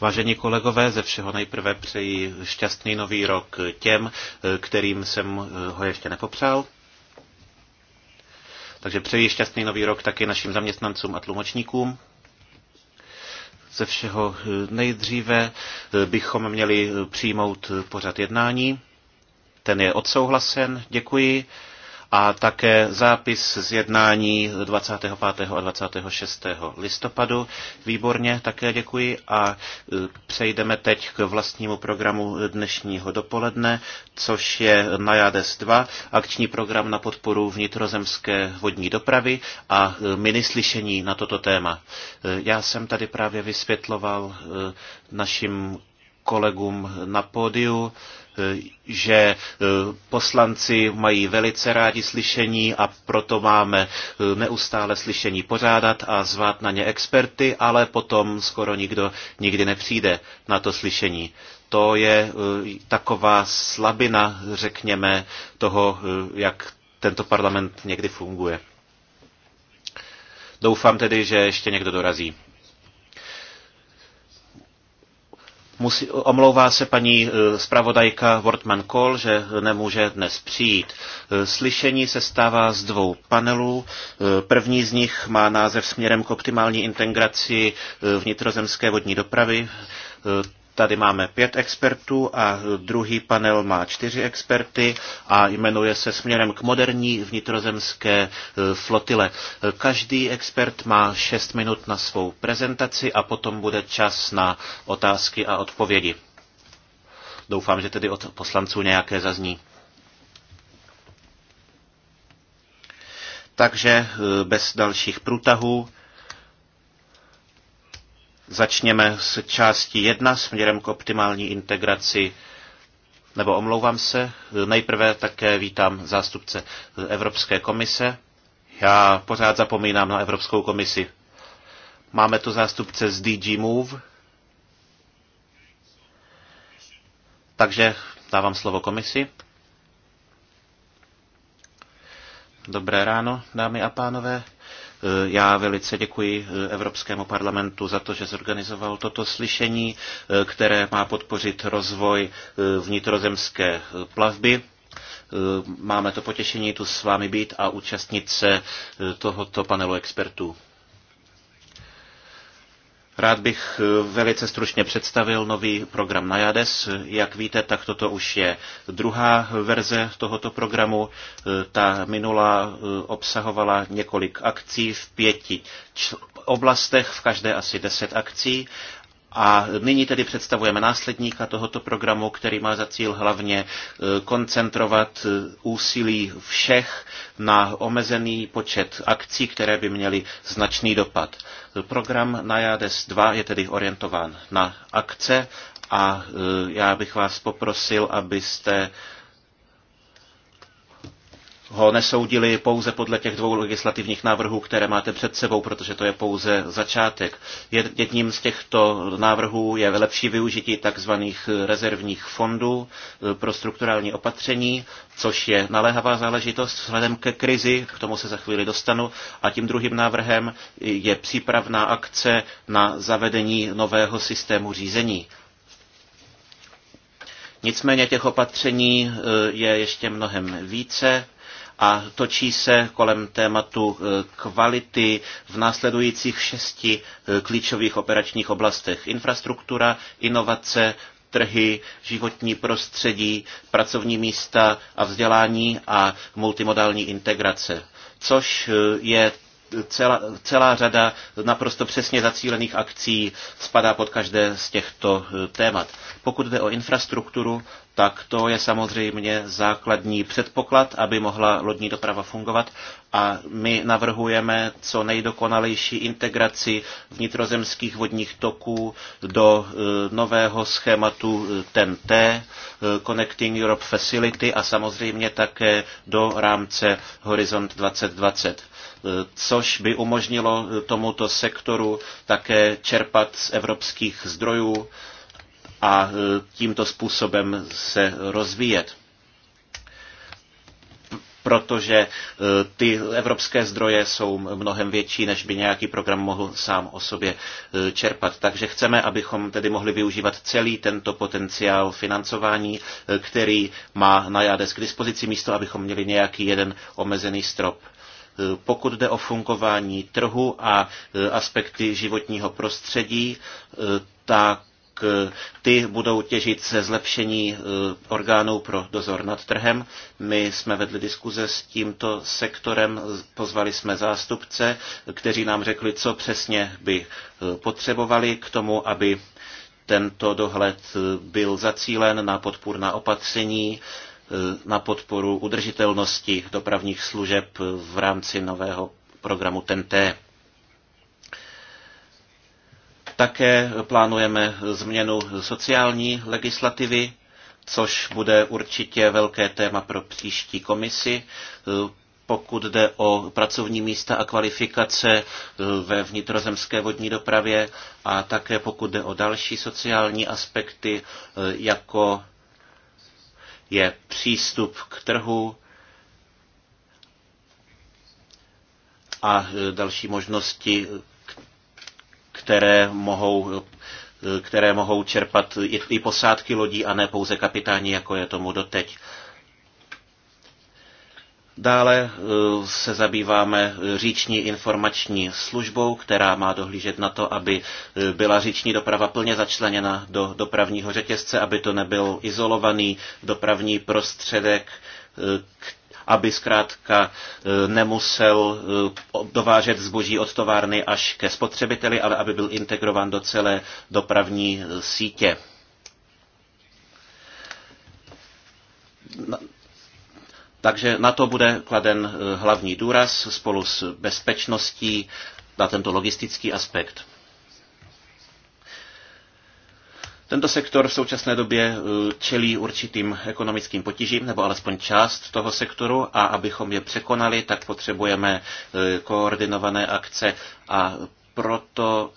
Vážení kolegové, ze všeho nejprve přeji šťastný nový rok těm, kterým jsem eh, ho ještě nepopřál. Takže přeji šťastný nový rok taky našim zaměstnancům a tlumočníkům. Ze všeho eh, nejdříve eh, bychom měli přijmout pořad jednání. Ten je odsouhlasen, děkuji a také zápis z jednání 25. a 26. listopadu. Výborně, také děkuji a e, přejdeme teď k vlastnímu programu dnešního dopoledne, což je Najades 2, akční program na podporu vnitrozemské vodní dopravy a e, minislyšení na toto téma. E, já jsem tady právě vysvětloval našim kolegům na pódiu, Eh, že eh, poslanci mají velice rádi slyšení a proto máme eh, neustále slyšení pořádat a zvát na ně experty, ale potom skoro nikdo nikdy nepřijde na to slyšení. To je taková slabina, řekněme, toho, jak tento parlament někdy funguje. Doufám tedy, že ještě někdo dorazí. Musí, omlouvá se paní eh, zpravodajka Wortman Kohl, že nemůže dnes přijít. Eh, slyšení se stává z dvou panelů. Eh, první z nich má název směrem k optimální integraci vnitrozemské vodní dopravy. Tady máme pět expertů a druhý panel má čtyři experty a jmenuje se směrem k moderní vnitrozemské e, flotile. Každý expert má šest minut na svou prezentaci a potom bude čas na otázky a odpovědi. Doufám, že tedy od poslanců nějaké zazní. Takže e, bez dalších průtahů Začněme s částí 1 směrem k optimální integraci nebo omlouvám se, nejprve také vítám zástupce Evropské komise. Já pořád zapomínám na Evropskou komisi. Máme tu zástupce z DG Move. Takže dávám slovo komisi. Dobré ráno, dámy a pánové. Já velice děkuji eh, Evropskému parlamentu za to, že zorganizoval toto slyšení, eh, které má podpořit rozvoj eh, vnitrozemské plavby. Máme to potěšení tu s vámi být a účastnit se tohoto panelu expertů. Rád bych eh, velice stručně představil nový program Najades. Jak víte, tak toto už je druhá verze tohoto programu. Eh, ta minula eh, obsahovala několik akcí v pěti oblastech, v každé asi deset akcí a nyní tedy představujeme následníka tohoto programu, který má za cíl hlavně e, koncentrovat e, úsilí všech na omezený počet akcí, které by měly značný dopad. Program JADES 2 je tedy orientován na akce a e, já bych vás poprosil, abyste ho nesoudili pouze podle těch dvou legislativních návrhů, které máte před sebou, protože to je pouze začátek. Jedním z těchto návrhů je lepší využití tzv. rezervních fondů e, pro strukturální opatření, což je naléhavá záležitost vzhledem ke krizi, k tomu se za chvíli dostanu. A tím druhým návrhem je přípravná akce na zavedení nového systému řízení. Nicméně těch opatření e, je ještě mnohem více a točí se kolem tématu eh, kvality v následujících šesti eh, klíčových operačních oblastech. Infrastruktura, inovace, trhy, životní prostředí, pracovní místa a vzdělání a multimodální integrace což eh, je celá, celá řada naprosto přesně zacílených akcí spadá pod každé z těchto eh, témat. Pokud jde o infrastrukturu, tak to je samozřejmě základní předpoklad, aby mohla lodní doprava fungovat a my navrhujeme co nejdokonalejší integraci vnitrozemských vodních toků do eh, nového schématu eh, TNT, Connecting Europe Facility a samozřejmě také do rámce Horizont 2020. E, což by umožnilo e, tomuto sektoru také čerpat z evropských zdrojů a e, tímto způsobem se rozvíjet protože ty evropské zdroje jsou mnohem větší, než by nějaký program mohl sám o sobě čerpat. Takže chceme, abychom tedy mohli využívat celý tento potenciál financování, který má na JADES k dispozici, místo abychom měli nějaký jeden omezený strop pokud jde o fungování trhu a e, aspekty životního prostředí, e, tak e, ty budou těžit ze zlepšení orgánů pro dozor nad trhem. My jsme vedli diskuze s tímto sektorem, pozvali jsme zástupce, kteří nám řekli, co přesně by potřebovali k tomu, aby tento dohled byl zacílen na podpůrná opatření, Eh, na podporu udržitelnosti dopravních služeb v rámci nového programu TNT. Také plánujeme změnu sociální legislativy, což bude určitě velké téma pro příští komisi, eh, pokud jde o pracovní místa a kvalifikace eh, ve vnitrozemské vodní dopravě a také pokud jde o další sociální aspekty, jako je přístup k trhu a další možnosti, které mohou které mohou čerpat i posádky lodí a ne pouze kapitáni, jako je tomu doteď. Dále eh, se zabýváme říční informační službou, která má dohlížet na to, aby eh, byla říční doprava plně začleněna do dopravního řetězce, aby to nebyl izolovaný dopravní prostředek, eh, aby zkrátka nemusel dovážet zboží od továrny až ke spotřebiteli, ale aby byl integrován do celé dopravní sítě takže na to bude kladen eh, hlavní důraz spolu s bezpečností na tento logistický aspekt. Tento sektor v současné době eh, čelí určitým ekonomickým potížím, nebo alespoň část toho sektoru, a abychom je překonali, tak potřebujeme eh, koordinované akce a proto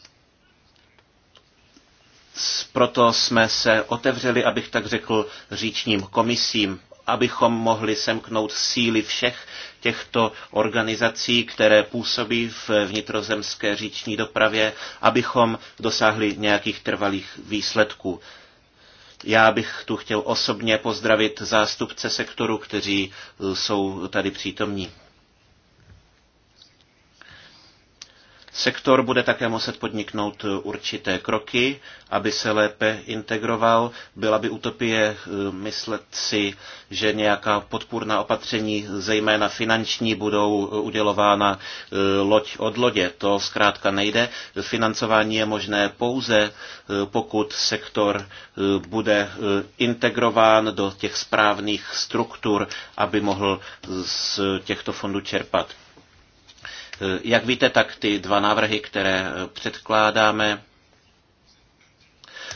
proto jsme se otevřeli, abych tak řekl, říčním komisím abychom mohli semknout síly všech těchto organizací, které působí v vnitrozemské říční dopravě, abychom dosáhli nějakých trvalých výsledků. Já bych tu chtěl osobně pozdravit zástupce sektoru, kteří eh, jsou tady přítomní. Sektor bude také muset podniknout eh, určité kroky, aby se lépe integroval. Byla by utopie eh, myslet si, že nějaká podpůrná opatření, zejména finanční, budou eh, udělována loď od lodě. To zkrátka nejde. Financování je možné pouze, pokud sektor bude integrován do těch správných struktur, aby mohl z těchto fondů čerpat. Eh, jak víte, tak ty dva návrhy, které eh, předkládáme,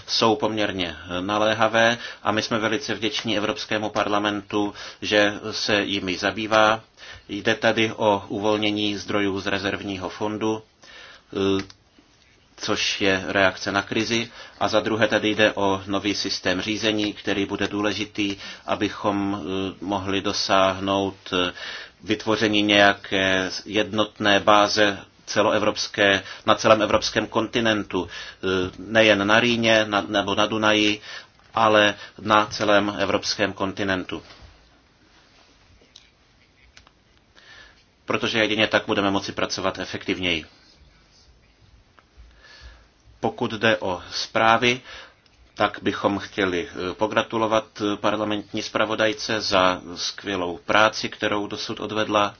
jsou poměrně eh, naléhavé a my jsme velice vděční Evropskému parlamentu, že se jimi zabývá. Jde tady o uvolnění zdrojů z rezervního fondu což je reakce na krizi. A za druhé tady jde o nový systém řízení, který bude důležitý, abychom eh, mohli dosáhnout eh, vytvoření nějaké jednotné báze celoevropské, na celém evropském kontinentu, eh, nejen na Rýně na, nebo na Dunaji, ale na celém evropském kontinentu. Protože jedině tak budeme moci pracovat efektivněji. Pokud jde o zprávy, tak bychom chtěli eh, pogratulovat eh, parlamentní zpravodajce za skvělou práci, kterou dosud odvedla.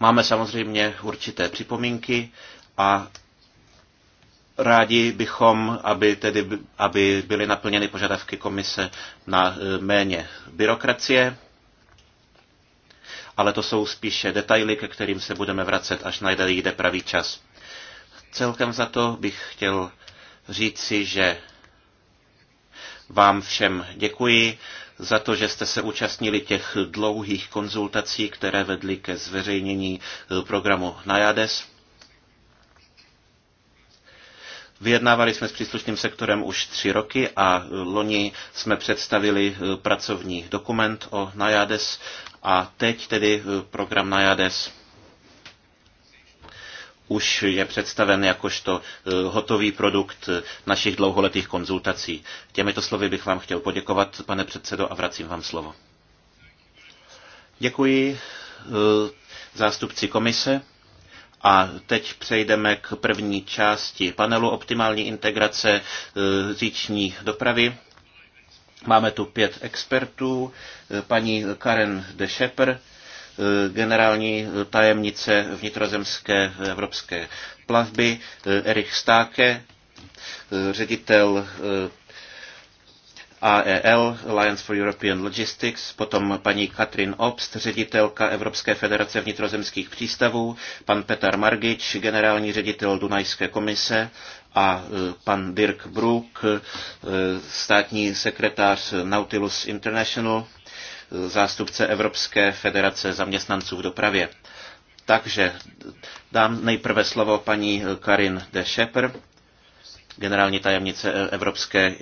Máme samozřejmě určité připomínky a rádi bychom, aby, tedy, aby byly naplněny požadavky komise na eh, méně byrokracie, ale to jsou spíše detaily, ke kterým se budeme vracet, až najde jde pravý čas. Celkem za to bych chtěl říci, že vám všem děkuji za to, že jste se účastnili těch dlouhých konzultací, které vedly ke zveřejnění eh, programu Najades. Vyjednávali jsme s příslušným sektorem už tři roky a eh, loni jsme představili eh, pracovní dokument o Najades a teď tedy program Najades už je představen jakožto eh, hotový produkt eh, našich dlouholetých konzultací. Těmito slovy bych vám chtěl poděkovat, pane předsedo, a vracím vám slovo. Děkuji eh, zástupci komise. A teď přejdeme k první části panelu optimální integrace říční dopravy. Máme tu pět expertů. Paní Karen de Schepper Eh, generální tajemnice vnitrozemské evropské plavby eh, Erich Stáke, eh, ředitel AEL, Alliance for European Logistics, potom paní Katrin Obst, ředitelka Evropské federace vnitrozemských přístavů, pan Petar Margič, generální ředitel Dunajské komise a pan Dirk Brook, státní sekretář Nautilus International zástupce Evropské federace zaměstnanců v dopravě. Takže dám nejprve slovo paní Karin de Schepper, generální tajemnice Evropské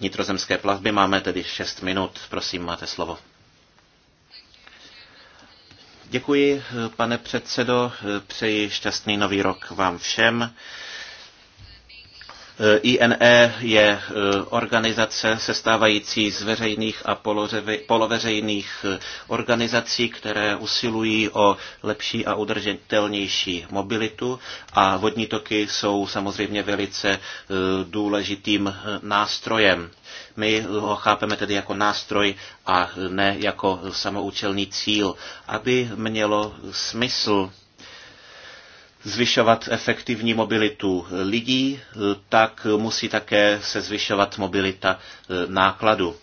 vnitrozemské plavby. Máme tedy 6 minut. Prosím, máte slovo. Děkuji, pane předsedo. Přeji šťastný nový rok vám všem. Eh, INE je eh, organizace sestávající z veřejných a poloveřejných eh, organizací, které usilují o lepší a udržitelnější mobilitu a vodní toky jsou samozřejmě velice důležitým nástrojem. My ho chápeme tedy jako nástroj a ne jako samoučelný cíl, aby mělo smysl zvyšovat efektivní mobilitu lidí, tak musí také se zvyšovat mobilita e, nákladu.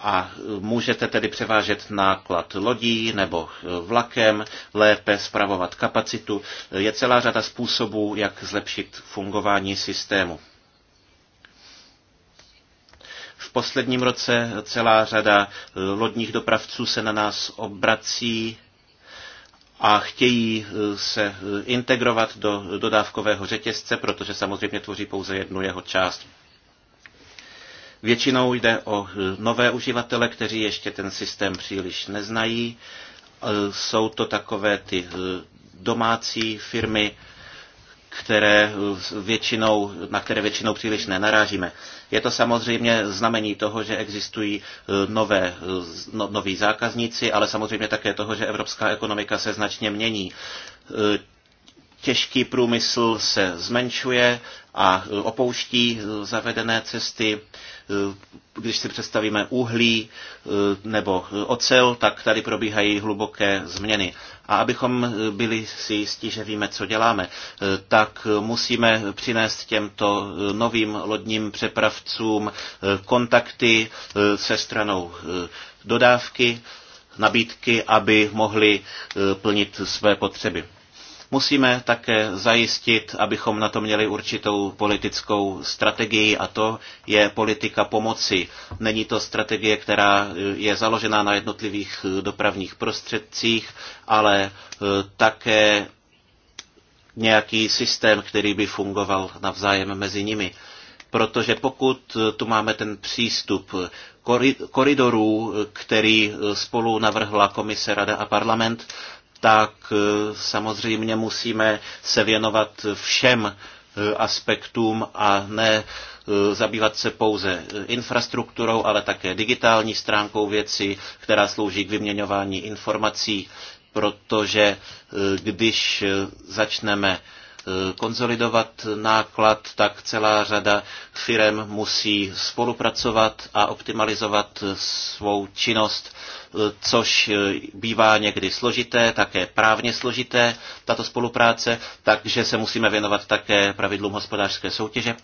A můžete tedy převážet náklad lodí nebo e, vlakem, lépe spravovat kapacitu. Je celá řada způsobů, jak zlepšit fungování systému. V posledním roce celá řada e, lodních dopravců se na nás obrací a chtějí eh, se eh, integrovat do dodávkového řetězce, protože samozřejmě tvoří pouze jednu jeho část. Většinou jde o eh, nové uživatele, kteří ještě ten systém příliš neznají. Jsou to takové ty domácí firmy, které eh, většinou, na které většinou příliš nenarážíme. Je to samozřejmě znamení toho, že existují eh, nové, eh, no, noví zákazníci, ale samozřejmě také toho, že evropská ekonomika se značně mění těžký průmysl se zmenšuje a opouští zavedené cesty. Když si představíme uhlí eh, nebo ocel, tak tady probíhají hluboké změny. A abychom byli si jistí, že víme, co děláme, eh, tak musíme přinést těmto novým lodním přepravcům eh, kontakty se stranou dodávky, nabídky, aby mohli plnit své potřeby. Musíme také zajistit, abychom na to měli určitou politickou strategii a to je politika pomoci. Není to strategie, která eh, je založená na jednotlivých eh, dopravních prostředcích, ale eh, také nějaký systém, který by fungoval navzájem mezi nimi. Protože pokud tu máme ten přístup koridorů, který spolu navrhla komise, rada a parlament, tak eh, samozřejmě musíme se věnovat všem eh, aspektům a ne eh, zabývat se pouze infrastrukturou, ale také digitální stránkou věci, která slouží k vyměňování informací, protože když začneme Eh, konzolidovat náklad, tak celá řada firm musí spolupracovat a optimalizovat svou činnost, eh, což eh, bývá někdy složité, také právně složité, tato spolupráce, takže se musíme věnovat také pravidlům hospodářské soutěže.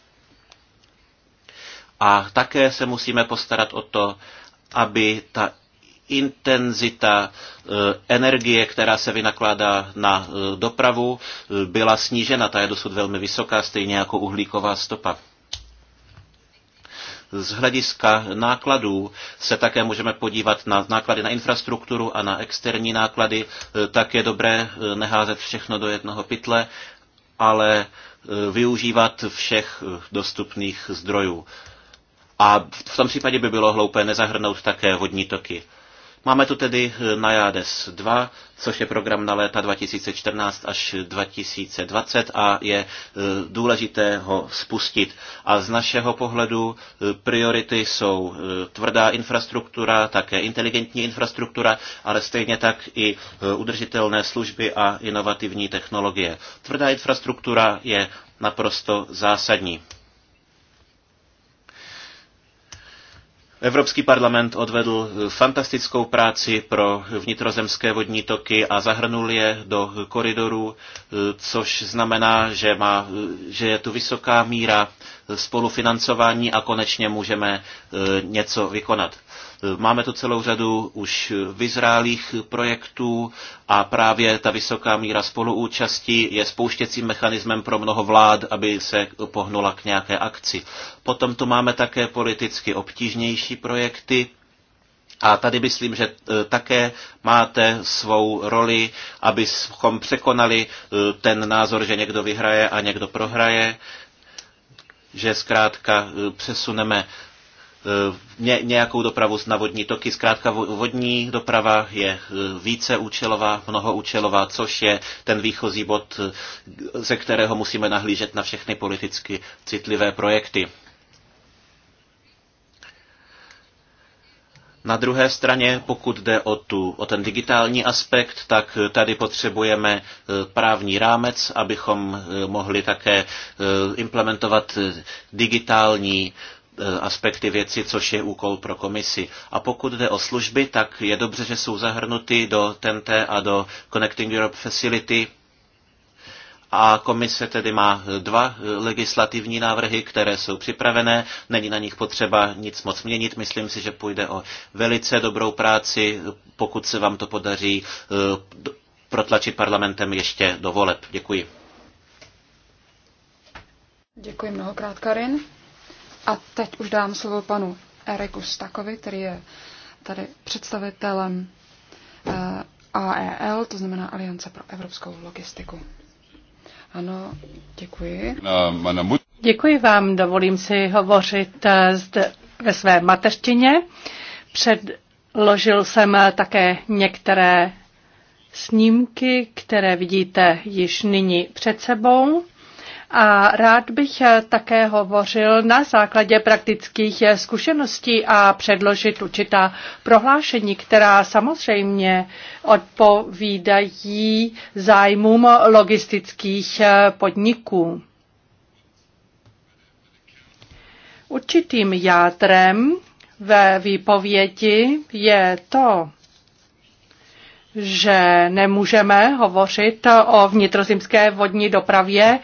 A také se musíme postarat o to, aby ta intenzita eh, energie, která se vynakládá na eh, dopravu, eh, byla snížena. Ta je dosud velmi vysoká, stejně jako uhlíková stopa. Z hlediska nákladů se také můžeme podívat na náklady na infrastrukturu a na externí náklady. Tak je dobré neházet všechno do jednoho pytle, ale využívat všech dostupných zdrojů. A v tom případě by bylo hloupé nezahrnout také vodní toky. Máme tu tedy eh, Najades 2, což je program na léta 2014 až 2020 a je eh, důležité ho spustit. A z našeho pohledu eh, priority jsou tvrdá infrastruktura, také inteligentní infrastruktura, ale stejně tak i udržitelné služby a inovativní technologie. Tvrdá infrastruktura je naprosto zásadní. Evropský parlament odvedl eh, fantastickou práci pro vnitrozemské vodní toky a zahrnul je do koridorů, eh, což znamená, že, má, eh, že je tu vysoká míra spolufinancování a konečně můžeme něco vykonat. Máme tu celou řadu už vyzrálých projektů a právě ta vysoká míra spoluúčasti je spouštěcím mechanismem pro mnoho vlád, aby se pohnula k nějaké akci. Potom tu máme také politicky obtížnější projekty, a tady myslím, že e, také máte svou roli, abychom překonali e, ten názor, že někdo vyhraje a někdo prohraje, že zkrátka e, přesuneme Eh, ně, nějakou dopravu na vodní toky. Zkrátka vodní doprava je eh, více účelová, mnohoúčelová, což je ten výchozí bod, eh, ze kterého musíme nahlížet na všechny politicky citlivé projekty. Na druhé straně, pokud jde o, tu, o ten digitální aspekt, tak tady potřebujeme právní rámec, abychom mohli také implementovat digitální E, aspekty věci, což je úkol pro komisi. A pokud jde o služby, tak je dobře, že jsou zahrnuty do TNT a do Connecting Europe Facility. A komise tedy má dva legislativní návrhy, které jsou připravené. Není na nich potřeba nic moc měnit. Myslím si, že půjde o velice dobrou práci, pokud se vám to podaří e, protlačit parlamentem ještě do voleb. Děkuji. Děkuji mnohokrát, Karin. A teď už dám slovo panu Eriku Stakovi, který je tady představitelem eh, AEL, to znamená Aliance pro evropskou logistiku. Ano, děkuji. Děkuji vám, dovolím si hovořit eh, zde ve své mateřtině. Předložil jsem eh, také některé snímky, které vidíte již nyní před sebou a rád bych také hovořil na základě praktických zkušeností a předložit určitá prohlášení, která samozřejmě odpovídají zájmům logistických podniků. Určitým jádrem ve výpovědi je to, že nemůžeme hovořit o vnitrozemské vodní dopravě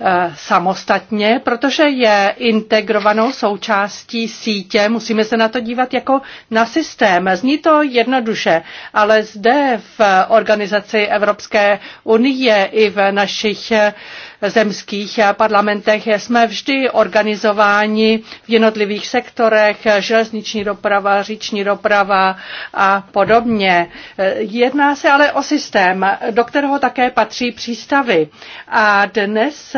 Eh, samostatně, protože je integrovanou součástí sítě. Musíme se na to dívat jako na systém. Zní to jednoduše, ale zde v organizaci Evropské unie i v našich eh, zemských parlamentech jsme vždy organizováni v jednotlivých sektorech, železniční doprava, říční doprava a podobně. Jedná se ale o systém, do kterého také patří přístavy. A dnes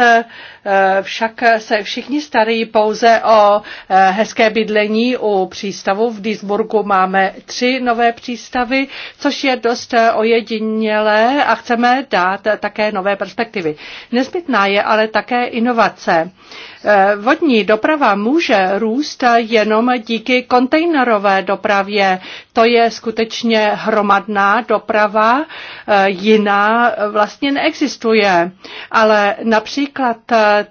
Eh, však se všichni starají pouze o eh, hezké bydlení u přístavu. V Duisburgu máme tři nové přístavy, což je dost eh, ojedinělé a chceme dát také nové perspektivy. Nezbytná je ale také inovace. Eh, vodní doprava může růst jenom díky kontejnerové dopravě. To je skutečně hromadná doprava, eh, jiná vlastně neexistuje. Ale například eh,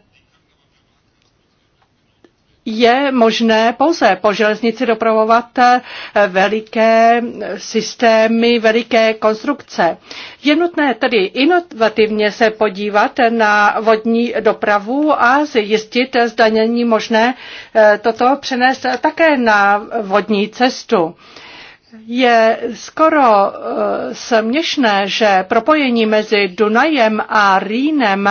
je možné pouze po železnici dopravovat eh, veliké systémy, veliké konstrukce. Je nutné tedy inovativně se podívat na vodní dopravu a zjistit, zda není možné eh, toto přenést také na vodní cestu je skoro eh, směšné, že propojení mezi Dunajem a Rýnem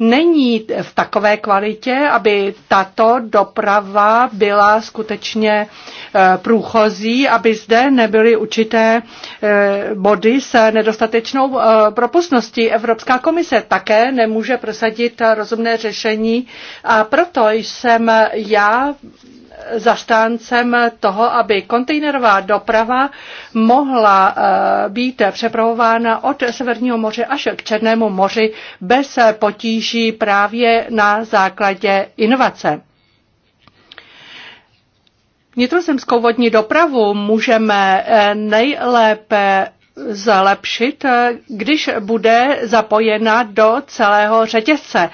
není v takové kvalitě, aby tato doprava byla skutečně eh, průchozí, aby zde nebyly určité eh, body s nedostatečnou propustností. Evropská komise také nemůže prosadit rozumné řešení a proto jsem já zastáncem toho, aby kontejnerová doprava mohla eh, být přepravována od Severního moře až k Černému moři bez potíží právě na základě inovace. Vnitrozemskou vodní dopravu můžeme eh, nejlépe zlepšit, když bude zapojena do celého řetězce.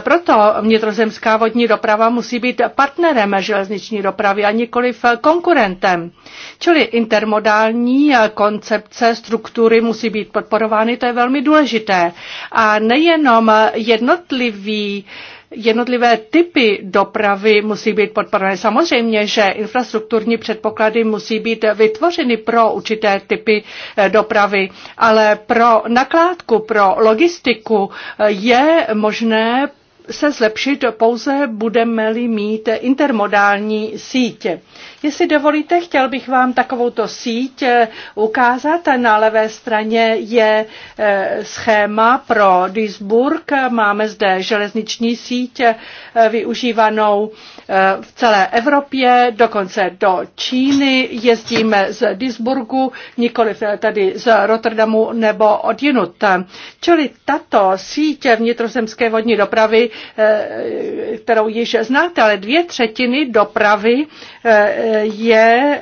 Proto vnitrozemská vodní doprava musí být partnerem železniční dopravy a nikoliv konkurentem. Čili intermodální koncepce, struktury musí být podporovány, to je velmi důležité. A nejenom jednotlivý uh, jednotlivé typy dopravy musí být podporované. Samozřejmě, že infrastrukturní předpoklady musí být vytvořeny pro určité typy eh, dopravy, ale pro nakládku, pro logistiku eh, je možné se zlepšit pouze budeme-li mít intermodální sítě. Jestli dovolíte, chtěl bych vám takovouto síť eh, ukázat. Na levé straně je eh, schéma pro Duisburg. Máme zde železniční síť eh, využívanou Eh, v celé Evropě, dokonce do Číny, jezdíme z Duisburgu, nikoli tady z Rotterdamu nebo odjinut. Čili tato síť vnitrozemské vodní dopravy, eh, kterou již znáte, ale dvě třetiny dopravy eh, je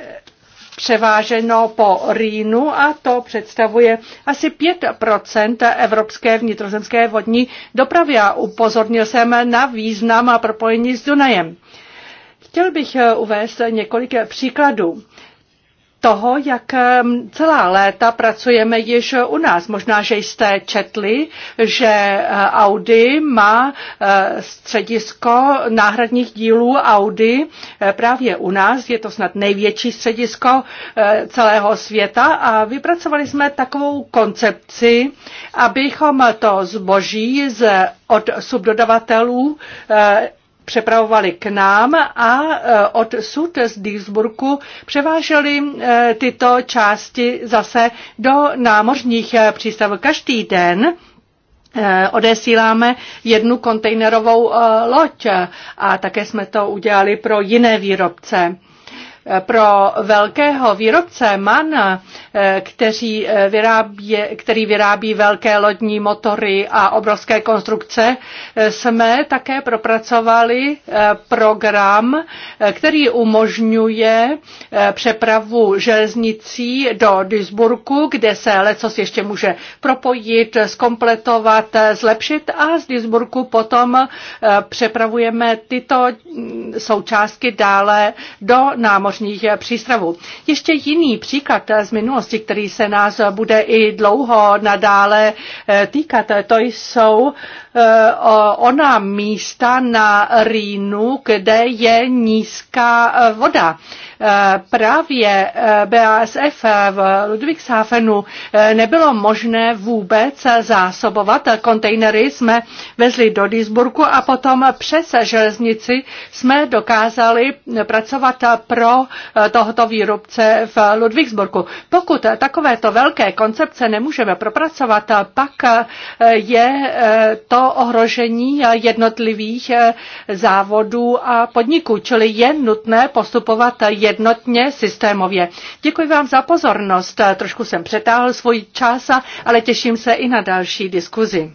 převáženo po Rýnu a to představuje asi 5 evropské vnitrozemské vodní dopravy. A upozornil jsem na význam a propojení s Dunajem. Chtěl bych eh, uvést několik eh, příkladů toho, jak eh, celá léta pracujeme již u nás. Možná, že jste četli, že Audi má středisko náhradních dílů Audi právě u nás. Je to snad největší středisko celého světa a vypracovali jsme takovou koncepci, abychom to zboží z od subdodavatelů přepravovali k nám a eh, od sud z Duisburgu převáželi eh, tyto části zase do námořních eh, přístavů. Každý den odesíláme jednu kontejnerovou loď a také jsme to udělali pro jiné výrobce. Pro velkého výrobce MAN, eh, kteří eh, vyrábí, který vyrábí velké lodní motory a obrovské konstrukce, eh, jsme také propracovali program, který umožňuje přepravu železnicí do Duisburgu, kde se lecos ještě může propojit, zkompletovat, zlepšit a z Duisburgu potom přepravujeme tyto mm, součástky dále do námořní možných eh, přístravů. Ještě jiný příklad eh, z minulosti, který se nás bude i dlouho nadále eh, týkat, to jsou Eh, ona místa na Rýnu, kde je nízká eh, voda. Eh, právě BASF v Ludwigshafenu nebylo možné vůbec zásobovat. Kontejnery jsme vezli do Duisburgu a potom přes železnici jsme dokázali pracovat pro tohoto výrobce v Ludwigsburgu. Pokud takovéto velké koncepce nemůžeme propracovat, pak je to ohrožení jednotlivých eh, závodů a podniků, čili je nutné postupovat jednotně systémově. Děkuji vám za pozornost. Trošku jsem přetáhl svůj čas, ale těším se i na další diskuzi.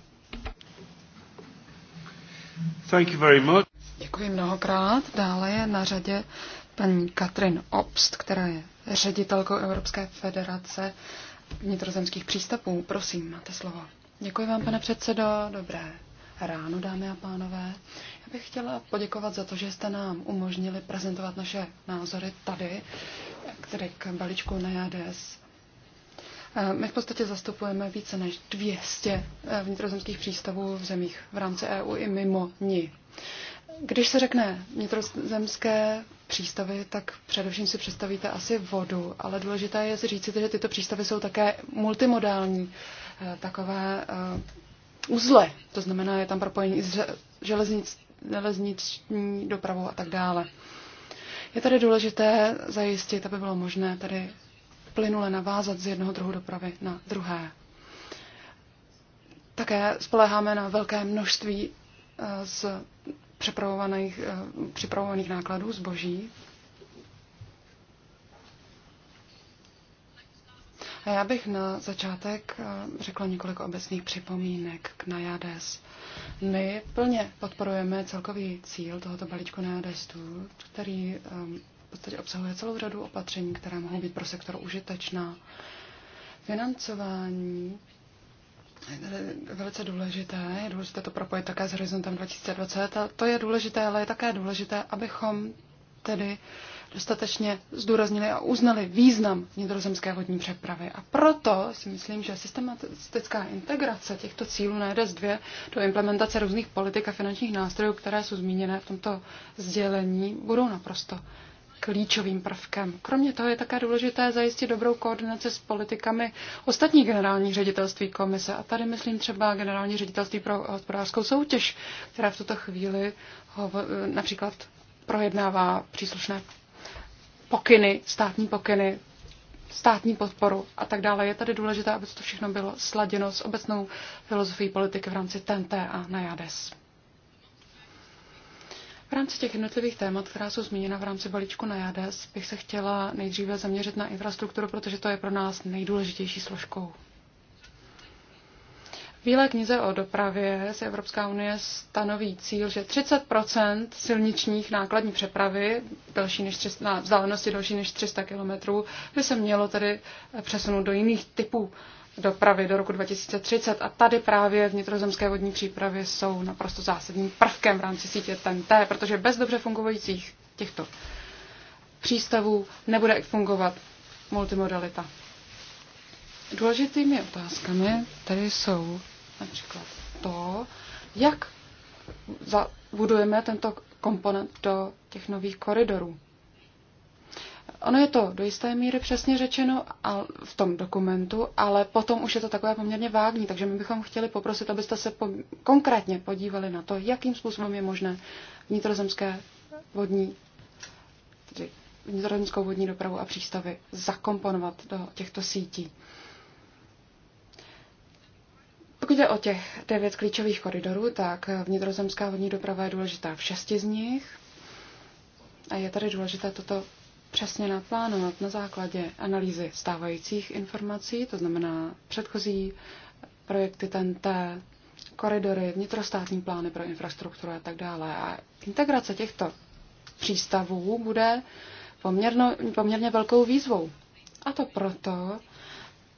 Thank you very much. Děkuji mnohokrát. Dále je na řadě paní Katrin Obst, která je ředitelkou Evropské federace vnitrozemských přístupů. Prosím, máte slovo. Děkuji vám, pane předsedo. Dobré ráno, dámy a pánové. Já bych chtěla poděkovat za to, že jste nám umožnili prezentovat naše názory tady, které k balíčku NEADS. Eh, my v podstatě zastupujeme více než 200 eh, vnitrozemských přístavů v zemích v rámci EU i mimo ní. Když se řekne vnitrozemské přístavy, tak především si představíte asi vodu, ale důležité je si říct, že tyto přístavy jsou také multimodální Eh, takové eh, uzle. To znamená, je tam propojení s železniční dopravou a tak dále. Je tady důležité zajistit, aby bylo možné tady plynule navázat z jednoho druhu dopravy na druhé. Také spoleháme na velké množství eh, z připravovaných, připravovaných nákladů zboží A já bych na začátek eh, řekla několik obecných připomínek k NAJADES. My plně podporujeme celkový cíl tohoto balíčku NAJADES, který ehm, v podstatě obsahuje celou řadu opatření, která mohou být pro sektor užitečná. Financování velice důležité. Je důležité to propojit také s horizontem 2020. A to je důležité, ale je také důležité, abychom tedy uh, dostatečně zdůraznili a uznali význam vnitrozemské vodní přepravy. A proto si myslím, že systematická integrace těchto cílů na z 2 do implementace různých politik a finančních nástrojů, které jsou zmíněné v tomto sdělení, budou naprosto klíčovým prvkem. Kromě toho je také důležité zajistit dobrou koordinaci s politikami ostatních generálních ředitelství komise. A tady myslím třeba generální ředitelství pro hospodářskou soutěž, která v tuto chvíli ho, například projednává příslušné pokyny, státní pokyny, státní podporu a tak dále. Je tady důležité, aby to všechno bylo sladěno s obecnou filozofií politiky v rámci TNT a NAJADES. V rámci těch jednotlivých témat, která jsou zmíněna v rámci balíčku na JADES, bych se chtěla nejdříve zaměřit na infrastrukturu, protože to je pro nás nejdůležitější složkou. Bílé knize o dopravě se Evropská unie stanoví cíl, že 30 silničních nákladní přepravy delší než 300, na vzdálenosti další než 300 km by se mělo tedy přesunout do jiných typů dopravy do roku 2030 a tady právě vnitrozemské vodní přípravy jsou naprosto zásadním prvkem v rámci sítě TNT, protože bez dobře fungujících těchto přístavů nebude fungovat multimodalita. Důležitými otázkami tady jsou například to, jak budujeme tento komponent do těch nových koridorů. Ono je to do jisté míry přesně řečeno a v tom dokumentu, ale potom už je to takové poměrně vágní, takže my bychom chtěli poprosit, abyste se po, konkrétně podívali na to, jakým způsobem je možné vnitrozemské vodní, vnitrozemskou vodní dopravu a přístavy zakomponovat do těchto sítí. Pokud jde o těch devět klíčových koridorů, tak vnitrozemská vodní doprava je důležitá v šesti z nich. A je tady důležité toto přesně naplánovat na základě analýzy stávajících informací, to znamená předchozí projekty TNT, koridory, vnitrostátní plány pro infrastrukturu a tak dále. A integrace těchto přístavů bude poměrno, poměrně velkou výzvou. A to proto,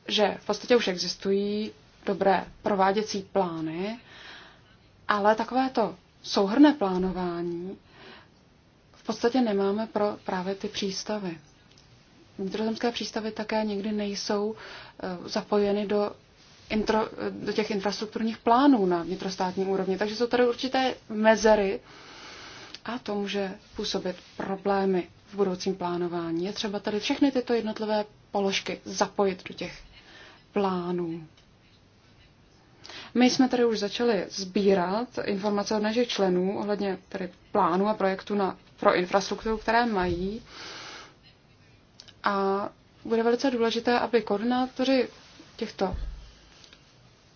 že v podstatě už existují dobré prováděcí plány, ale takové to souhrné plánování v podstatě nemáme pro právě ty přístavy. Vnitrozemské přístavy také někdy nejsou eh, zapojeny do, intro, do těch infrastrukturních plánů na vnitrostátní úrovni, takže jsou tady určité mezery a to může působit problémy v budoucím plánování. Je třeba tady všechny tyto jednotlivé položky zapojit do těch plánů. My jsme tady už začali sbírat informace od našich členů ohledně tedy plánu a projektu na, pro infrastrukturu, které mají. A bude velice důležité, aby koordinátoři těchto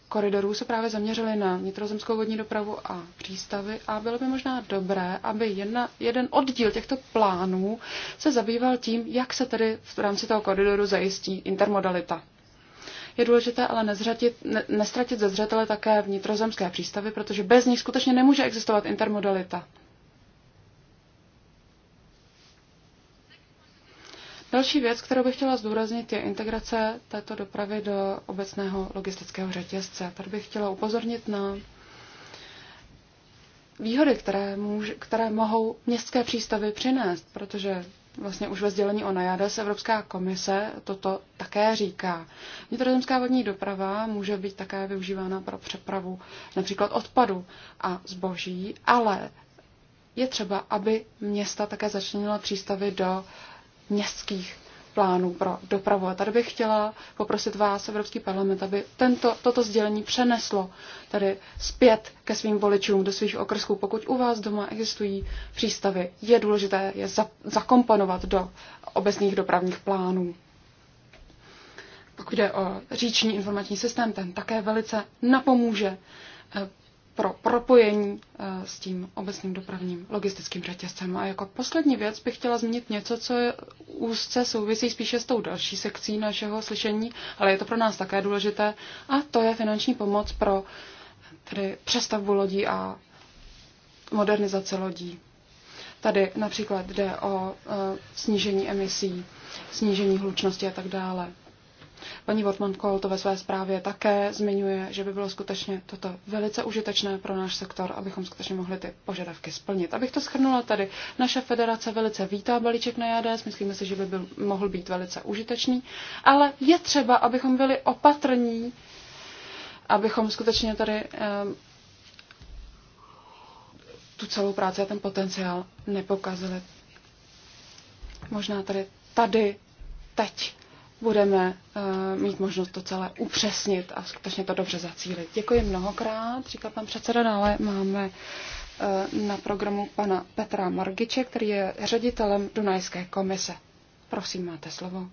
koridorů se právě zaměřili na vnitrozemskou vodní dopravu a přístavy a bylo by možná dobré, aby jedna, jeden oddíl těchto plánů se zabýval tím, jak se tedy v rámci toho koridoru zajistí intermodalita je důležité ale nezřatit, ne, nestratit ze zřetele také vnitrozemské přístavy, protože bez nich skutečně nemůže existovat intermodalita. Další věc, kterou bych chtěla zdůraznit, je integrace této dopravy do obecného logistického řetězce. Tady bych chtěla upozornit na výhody, které, může, které mohou městské přístavy přinést, protože vlastně už ve sdělení o Najades Evropská komise toto také říká. Vnitrozemská vodní doprava může být také využívána pro přepravu například odpadu a zboží, ale je třeba, aby města také začlenila přístavy do městských plánu pro dopravu. A tady bych chtěla poprosit vás, Evropský parlament, aby tento, toto sdělení přeneslo tady zpět ke svým voličům do svých okrsků. Pokud u vás doma existují přístavy, je důležité je za, zakomponovat do obecných dopravních plánů. Pokud jde o říční informační systém, ten také velice napomůže eh, pro propojení eh, s tím obecným dopravním logistickým řetězcem. A jako poslední věc bych chtěla zmínit něco, co je úzce souvisí spíše s tou další sekcí našeho slyšení, ale je to pro nás také důležité, a to je finanční pomoc pro tedy přestavbu lodí a modernizaci lodí. Tady například jde o eh, snížení emisí, snížení hlučnosti a tak dále. Paní Wortmann Kohl to ve své zprávě také zmiňuje, že by bylo skutečně toto velice užitečné pro náš sektor, abychom skutečně mohli ty požadavky splnit. Abych to schrnula tady, naše federace velice vítá balíček na JADS, myslíme si, že by byl, mohl být velice užitečný, ale je třeba, abychom byli opatrní, abychom skutečně tady ehm, tu celou práci a ten potenciál nepokazili. Možná tady, tady, teď budeme uh, mít možnost to celé upřesnit a skutečně to dobře zacílit. Děkuji mnohokrát, říkal pan předseda. Dále máme uh, na programu pana Petra Margiče, který je ředitelem Dunajské komise. Prosím, máte slovo.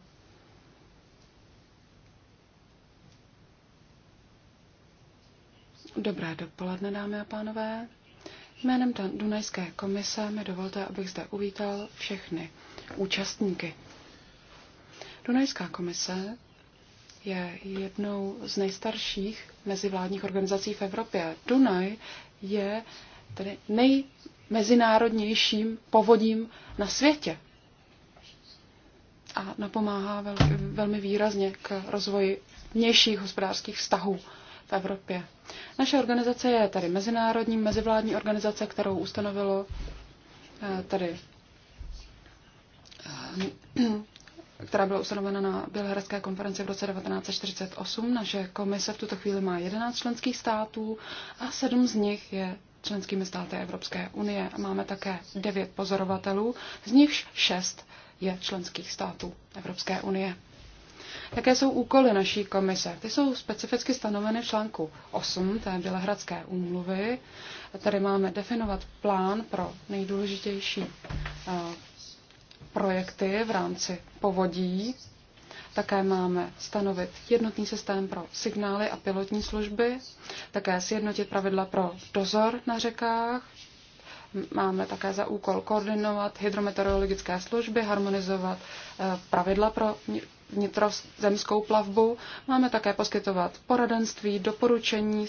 Dobré dopoledne, dámy a pánové. Jménem Dunajské komise mi dovolte, abych zde uvítal všechny účastníky Dunajská komise je jednou z nejstarších mezivládních organizací v Evropě. Dunaj je tedy nejmezinárodnějším povodím na světě a napomáhá vel, velmi výrazně k rozvoji vnějších hospodářských vztahů v Evropě. Naše organizace je tedy mezinárodní, mezivládní organizace, kterou ustanovilo eh, tedy eh, která byla ustanovena na Bělehradské konferenci v roce 1948. Naše komise v tuto chvíli má 11 členských států a 7 z nich je členskými státy Evropské unie. Máme také 9 pozorovatelů, z nichž 6 je členských států Evropské unie. Jaké jsou úkoly naší komise? Ty jsou specificky stanoveny v článku 8 té Bělehradské úmluvy. Tady máme definovat plán pro nejdůležitější eh, projekty v rámci povodí. Také máme stanovit jednotný systém pro signály a pilotní služby, také sjednotit pravidla pro dozor na řekách, máme také za úkol koordinovat hydrometeorologické služby, harmonizovat eh, pravidla pro vnitrozemskou plavbu. Máme také poskytovat poradenství, doporučení,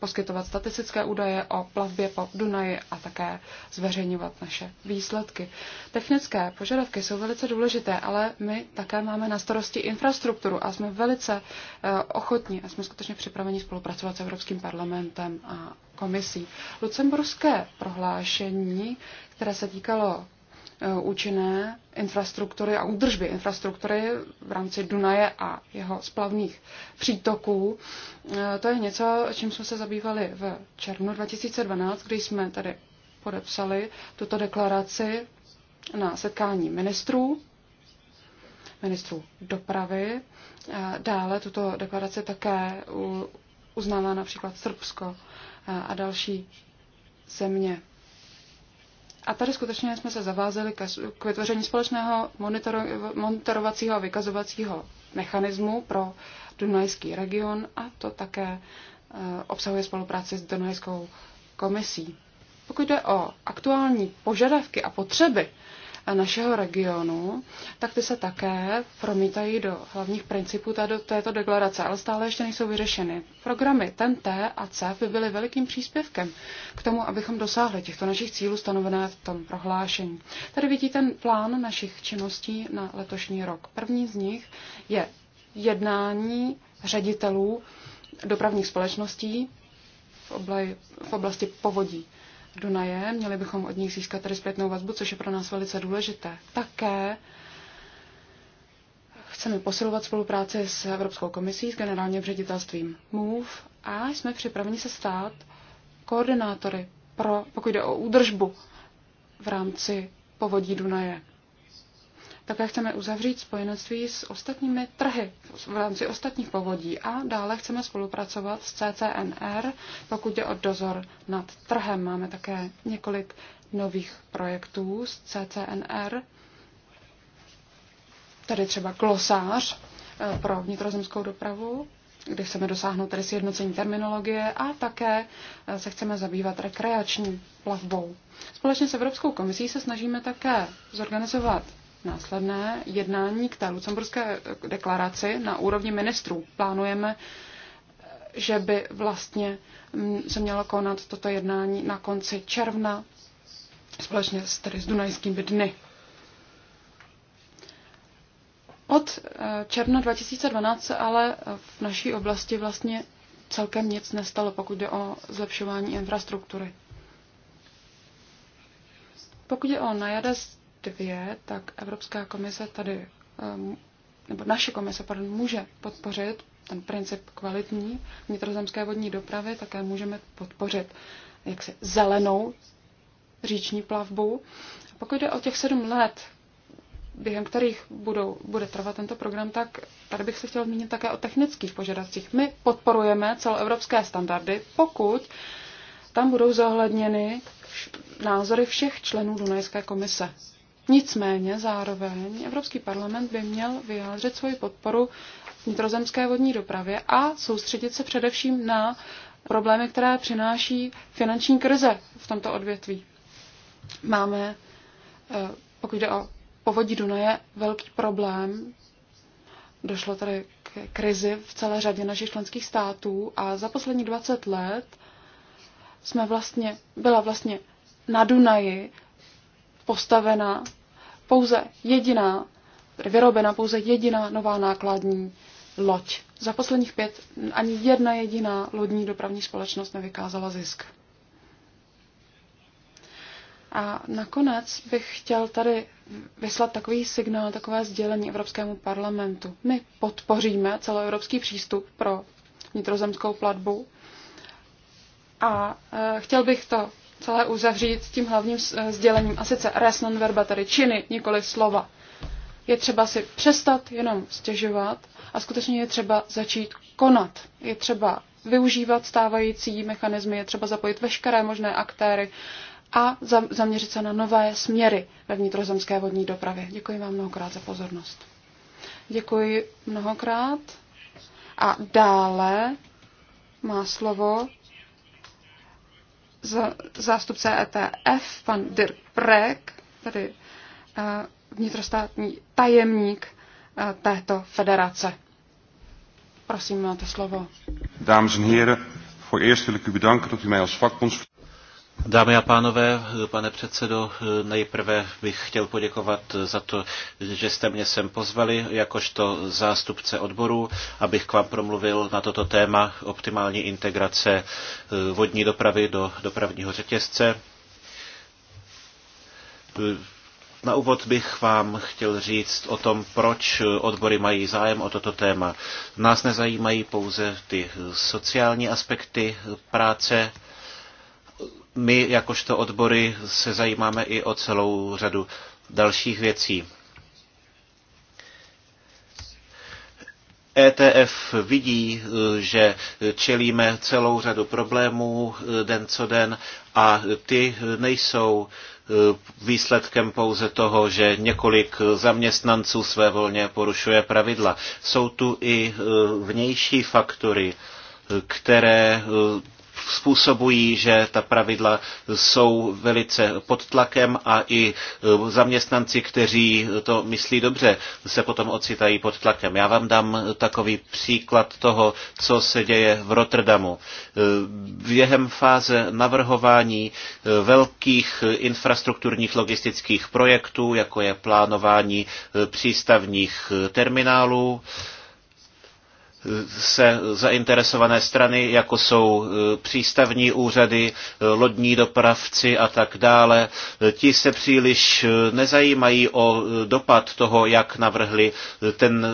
poskytovat statistické údaje o plavbě po Dunaji a také zveřejňovat naše výsledky. Technické požadavky jsou velice důležité, ale my také máme na starosti infrastrukturu a jsme velice eh, ochotní a jsme skutečně připraveni spolupracovat s Evropským parlamentem a komisí. Lucemburské prohlášení, které se týkalo Eh, účinné infrastruktury a údržby infrastruktury v rámci Dunaje a jeho splavných přítoků. Eh, to je něco, čím jsme se zabývali v červnu 2012, kdy jsme tady podepsali tuto deklaraci na setkání ministrů, ministrů dopravy. Eh, dále tuto deklaraci také uznává například Srbsko a další země. A tady skutečně jsme se zavázeli k vytvoření společného monitorovacího a vykazovacího mechanismu pro Dunajský region a to také eh, obsahuje spolupráci s Dunajskou komisí. Pokud jde o aktuální požadavky a potřeby našeho regionu, tak ty se také promítají do hlavních principů této deklarace, ale stále ještě nejsou vyřešeny. Programy TNT a CEF by byly velikým příspěvkem k tomu, abychom dosáhli těchto našich cílů stanovené v tom prohlášení. Tady vidíte ten plán našich činností na letošní rok. První z nich je jednání ředitelů dopravních společností v oblasti povodí. Dunaje. Měli bychom od nich získat tady zpětnou vazbu, což je pro nás velice důležité. Také chceme posilovat spolupráci s Evropskou komisí, s generálním ředitelstvím MOVE a jsme připraveni se stát koordinátory, pro, pokud jde o údržbu v rámci povodí Dunaje. Také chceme uzavřít spojenectví s ostatními trhy v rámci ostatních povodí a dále chceme spolupracovat s CCNR, pokud je o dozor nad trhem. Máme také několik nových projektů z CCNR, tedy třeba glosář eh, pro vnitrozemskou dopravu, kde chceme dosáhnout tedy sjednocení terminologie a také eh, se chceme zabývat rekreační plavbou. Společně s Evropskou komisí se snažíme také zorganizovat následné jednání k té lucemburské deklaraci na úrovni ministrů. Plánujeme, že by vlastně mm, se mělo konat toto jednání na konci června společně s, tedy s Dunajskými dny. Od eh, června 2012 se ale v naší oblasti vlastně celkem nic nestalo, pokud jde o zlepšování infrastruktury. Pokud je o najadest, 2, tak Evropská komise tady, ehm, nebo naše komise, pardon, může podpořit ten princip kvalitní vnitrozemské vodní dopravy, také můžeme podpořit jaksi zelenou říční plavbu. A pokud jde o těch sedm let, během kterých budou, bude trvat tento program, tak tady bych se chtěl zmínit také o technických požadavcích. My podporujeme celoevropské standardy, pokud tam budou zohledněny názory všech členů Dunajské komise. Nicméně zároveň Evropský parlament by měl vyjádřit svoji podporu vnitrozemské vodní dopravě a soustředit se především na problémy, které přináší finanční krize v tomto odvětví. Máme, eh, pokud jde o povodí Dunaje, velký problém. Došlo tady k krizi v celé řadě našich členských států a za poslední 20 let jsme vlastně, byla vlastně na Dunaji postavena pouze jediná, vyrobena pouze jediná nová nákladní loď. Za posledních pět ani jedna jediná lodní dopravní společnost nevykázala zisk. A nakonec bych chtěl tady vyslat takový signál, takové sdělení Evropskému parlamentu. My podpoříme celoevropský přístup pro vnitrozemskou platbu a e, chtěl bych to celé uzavřít s tím hlavním eh, sdělením, a sice res non verba, tedy činy, nikoli slova. Je třeba si přestat jenom stěžovat a skutečně je třeba začít konat. Je třeba využívat stávající mechanismy, je třeba zapojit veškeré možné aktéry a zaměřit se na nové směry ve vnitrozemské vodní dopravě. Děkuji vám mnohokrát za pozornost. Děkuji mnohokrát. A dále má slovo zástupce ETF, pan Dirk Prek, tedy eh, vnitrostátní tajemník eh, této federace. Prosím, máte slovo. Dames en heren, voor eerst wil ik u bedanken dat u mij als vakbonds... Dámy a pánové, pane předsedo, nejprve bych chtěl poděkovat za to, že jste mě sem pozvali jakožto zástupce odboru, abych k vám promluvil na toto téma optimální integrace eh, vodní dopravy do dopravního řetězce. Eh, na úvod bych vám chtěl říct o tom, proč odbory mají zájem o toto téma. Nás nezajímají pouze ty sociální aspekty práce, my jakožto odbory se zajímáme i o celou řadu dalších věcí. ETF vidí, že čelíme celou řadu problémů eh, den co den a ty nejsou eh, výsledkem pouze toho, že několik zaměstnanců své volně porušuje pravidla. Jsou tu i eh, vnější faktory, které způsobují, že ta pravidla jsou velice pod tlakem a i e, zaměstnanci, kteří to myslí dobře, se potom ocitají pod tlakem. Já vám dám takový příklad toho, co se děje v Rotterdamu. E, během fáze navrhování e, velkých infrastrukturních logistických projektů, jako je plánování přístavních terminálů, se zainteresované strany, jako jsou e, přístavní úřady, e, lodní dopravci a tak dále, e, ti se příliš nezajímají o dopad toho, jak navrhli ten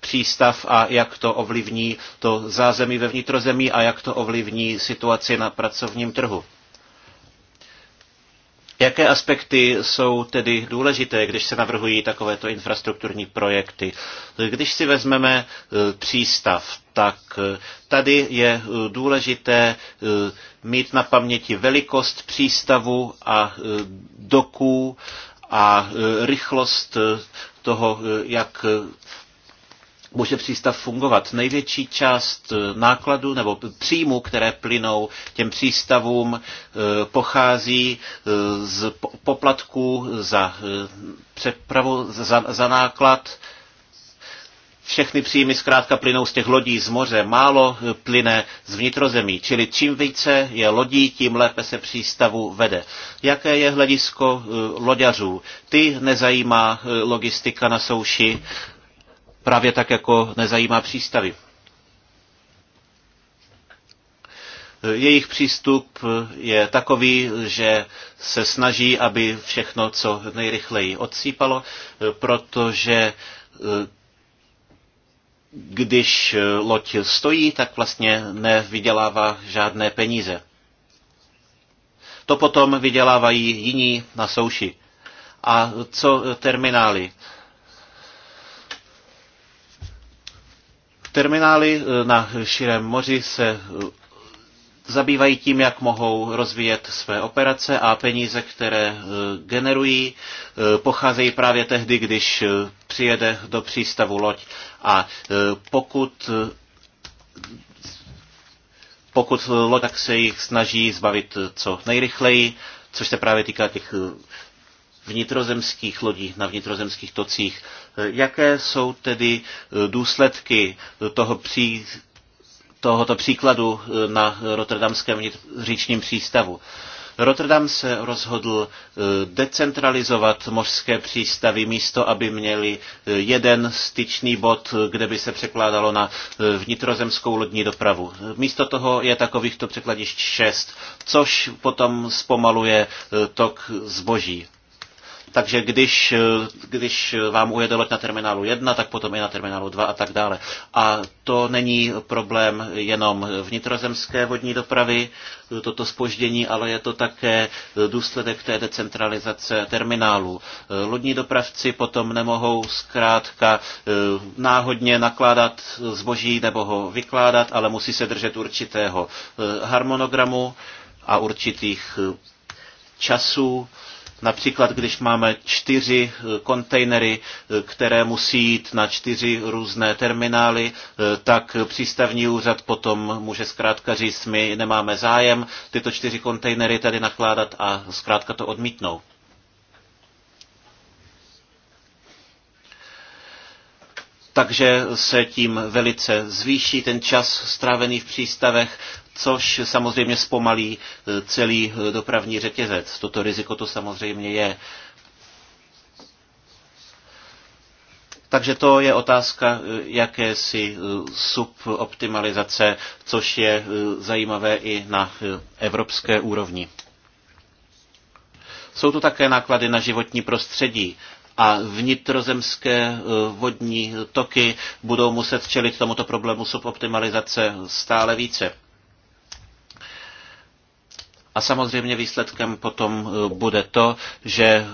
přístav a jak to ovlivní to zázemí ve vnitrozemí a jak to ovlivní situaci na pracovním trhu. Jaké aspekty jsou tedy důležité, když se navrhují takovéto infrastrukturní projekty? Když si vezmeme e, přístav, tak e, tady je e, důležité mít na paměti velikost přístavu a doků a rychlost toho, jak může přístav fungovat. Největší část eh, nákladu nebo příjmů, které plynou těm přístavům, eh, pochází eh, z poplatků za přepravu, za, za náklad. Všechny příjmy zkrátka plynou z těch lodí z moře, málo plyne z vnitrozemí, čili čím více je lodí, tím lépe se přístavu vede. Jaké je hledisko loďařů? Ty nezajímá logistika na souši, právě tak jako nezajímá přístavy. Jejich přístup je takový, že se snaží, aby všechno co nejrychleji odsýpalo, protože eh, když loď stojí, tak vlastně nevydělává žádné peníze. To potom vydělávají jiní na souši. A co terminály? Terminály eh, na širém moři se eh, zabývají tím, jak mohou rozvíjet své operace a peníze, které eh, generují, pocházejí právě tehdy, když přijede do přístavu loď. A pokud pokud loď, tak se jich snaží zbavit co nejrychleji, což se právě týká těch vnitrozemských lodích, na vnitrozemských tocích. Eh, jaké jsou tedy eh, důsledky eh, toho pří, tohoto příkladu na rotterdamském říčním přístavu? Rotterdam se rozhodl decentralizovat mořské přístavy místo, aby měli jeden styčný bod, kde by se překládalo na vnitrozemskou lodní dopravu. Místo toho je takovýchto překladišť šest, což potom zpomaluje tok zboží takže když, když vám ujede loď na terminálu 1, tak potom i na terminálu 2 a tak dále. A to není problém jenom vnitrozemské vodní dopravy, toto spoždění, ale je to také důsledek té decentralizace terminálu. Lodní dopravci potom nemohou zkrátka eh, náhodně nakládat zboží nebo ho vykládat, ale musí se držet určitého eh, harmonogramu a určitých eh, časů Například, když máme čtyři eh, kontejnery, eh, které musí jít na čtyři různé terminály, eh, tak přístavní úřad potom může zkrátka říct, my nemáme zájem tyto čtyři kontejnery tady nakládat a zkrátka to odmítnou. takže se tím velice zvýší ten čas strávený v přístavech, což samozřejmě zpomalí eh, celý eh, dopravní řetězec. Toto riziko to samozřejmě je. Takže to je otázka eh, jakési suboptimalizace, což je zajímavé i na evropské úrovni. Jsou tu také náklady na životní prostředí a vnitrozemské e, vodní toky budou muset čelit tomuto problému suboptimalizace stále více. A samozřejmě výsledkem potom e, bude to, že e,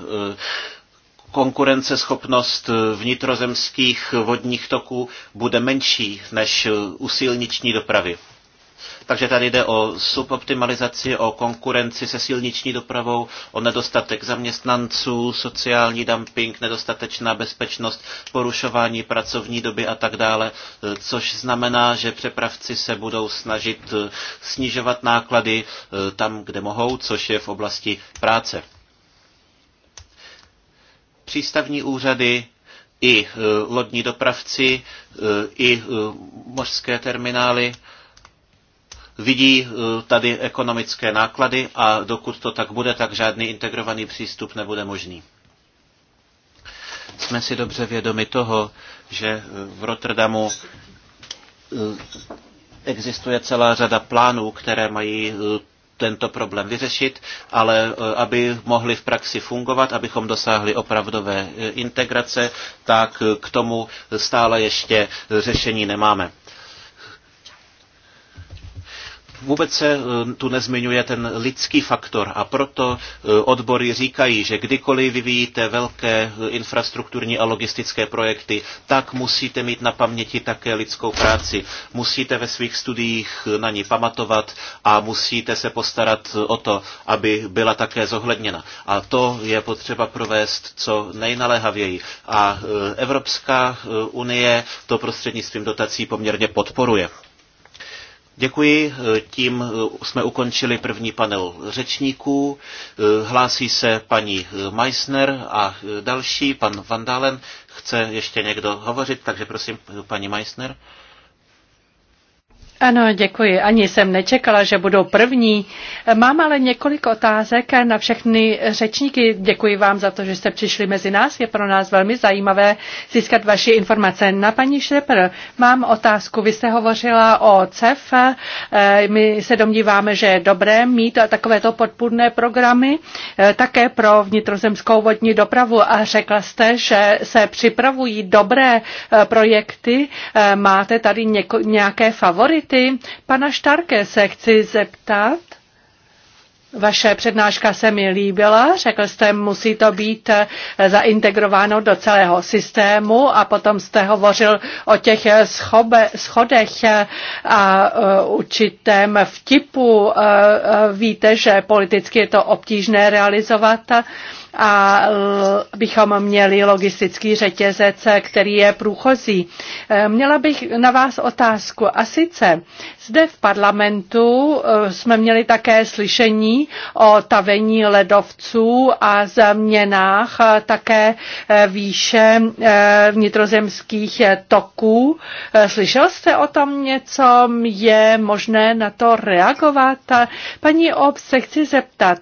konkurenceschopnost vnitrozemských vodních toků bude menší než u silniční dopravy. Takže tady jde o suboptimalizaci, o konkurenci se silniční dopravou, o nedostatek zaměstnanců, sociální dumping, nedostatečná bezpečnost, porušování pracovní doby a tak dále, což znamená, že přepravci se budou snažit eh, snižovat náklady eh, tam, kde mohou, což je v oblasti práce. Přístavní úřady i eh, lodní dopravci, i mořské terminály vidí eh, tady ekonomické náklady a dokud to tak bude, tak žádný integrovaný přístup nebude možný. Jsme si dobře vědomi toho, že eh, v Rotterdamu eh, existuje celá řada plánů, které mají tento problém vyřešit, ale aby mohli v praxi fungovat, abychom dosáhli opravdové integrace, tak k tomu stále ještě řešení nemáme vůbec se eh, tu nezmiňuje ten lidský faktor a proto eh, odbory říkají, že kdykoliv vyvíjíte velké eh, infrastrukturní a logistické projekty, tak musíte mít na paměti také lidskou práci. Musíte ve svých studiích na ní pamatovat a musíte se postarat o to, aby byla také zohledněna. A to je potřeba provést co nejnaléhavěji. A Evropská unie to prostřednictvím dotací poměrně podporuje. Děkuji, eh, tím eh, jsme ukončili první panel řečníků. Eh, hlásí se paní Meissner a další, pan Vandalen. Chce ještě někdo hovořit, takže prosím, paní Meissner. Ano, děkuji. Ani jsem nečekala, že budou první. Mám ale několik otázek na všechny řečníky. Děkuji vám za to, že jste přišli mezi nás. Je pro nás velmi zajímavé získat vaši informace. Na paní Šreper mám otázku. Vy jste hovořila o CEF. Eh, my se domníváme, že je dobré mít takovéto podpůrné programy eh, také pro vnitrozemskou vodní dopravu. A řekla jste, že se připravují dobré eh, projekty. Máte tady nějaké favority? mobility. Pana Štarke se chci zeptat. Vaše přednáška se mi líbila, řekl jste, musí to být eh, zaintegrováno do celého systému a potom jste hovořil o těch eh, schobe, schodech eh, a určitém vtipu. Víte, že politicky je to obtížné realizovat a bychom měli logistický řetězec, který je průchozí. E, měla bych na vás otázku. A sice zde v parlamentu e, jsme měli také slyšení o tavení ledovců a změnách e, také výše vnitrozemských toků. Slyšel jste o tom něco? Je možné na to reagovat? Paní Ob se chci zeptat.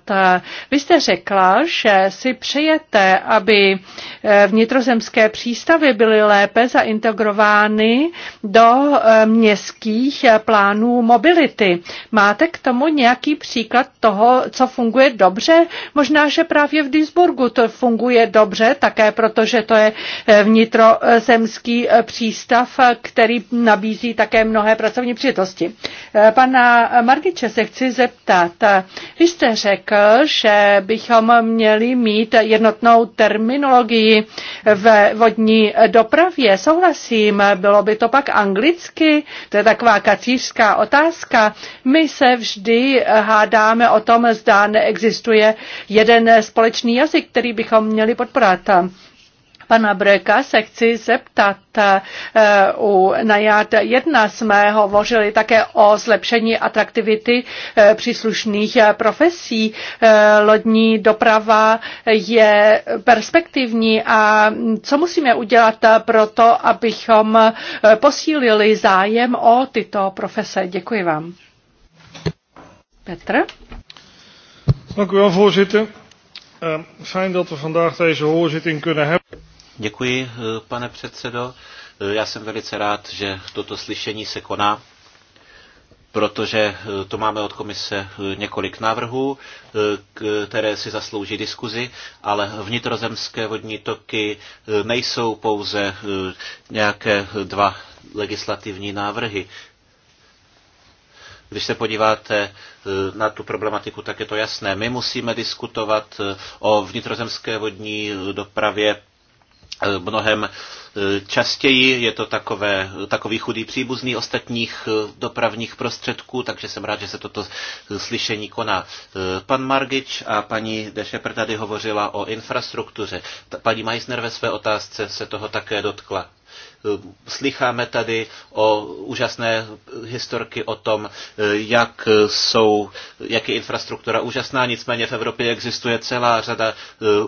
Vy jste řekla, že si přejete, aby eh, vnitrozemské přístavy byly lépe zaintegrovány do eh, městských eh, plánů mobility. Máte k tomu nějaký příklad toho, co funguje dobře? Možná, že právě v Duisburgu to funguje dobře, také protože to je vnitrozemský přístav, který nabízí také mnohé pracovní příležitosti. Pana Margiče se chci zeptat. Vy jste řekl, že bychom měli mít mít jednotnou terminologii ve vodní dopravě. Souhlasím, bylo by to pak anglicky? To je taková kacířská otázka. My se vždy hádáme o tom, zda neexistuje jeden společný jazyk, který bychom měli podporovat. Pana Breka se chci zeptat. Eh, u Naját 1 jsme hovořili také o zlepšení atraktivity eh, příslušných eh, profesí. Lodní doprava je perspektivní a co musíme udělat pro to, abychom posílili zájem o tyto profese? Děkuji vám. Petr? Dank u wel, voorzitter. Uh, fijn dat we vandaag deze hoorzitting kunnen hebben. Děkuji, eh, pane předsedo. Eh, já jsem velice rád, že toto slyšení se koná protože eh, to máme od komise několik návrhů, které si zaslouží diskuzi, ale vnitrozemské vodní toky nejsou pouze nějaké dva legislativní návrhy. Když se podíváte na tu problematiku, tak je to jasné. My musíme diskutovat o vnitrozemské vodní dopravě Eh, mnohem eh, častěji. Je to takové, takový chudý příbuzný ostatních eh, dopravních prostředků, takže jsem rád, že se toto slyšení koná. Pan Margič a paní Dešepr tady hovořila o infrastruktuře. Paní Meissner ve své otázce se toho také dotkla. Eh, slycháme tady o úžasné historky o tom, eh, jak, jsou, jak je infrastruktura úžasná, nicméně v Evropě existuje celá řada eh,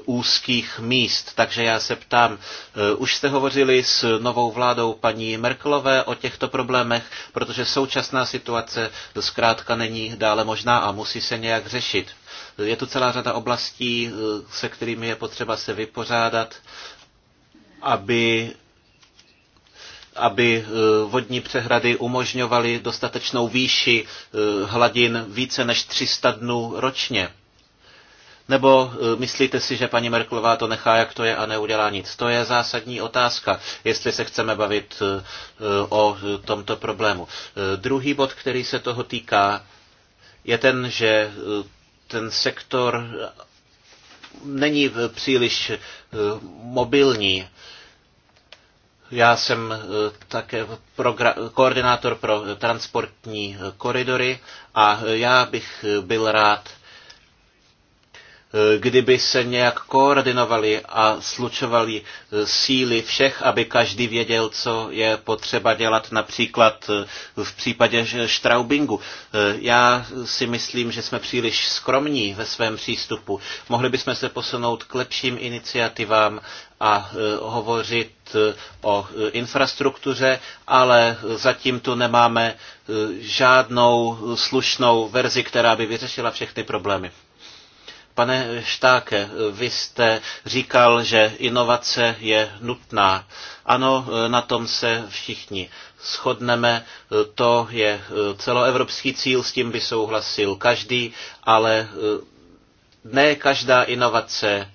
úzkých míst. Takže já se ptám, už jste hovořili s novou vládou paní Merkelové o těchto problémech, protože současná situace zkrátka není dále možná a musí se nějak řešit. Je tu celá řada oblastí, se kterými je potřeba se vypořádat, aby aby eh, vodní přehrady umožňovaly dostatečnou výši eh, hladin více než 300 dnů ročně. Nebo eh, myslíte si, že paní Merklová to nechá, jak to je a neudělá nic? To je zásadní otázka, jestli se chceme bavit o tomto problému. Druhý bod, který se toho týká, je ten, že ten sektor není příliš mobilní já jsem eh, také koordinátor pro transportní eh, koridory a eh, já bych byl rád, kdyby se nějak koordinovali a slučovali eh, síly všech, aby každý věděl, co je potřeba dělat, například eh, v případě Straubingu. Eh, já si myslím, že jsme příliš skromní ve svém přístupu. Mohli bychom se posunout k lepším iniciativám a hovořit o infrastruktuře, ale zatím tu nemáme žádnou slušnou verzi, která by vyřešila všechny problémy. Pane Štáke, vy jste říkal, že inovace je nutná. Ano, na tom se všichni shodneme. To je e, celoevropský cíl, s tím by souhlasil každý, ale e, ne každá inovace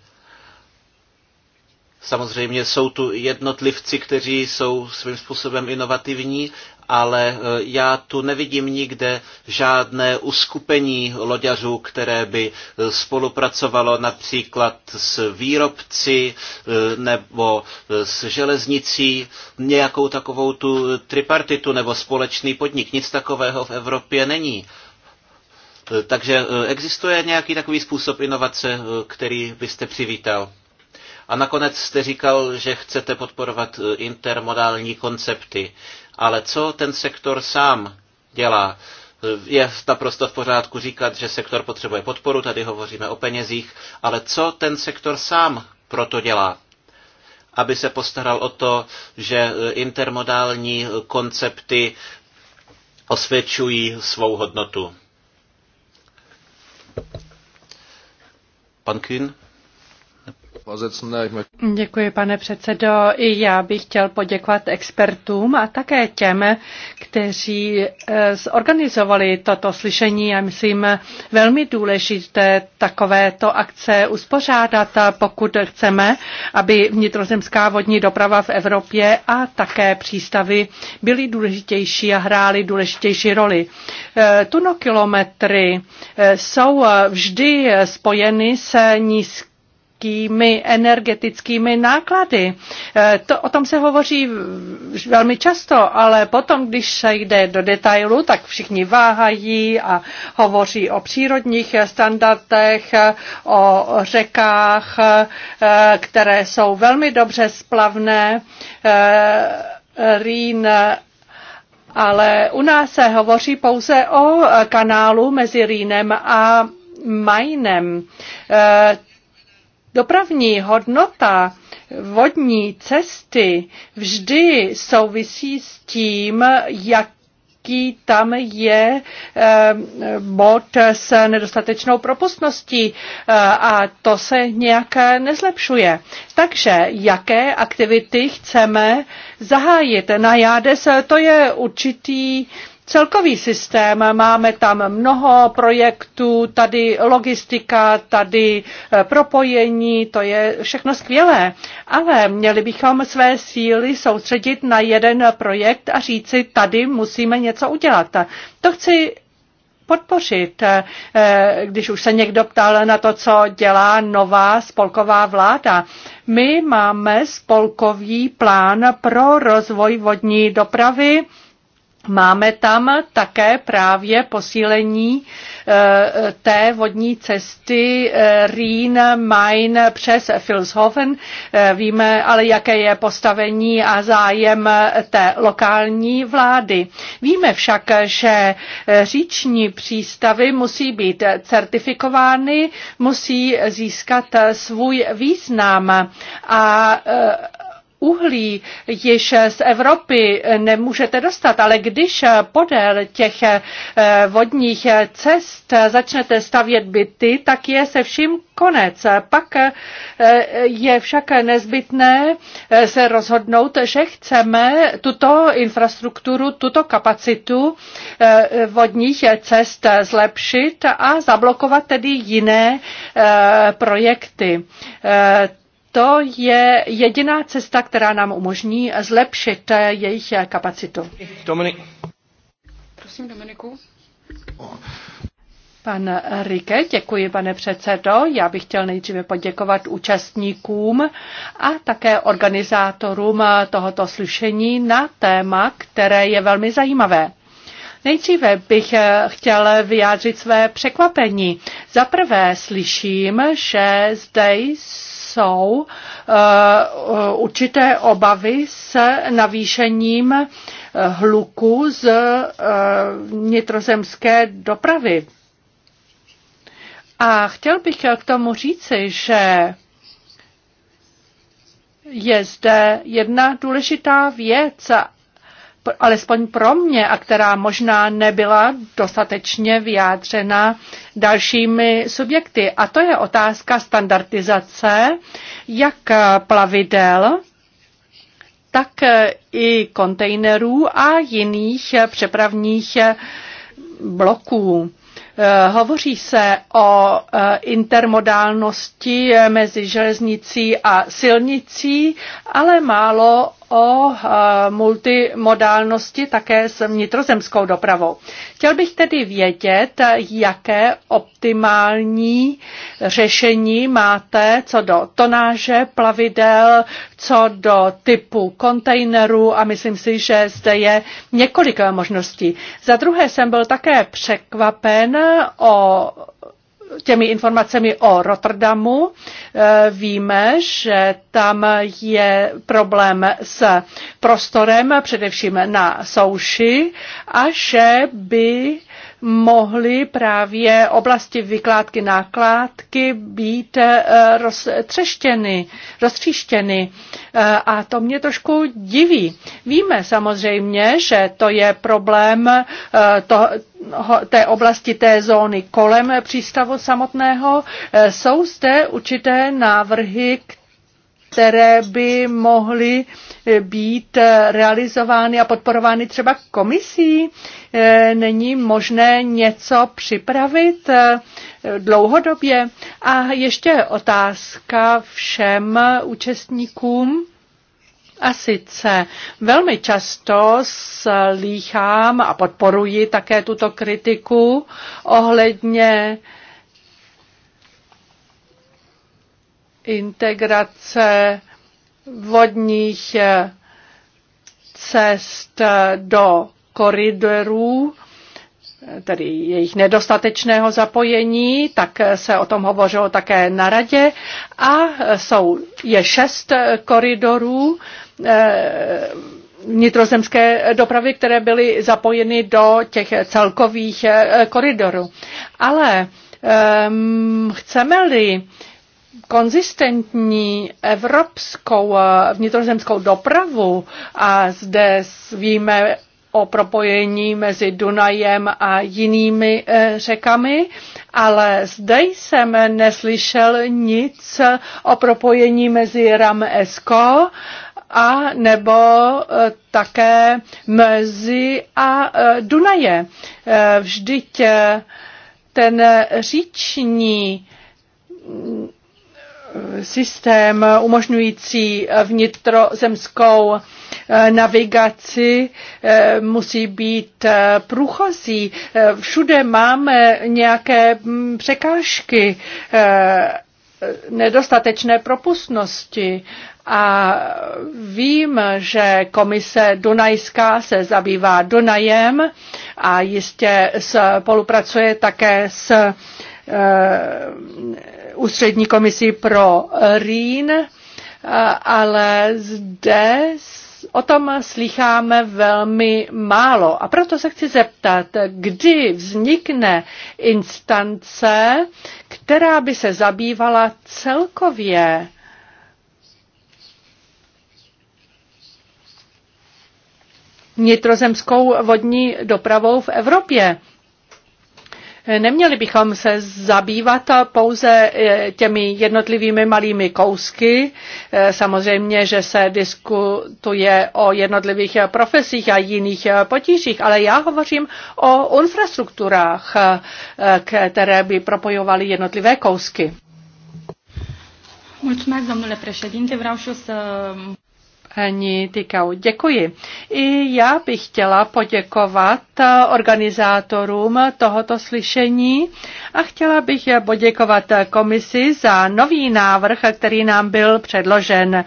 Samozřejmě jsou tu jednotlivci, kteří jsou svým způsobem inovativní, ale eh, já tu nevidím nikde žádné uskupení loďařů, které by eh, spolupracovalo například s výrobci eh, nebo s železnicí, nějakou takovou tu tripartitu nebo společný podnik. Nic takového v Evropě není. Takže existuje nějaký takový způsob inovace, který byste přivítal? A nakonec jste říkal, že chcete podporovat intermodální koncepty. Ale co ten sektor sám dělá? Je naprosto v pořádku říkat, že sektor potřebuje podporu, tady hovoříme o penězích, ale co ten sektor sám proto dělá? aby se postaral o to, že intermodální koncepty osvědčují svou hodnotu. Pan Kühn? Děkuji, pane předsedo. I já bych chtěl poděkovat expertům a také těm, kteří eh, zorganizovali toto slyšení. Já myslím, velmi důležité takovéto akce uspořádat, pokud chceme, aby vnitrozemská vodní doprava v Evropě a také přístavy byly důležitější a hrály důležitější roli. Eh, tunokilometry eh, jsou vždy spojeny se nízkým vysokými energetickými náklady. Eh, to, o tom se hovoří velmi často, ale potom, když se jde do detailu, tak všichni váhají a hovoří o přírodních standardech, o řekách, eh, které jsou velmi dobře splavné. Eh, Rýn ale u nás se hovoří pouze o kanálu mezi Rýnem a Mainem. Dopravní hodnota vodní cesty vždy souvisí s tím, jak jaký tam je eh, bod s nedostatečnou propustností eh, a to se nějak nezlepšuje. Takže jaké aktivity chceme zahájit? Na JADES to je určitý celkový systém. Máme tam mnoho projektů, tady logistika, tady eh, propojení, to je všechno skvělé. Ale měli bychom své síly soustředit na jeden projekt a říci, tady musíme něco udělat. To chci podpořit, eh, když už se někdo ptal na to, co dělá nová spolková vláda. My máme spolkový plán pro rozvoj vodní dopravy Máme tam také právě posílení eh, té vodní cesty eh, Rýn, Main přes Filshofen. Eh, víme ale, jaké je postavení a zájem té lokální vlády. Víme však, že říční přístavy musí být certifikovány, musí získat svůj význam a uhlí již z Evropy nemůžete dostat, ale když podél těch eh, vodních cest začnete stavět byty, tak je se vším konec. Pak eh, je však nezbytné eh, se rozhodnout, že chceme tuto infrastrukturu, tuto kapacitu vodních cest zlepšit a zablokovat tedy jiné projekty to je jediná cesta, která nám umožní zlepšit jejich kapacitu. Dominik. Prosím, Dominiku. Pan Rike, děkuji, pane předsedo. Já bych chtěl nejdříve poděkovat účastníkům a také organizátorům tohoto slyšení na téma, které je velmi zajímavé. Nejdříve bych chtěl vyjádřit své překvapení. Za prvé slyším, že zde jsou jsou eh, určité obavy s navýšením eh, hluku z eh, nitrozemské dopravy. A chtěl bych k tomu říci, že je zde jedna důležitá věc alespoň pro mě a která možná nebyla dostatečně vyjádřena dalšími subjekty. A to je otázka standardizace jak plavidel, tak i kontejnerů a jiných přepravních bloků. Hovoří se o intermodálnosti mezi železnicí a silnicí, ale málo o eh, multimodálnosti také s vnitrozemskou dopravou. Chtěl bych tedy vědět, jaké optimální řešení máte co do tonáže plavidel, co do typu kontejnerů a myslím si, že zde je několik možností. Za druhé jsem byl také překvapen o těmi informacemi o Rotterdamu. E, víme, že tam je problém s prostorem, především na souši, a že by mohly právě oblasti vykládky nákládky být eh, roztřeštěny, roztříštěny. Eh, a to mě trošku diví. Víme samozřejmě, že to je problém eh, to, té oblasti, té zóny kolem přístavu samotného. Jsou zde určité návrhy, které které by mohly eh, být eh, realizovány a podporovány třeba komisí? Eh, není možné něco připravit dlouhodobě? A ještě otázka všem účastníkům. A sice velmi často slýchám a podporuji také tuto kritiku ohledně eh, integrace vodních eh, cest eh, do koridorů, tedy jejich nedostatečného zapojení, tak eh, se o tom hovořilo také na radě a jsou, je šest koridorů vnitrozemské dopravy, které byly zapojeny do těch celkových koridorů. Ale ehm, chceme-li konzistentní evropskou eh, vnitrozemskou dopravu a zde víme o propojení mezi Dunajem a jinými eh, řekami, ale zde jsem neslyšel nic o propojení mezi Ram Esko a nebo eh, také mezi a Dunaje. Vždyť ten říční systém umožňující vnitrozemskou eh, navigaci eh, musí být eh, průchozí. Všude máme nějaké mm, překážky nedostatečné propustnosti. A vím, že komise Dunajská se zabývá Dunajem a jistě spolupracuje také s ústřední komisi pro Rýn, eh, ale zde o tom slycháme velmi málo. A proto se chci zeptat, kdy vznikne instance, která by se zabývala celkově nitrozemskou vodní dopravou v Evropě. Neměli bychom se zabývat pouze eh, těmi jednotlivými malými kousky. Eh, samozřejmě, že se diskutuje o jednotlivých profesích a jiných potížích, ale já hovořím o infrastrukturách, eh, které by propojovaly jednotlivé kousky. Mulțumesc, domnule președinte. Vreau și eu să paní Tykau. Děkuji. I já bych chtěla poděkovat eh, organizátorům tohoto slyšení a chtěla bych poděkovat eh, komisi za nový návrh, který nám byl předložen.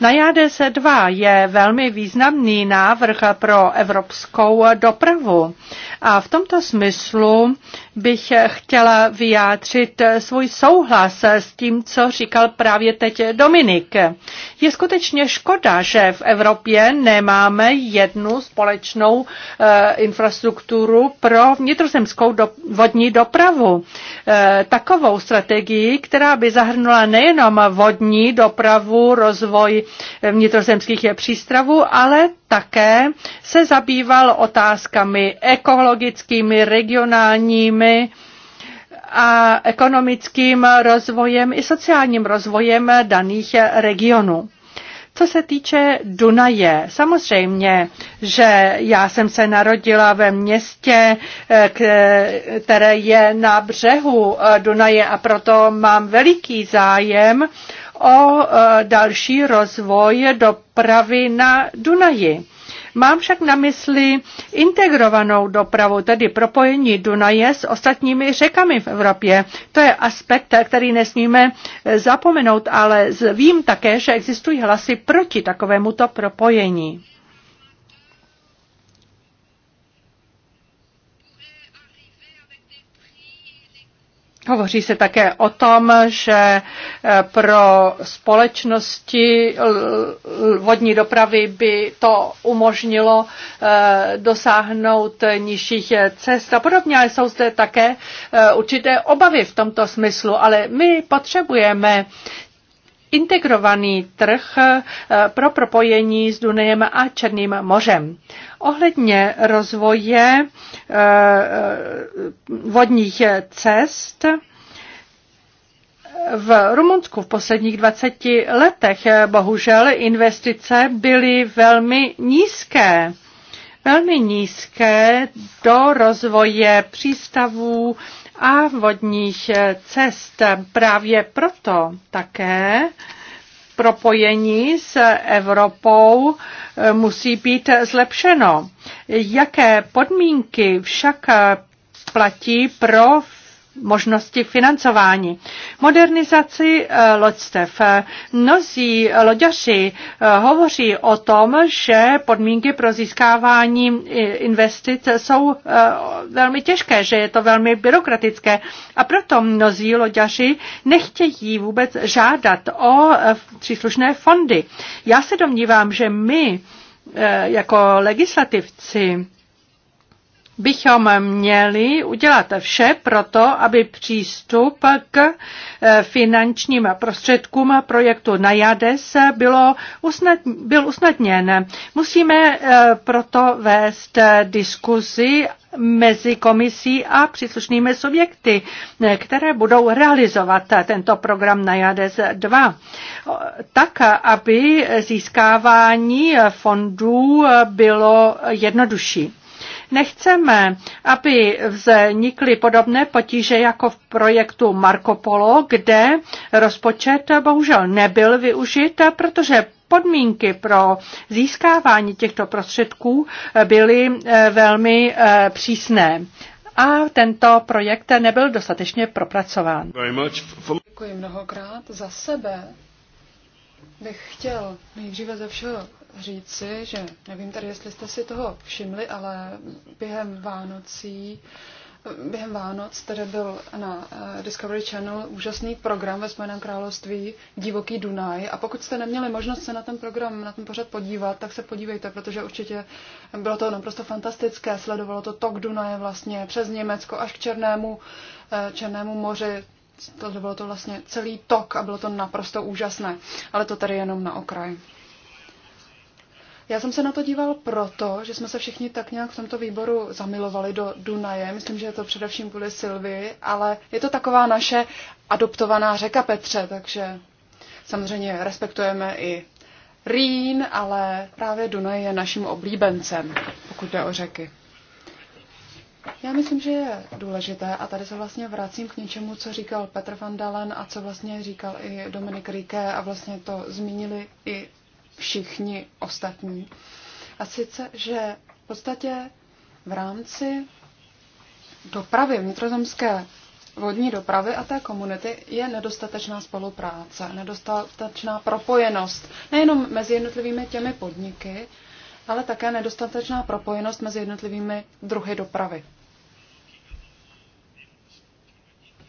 Na JADS 2 je velmi významný návrh pro evropskou dopravu a v tomto smyslu bych chtěla vyjádřit svůj souhlas s tím, co říkal právě teď Dominik. Je skutečně škoda, že v Evropě nemáme jednu společnou eh, infrastrukturu pro vnitrozemskou do, vodní dopravu. Eh, takovou strategii, která by zahrnula nejenom vodní dopravu, rozvoj vnitrozemských přístavů, ale také se zabýval otázkami ekologickými, regionálními, zemi a ekonomickým rozvojem i sociálním rozvojem daných regionů. Co se týče Dunaje, samozřejmě, že já jsem se narodila ve městě, které je na břehu Dunaje a proto mám veliký zájem o další rozvoj dopravy na Dunaji. Mám však na mysli integrovanou dopravu, tedy propojení Dunaje s ostatními řekami v Evropě. To je aspekt, který nesmíme eh, zapomenout, ale vím také, že existují hlasy proti takovémuto propojení. Hovoří se také o tom, že eh, pro společnosti vodní dopravy by to umožnilo eh, dosáhnout nižších cest a podobně, ale jsou zde také eh, určité obavy v tomto smyslu, ale my potřebujeme integrovaný trh eh, pro propojení s Dunajem a Černým mořem. Ohledně rozvoje eh, eh, vodních cest, v Rumunsku v posledních 20 letech bohužel investice byly velmi nízké. Velmi nízké do rozvoje přístavů, a vodních cest. Právě proto také propojení s Evropou eh, musí být zlepšeno. Jaké podmínky však platí pro možnosti financování. Modernizaci eh, loďstev. Mnozí loďaři eh, hovoří o tom, že podmínky pro získávání eh, investic jsou velmi těžké, že je to velmi byrokratické a proto mnozí loďaři nechtějí vůbec žádat o příslušné fondy. Já se domnívám, že my jako legislativci bychom měli udělat vše proto, aby přístup k eh, finančním prostředkům projektu Najades bylo usnad, byl usnadněn. Musíme eh, proto vést diskuzi mezi komisí a příslušnými subjekty, eh, které budou realizovat tento program JADES 2, tak, aby získávání fondů bylo jednodušší. Nechceme, aby vznikly podobné potíže jako v projektu Marco Polo, kde rozpočet bohužel nebyl využit, protože podmínky pro získávání těchto prostředků byly eh, velmi eh, přísné a tento projekt nebyl dostatečně propracován. Děkuji mnohokrát za sebe. Bych chtěl nejdříve ze všeho říci, že nevím tady, jestli jste si toho všimli, ale během Vánocí během Vánoc tady byl na eh, Discovery Channel úžasný program ve Spojeném království Divoký Dunaj a pokud jste neměli možnost se na ten program, na ten pořad podívat, tak se podívejte, protože určitě bylo to naprosto fantastické, sledovalo to tok Dunaje vlastně přes Německo až k Černému, eh, Černému moři, to bylo to vlastně celý tok a bylo to naprosto úžasné, ale to tady jenom na okraj. Já jsem se na to díval proto, že jsme se všichni tak nějak v tomto výboru zamilovali do Dunaje. Myslím, že je to především kvůli Silvii, ale je to taková naše adoptovaná řeka Petře, takže samozřejmě respektujeme i Rýn, ale právě Dunaj je naším oblíbencem, pokud jde o řeky. Já myslím, že je důležité, a tady se vlastně vracím k něčemu, co říkal Petr van Dalen a co vlastně říkal i Dominik Rike a vlastně to zmínili i všichni ostatní. A sice, že v podstatě v rámci dopravy, vnitrozemské vodní dopravy a té komunity je nedostatečná spolupráce, nedostatečná propojenost nejenom mezi jednotlivými těmi podniky, ale také nedostatečná propojenost mezi jednotlivými druhy dopravy.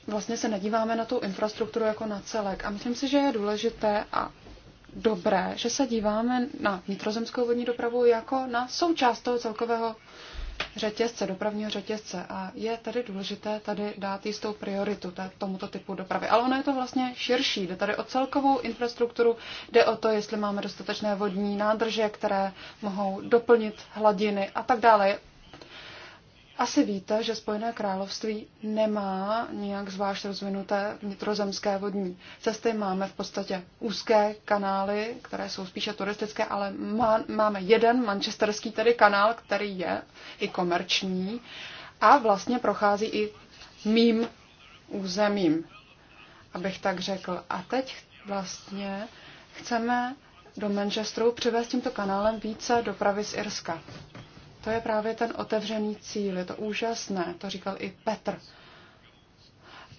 Vlastně se nedíváme na tu infrastrukturu jako na celek a myslím si, že je důležité a dobré, že se díváme na vnitrozemskou vodní dopravu jako na součást toho celkového řetězce, dopravního řetězce. A je tady důležité tady dát jistou prioritu tomuto typu dopravy. Ale ono je to vlastně širší. Jde tady o celkovou infrastrukturu, jde o to, jestli máme dostatečné vodní nádrže, které mohou doplnit hladiny a tak dále. Asi víte, že Spojené království nemá nijak zvlášť rozvinuté vnitrozemské vodní cesty. Máme v podstatě úzké kanály, které jsou spíše turistické, ale má, máme jeden manchesterský tedy kanál, který je i komerční a vlastně prochází i mým územím, abych tak řekl. A teď vlastně chceme do Manchesteru přivést tímto kanálem více dopravy z Irska. To je právě ten otevřený cíl, je to úžasné, to říkal i Petr.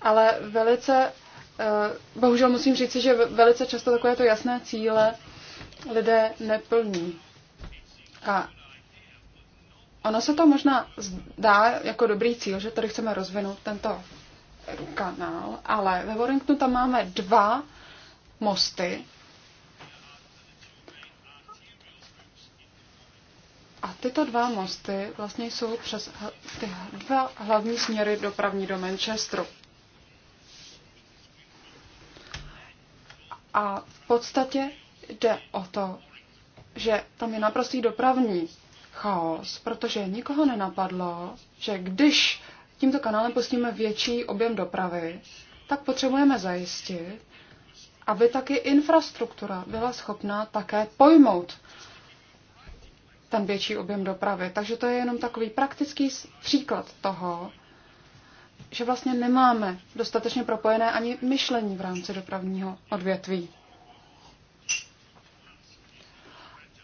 Ale velice, eh, bohužel musím říci, že velice často takové to jasné cíle lidé neplní. A ono se to možná zdá jako dobrý cíl, že tady chceme rozvinout tento kanál, ale ve Warringtonu tam máme dva mosty, A tyto dva mosty vlastně jsou přes ty dva hlavní směry dopravní do Manchesteru. A v podstatě jde o to, že tam je naprostý dopravní chaos, protože nikoho nenapadlo, že když tímto kanálem pustíme větší objem dopravy, tak potřebujeme zajistit, aby taky infrastruktura byla schopná také pojmout ten větší objem dopravy. Takže to je jenom takový praktický příklad toho, že vlastně nemáme dostatečně propojené ani myšlení v rámci dopravního odvětví.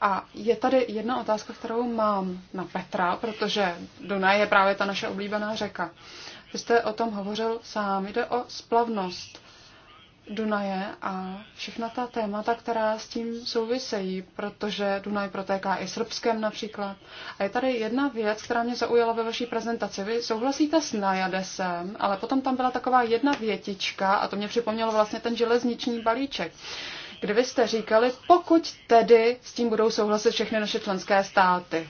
A je tady jedna otázka, kterou mám na Petra, protože Dunaj je právě ta naše oblíbená řeka. Vy jste o tom hovořil sám. Jde o splavnost. Dunaje a všechna ta témata, která s tím souvisejí, protože Dunaj protéká i srbskem například. A je tady jedna věc, která mě zaujala ve vaší prezentaci. Vy souhlasíte s Najadesem, ale potom tam byla taková jedna větička, a to mě připomnělo vlastně ten železniční balíček, kdy vy jste říkali, pokud tedy s tím budou souhlasit všechny naše členské státy.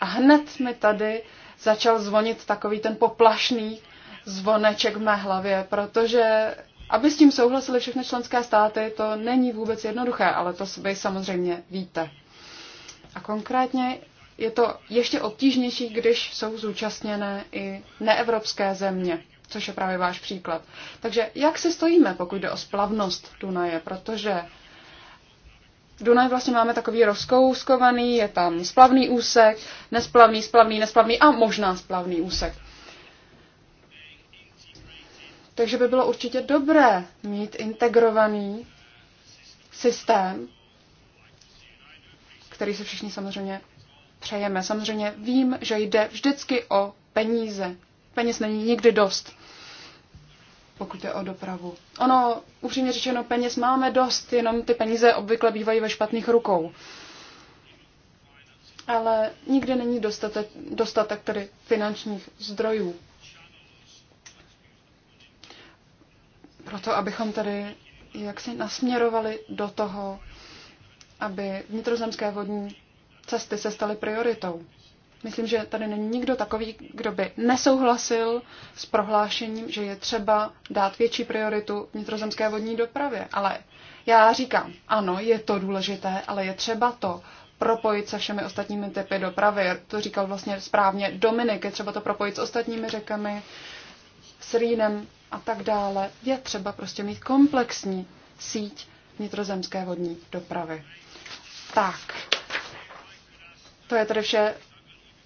A hned mi tady začal zvonit takový ten poplašný zvoneček v mé hlavě, protože aby s tím souhlasily všechny členské státy, to není vůbec jednoduché, ale to vy samozřejmě víte. A konkrétně je to ještě obtížnější, když jsou zúčastněné i neevropské země, což je právě váš příklad. Takže jak si stojíme, pokud jde o splavnost Dunaje, protože Dunaj vlastně máme takový rozkouskovaný, je tam splavný úsek, nesplavný, splavný, nesplavný a možná splavný úsek. Takže by bylo určitě dobré mít integrovaný systém, který se všichni samozřejmě přejeme. Samozřejmě vím, že jde vždycky o peníze. Peněz není nikdy dost, pokud je o dopravu. Ono, upřímně řečeno, peněz máme dost, jenom ty peníze obvykle bývají ve špatných rukou. Ale nikdy není dostatek, dostatek tedy finančních zdrojů Proto, abychom tady jaksi nasměrovali do toho, aby vnitrozemské vodní cesty se staly prioritou. Myslím, že tady není nikdo takový, kdo by nesouhlasil s prohlášením, že je třeba dát větší prioritu vnitrozemské vodní dopravě. Ale já říkám, ano, je to důležité, ale je třeba to propojit se všemi ostatními typy dopravy. To říkal vlastně správně Dominik, je třeba to propojit s ostatními řekami, s Rýnem, a tak dále, je třeba prostě mít komplexní síť vnitrozemské vodní dopravy. Tak, to je tedy vše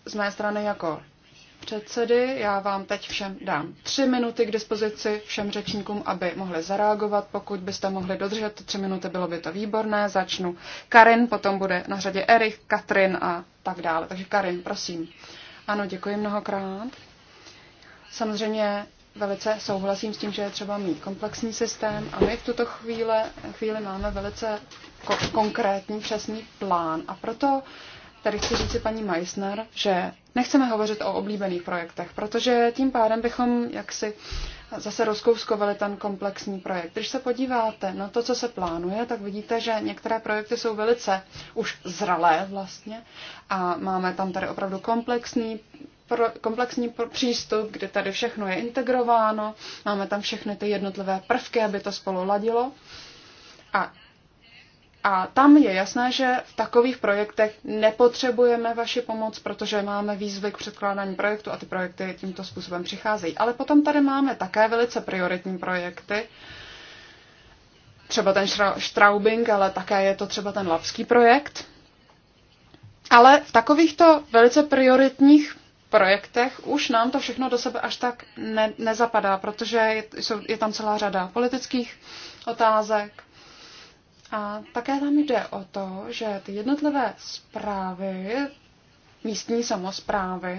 z mé strany jako předsedy. Já vám teď všem dám tři minuty k dispozici všem řečníkům, aby mohli zareagovat. Pokud byste mohli dodržet tři minuty, bylo by to výborné. Začnu Karin, potom bude na řadě Erik, Katrin a tak dále. Takže Karin, prosím. Ano, děkuji mnohokrát. Samozřejmě velice souhlasím s tím, že je třeba mít komplexní systém a my v tuto chvíli, chvíli máme velice ko- konkrétní, přesný plán. A proto tady chci říct si paní Meissner, že nechceme hovořit o oblíbených projektech, protože tím pádem bychom jaksi zase rozkouskovali ten komplexní projekt. Když se podíváte na to, co se plánuje, tak vidíte, že některé projekty jsou velice už zralé vlastně a máme tam tady opravdu komplexní pro, komplexní pro, přístup, kde tady všechno je integrováno, máme tam všechny ty jednotlivé prvky, aby to spolu ladilo. A, a tam je jasné, že v takových projektech nepotřebujeme vaši pomoc, protože máme výzvy k předkládání projektu a ty projekty tímto způsobem přicházejí. Ale potom tady máme také velice prioritní projekty, třeba ten Straubing, ale také je to třeba ten Lavský projekt. Ale v takovýchto velice prioritních projektech už nám to všechno do sebe až tak ne, nezapadá, protože je, jsou, je tam celá řada politických otázek. A také tam jde o to, že ty jednotlivé zprávy, místní samozprávy,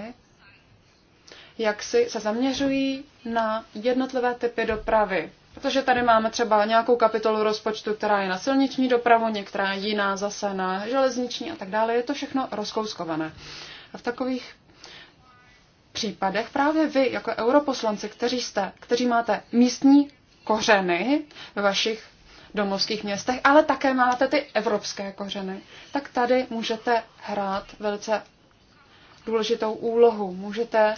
jak si se zaměřují na jednotlivé typy dopravy. Protože tady máme třeba nějakou kapitolu rozpočtu, která je na silniční dopravu, některá jiná zase na železniční a tak dále. Je to všechno rozkouskované. A v takových případech právě vy, jako europoslanci, kteří jste, kteří máte místní kořeny ve vašich domovských městech, ale také máte ty evropské kořeny, tak tady můžete hrát velice důležitou úlohu. Můžete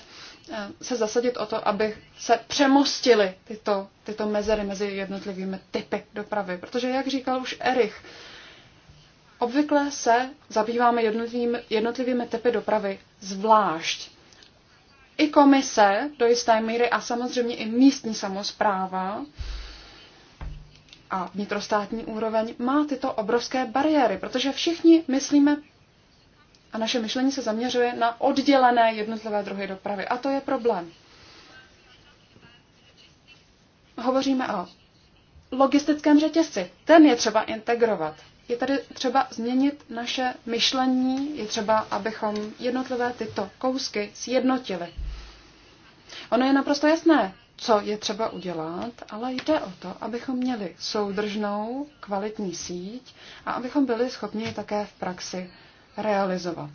eh, se zasadit o to, aby se přemostily tyto, tyto mezery mezi jednotlivými typy dopravy. Protože, jak říkal už Erich, obvykle se zabýváme jednotlivými, jednotlivými typy dopravy zvlášť i komise do jisté míry a samozřejmě i místní samozpráva a vnitrostátní úroveň má tyto obrovské bariéry, protože všichni myslíme a naše myšlení se zaměřuje na oddělené jednotlivé druhy dopravy. A to je problém. Hovoříme o logistickém řetězci. Ten je třeba integrovat. Je tady třeba změnit naše myšlení, je třeba, abychom jednotlivé tyto kousky sjednotili. Ono je naprosto jasné, co je třeba udělat, ale jde o to, abychom měli soudržnou, kvalitní síť a abychom byli schopni také v praxi realizovat.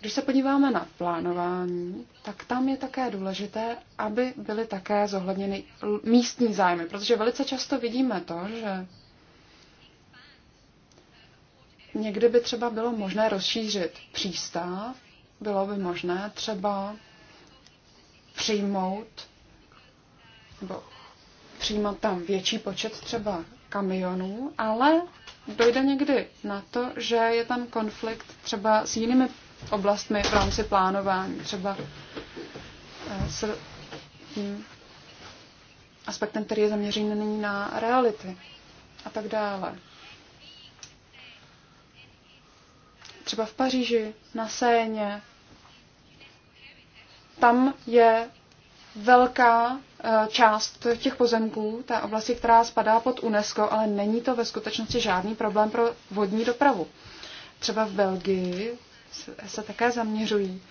Když se podíváme na plánování, tak tam je také důležité, aby byly také zohledněny místní zájmy, protože velice často vidíme to, že někdy by třeba bylo možné rozšířit přístav, bylo by možné třeba přijmout nebo přijmout tam větší počet třeba kamionů, ale dojde někdy na to, že je tam konflikt třeba s jinými oblastmi v rámci plánování, třeba eh, s tím aspektem, který je zaměřený na reality a tak dále. Třeba v Paříži, na Séně, tam je velká eh, část těch pozemků, té oblasti, která spadá pod UNESCO, ale není to ve skutečnosti žádný problém pro vodní dopravu. Třeba v Belgii se také zaměřují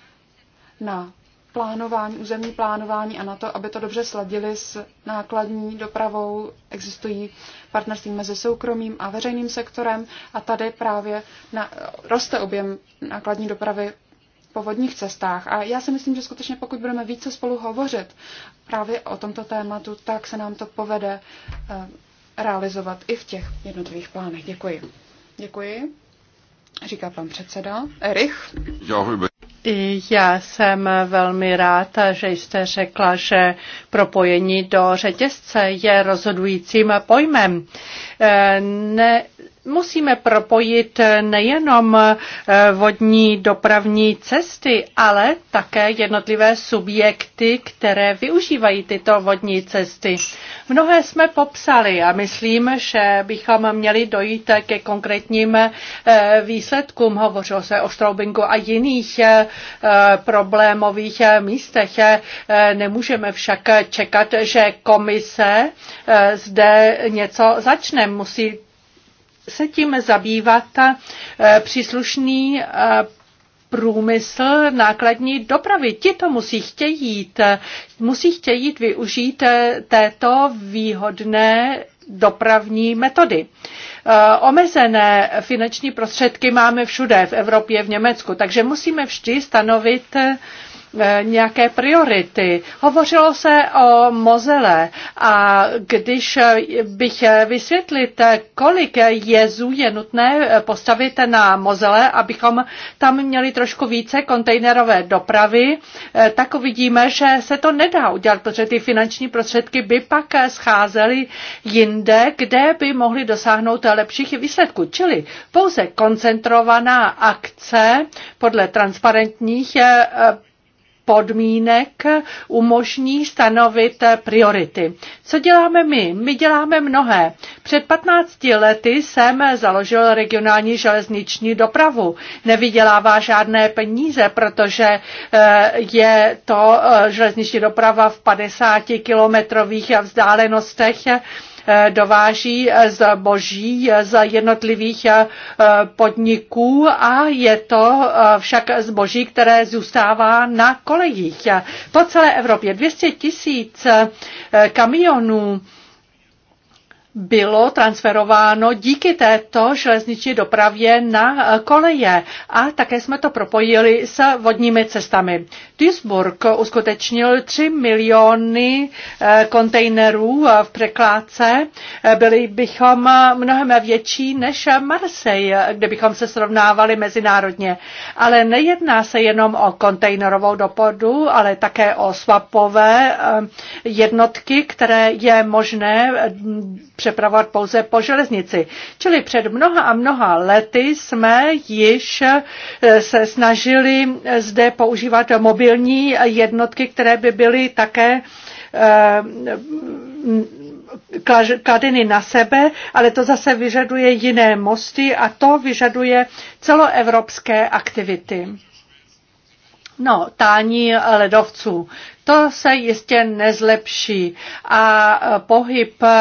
na plánování, územní plánování a na to, aby to dobře sladili s nákladní dopravou. Existují partnerství mezi soukromým a veřejným sektorem a tady právě na, roste objem nákladní dopravy po vodních cestách. A já si myslím, že skutečně pokud budeme více spolu hovořit právě o tomto tématu, tak se nám to povede eh, realizovat i v těch jednotlivých plánech. Děkuji. Děkuji, říká pan předseda. Erich? Já jsem velmi rád, že jste řekla, že propojení do řetězce je rozhodujícím pojmem. Eh, ne, Musíme propojit nejenom eh, vodní dopravní cesty, ale také jednotlivé subjekty, které využívají tyto vodní cesty. Mnohé jsme popsali a myslím, že bychom měli dojít ke konkrétním eh, výsledkům. Hovořilo se o Štroubingu a jiných eh, problémových místech. Nemůžeme však čekat, že komise zde něco začne. Musí se tím zabývat eh, příslušný eh, průmysl nákladní dopravy. Ti to musí chtějít, eh, musí chtějít využít této výhodné dopravní metody. Omezené finanční prostředky máme všude v Evropě, v Německu, takže musíme vždy stanovit Eh, nějaké priority. Hovořilo se o mozele a když eh, bych eh, vysvětlit, kolik jezů je nutné postavit na mozele, abychom tam měli trošku více kontejnerové dopravy, tak uvidíme, že se to nedá udělat, protože ty finanční prostředky by pak scházely jinde, kde by mohly dosáhnout lepších výsledků. Čili pouze koncentrovaná akce podle transparentních podmínek umožní stanovit priority. Co děláme my? My děláme mnohé. Před 15 lety jsem založil regionální železniční dopravu. Nevydělává žádné peníze, protože eh, je to eh, železniční doprava v 50 kilometrových vzdálenostech Eh, dováží eh, zboží eh, z jednotlivých podniků a je to však zboží, které zůstává na kolejích. Po celé Evropě 200 tisíc kamionů bylo transferováno díky této železniční dopravě na koleje a také jsme to propojili s vodními cestami. Duisburg uskutečnil 3 miliony eh, kontejnerů eh, v překládce. Eh, byli bychom mnohem větší než Marseille, kde bychom se srovnávali mezinárodně. Ale nejedná se jenom o kontejnerovou dopodu, ale také o swapové jednotky, které je možné před mm, přepravovat pouze po železnici. Čili před mnoha a mnoha lety jsme již eh, se snažili eh, zde používat mobilní jednotky, které by byly také eh, kladeny na sebe, ale to zase vyžaduje jiné mosty a to vyžaduje celoevropské aktivity. No, tání ledovců. To se jistě nezlepší a e, pohyb e,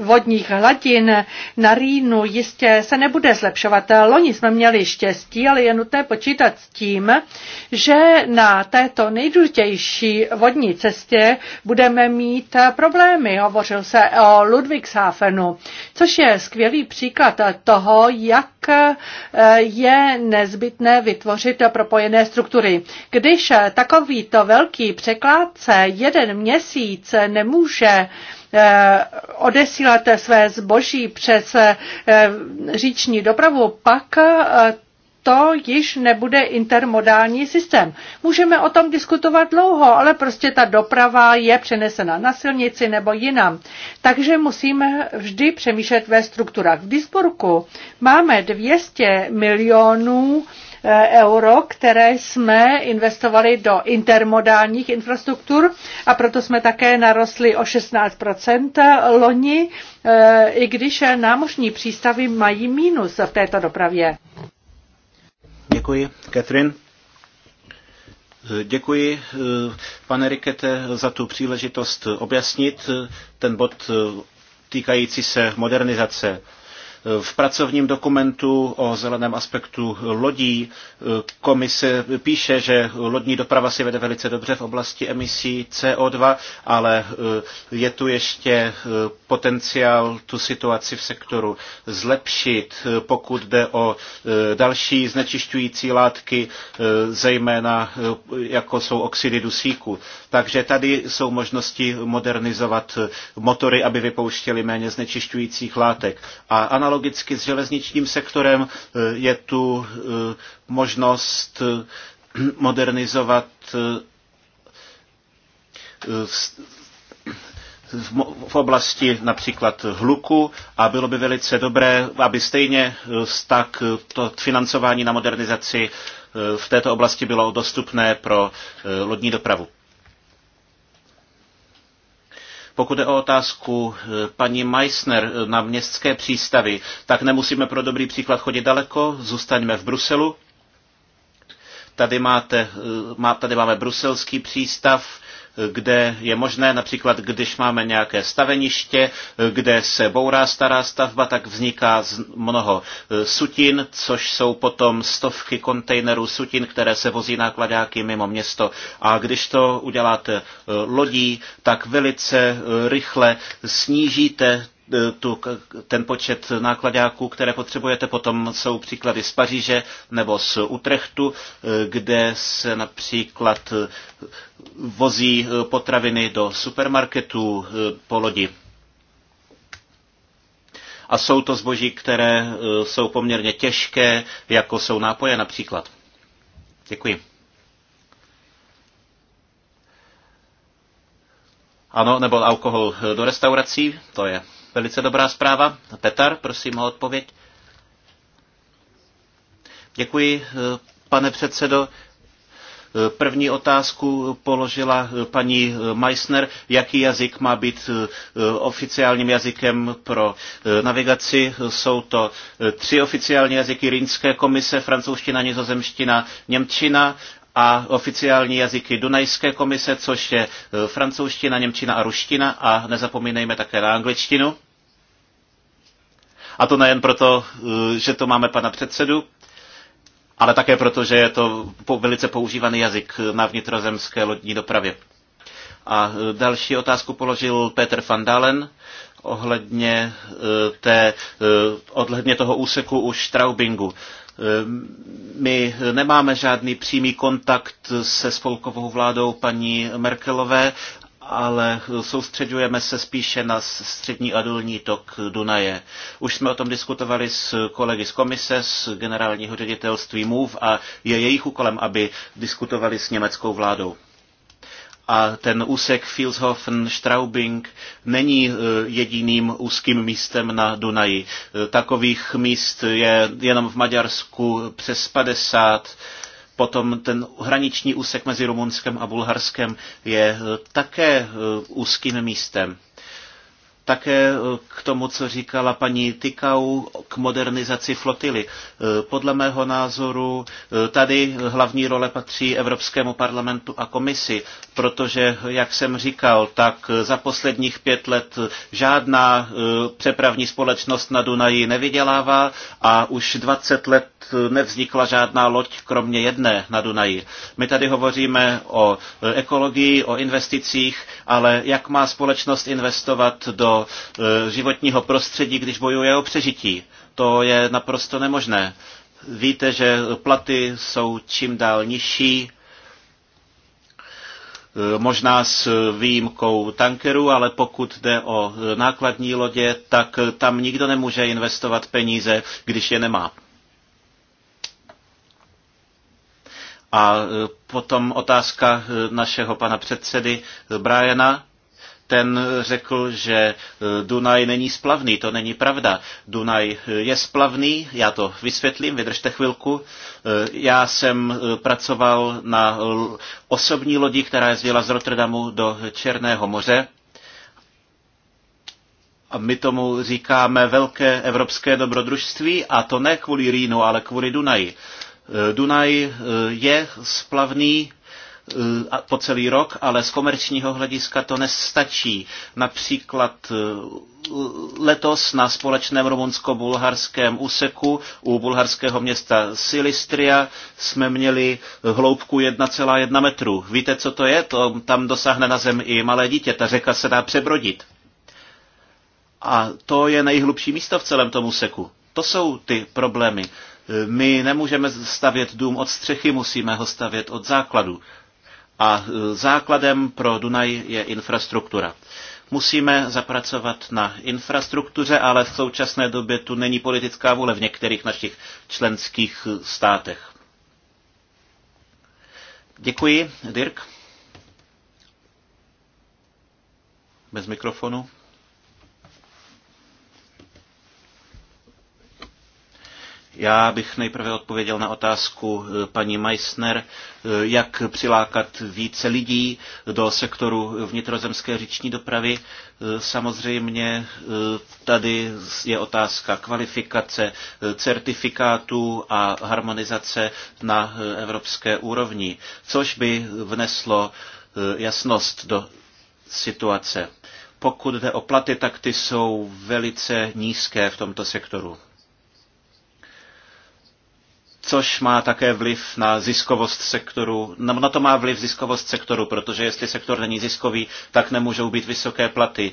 vodních hladin na Rýnu jistě se nebude zlepšovat. Loni jsme měli štěstí, ale je nutné počítat s tím, že na této nejdůležitější vodní cestě budeme mít problémy. Hovořil se o Ludwigshafenu, což je skvělý příklad toho, jak e, je nezbytné vytvořit propojené struktury. Když takovýto velký její překládce jeden měsíc nemůže eh, odesílat své zboží přes eh, říční dopravu, pak eh, to již nebude intermodální systém. Můžeme o tom diskutovat dlouho, ale prostě ta doprava je přenesena na silnici nebo jinam. Takže musíme vždy přemýšlet ve strukturách. V Disburku máme 200 milionů Eh, euro, které jsme investovali do intermodálních infrastruktur a proto jsme také narostli o 16 loni, eh, i když námořní přístavy mají mínus v této dopravě. Děkuji. Katrin? Eh, děkuji, pane Rikete, za tu příležitost objasnit ten bod týkající se modernizace v pracovním dokumentu o zeleném aspektu lodí komise píše, že lodní doprava si vede velice dobře v oblasti emisí CO2, ale eh, je tu ještě eh, potenciál tu situaci v sektoru zlepšit, eh, pokud jde o další znečišťující látky, zejména jako jsou oxidy dusíku. Takže tady jsou možnosti modernizovat motory, aby vypouštěly méně znečišťujících látek. A analogicky s železničním sektorem eh, je tu eh, možnost eh, modernizovat v oblasti například hluku a bylo by velice dobré, aby stejně tak to financování na modernizaci v této oblasti bylo dostupné pro lodní dopravu. Pokud je o otázku eh, paní Meissner eh, na městské přístavy, tak nemusíme pro dobrý příklad chodit daleko, zůstaňme v Bruselu. Tady, máte, eh, tady máme bruselský přístav, kde je možné například, když máme nějaké staveniště, kde se bourá stará stavba, tak vzniká mnoho eh, sutin, což jsou potom stovky kontejnerů sutin, které se vozí nákladáky mimo město. A když to uděláte eh, lodí, tak velice eh, rychle snížíte Eh, tu, ten počet nákladáků, které potřebujete. Potom jsou příklady z Paříže nebo z Utrechtu, eh, kde se například eh, vozí potraviny do supermarketů po lodi. A jsou to zboží, které jsou poměrně těžké, jako jsou nápoje například. Děkuji. Ano, nebo alkohol do restaurací, to je Velice dobrá zpráva. Petar, prosím o odpověď. Děkuji, eh, pane předsedo. Eh, první otázku položila eh, paní Meissner, jaký jazyk má být oficiálním jazykem pro navigaci. Jsou to tři oficiální jazyky Rýnské komise, francouzština, nizozemština, němčina a oficiální jazyky Dunajské komise, což je e, francouzština, němčina a ruština a nezapomínejme také na angličtinu. A to nejen proto, e, že to máme pana předsedu, ale také proto, že je to velice používaný jazyk na vnitrozemské lodní dopravě. A e, další otázku položil Peter van Dalen ohledně, té, ohledně toho úseku u Straubingu. My nemáme žádný přímý kontakt se spolkovou vládou paní Merkelové, ale soustředujeme se spíše na střední a dolní tok Dunaje. Už jsme o tom diskutovali s kolegy z komise, z generálního ředitelství MOVE a je jejich úkolem, aby diskutovali s německou vládou a ten úsek filshofen straubing není e, jediným úzkým místem na Dunaji. E, takových míst je jenom v Maďarsku přes 50. Potom ten hraniční úsek mezi Rumunskem a Bulharskem je e, také úzkým místem. Také eh, k tomu, co říkala paní Tykau k modernizaci flotily. Eh, podle mého názoru eh, tady hlavní role patří Evropskému parlamentu a komisi, protože, jak jsem říkal, tak za posledních pět let žádná přepravní společnost na Dunaji nevydělává a už 20 let nevznikla žádná loď, kromě jedné na Dunaji. My tady hovoříme o ekologii, o investicích, ale jak má společnost investovat do Eh, životního prostředí, když bojuje o přežití. To je naprosto nemožné. Víte, že platy jsou čím dál nižší, eh, možná s výjimkou tankerů, ale pokud jde o nákladní lodě, tak tam nikdo nemůže investovat peníze, když je nemá. A eh, potom otázka našeho pana předsedy Briana ten řekl, že e, Dunaj není splavný. To není pravda. Dunaj je splavný, já to vysvětlím, vydržte chvilku. E, já jsem e, pracoval na osobní lodi, která jezdila z Rotterdamu do Černého moře. A my tomu říkáme velké evropské dobrodružství a to ne kvůli Rýnu, ale kvůli Dunaji. Dunaj je splavný Eh, po celý rok, ale z komerčního hlediska to nestačí. Například eh, letos na společném rumunsko-bulharském úseku u bulharského města Silistria jsme měli hloubku 1,1 metru. Víte, co to je? To tam dosáhne na zem i malé dítě. Ta řeka se dá přebrodit. A to je nejhlubší místo v celém tom úseku. To jsou ty problémy. Eh, my nemůžeme stavět dům od střechy, musíme ho stavět od základu. A e, základem pro Dunaj je infrastruktura. Musíme zapracovat na infrastruktuře, ale v současné době tu není politická vůle v některých našich členských e, státech. Děkuji, Dirk. Bez mikrofonu. Já bych nejprve odpověděl na otázku eh, paní Meissner, eh, jak přilákat více lidí do sektoru vnitrozemské říční dopravy. Eh, samozřejmě tady je otázka kvalifikace, certifikátů a harmonizace na evropské úrovni, což by vneslo jasnost do situace. Pokud jde o platy, tak ty jsou velice nízké v tomto sektoru což má také vliv na ziskovost sektoru. Na to má vliv ziskovost sektoru, protože jestli sektor není ziskový, tak nemůžou být vysoké platy.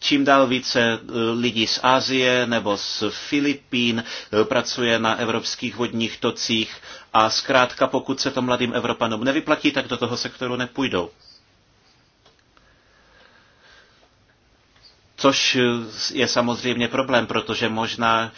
Čím dál více eh, lidí z Asie nebo z Filipín eh, pracuje na evropských vodních tocích a zkrátka pokud se to mladým Evropanům nevyplatí, tak do toho sektoru nepůjdou. Což eh, je samozřejmě problém, protože možná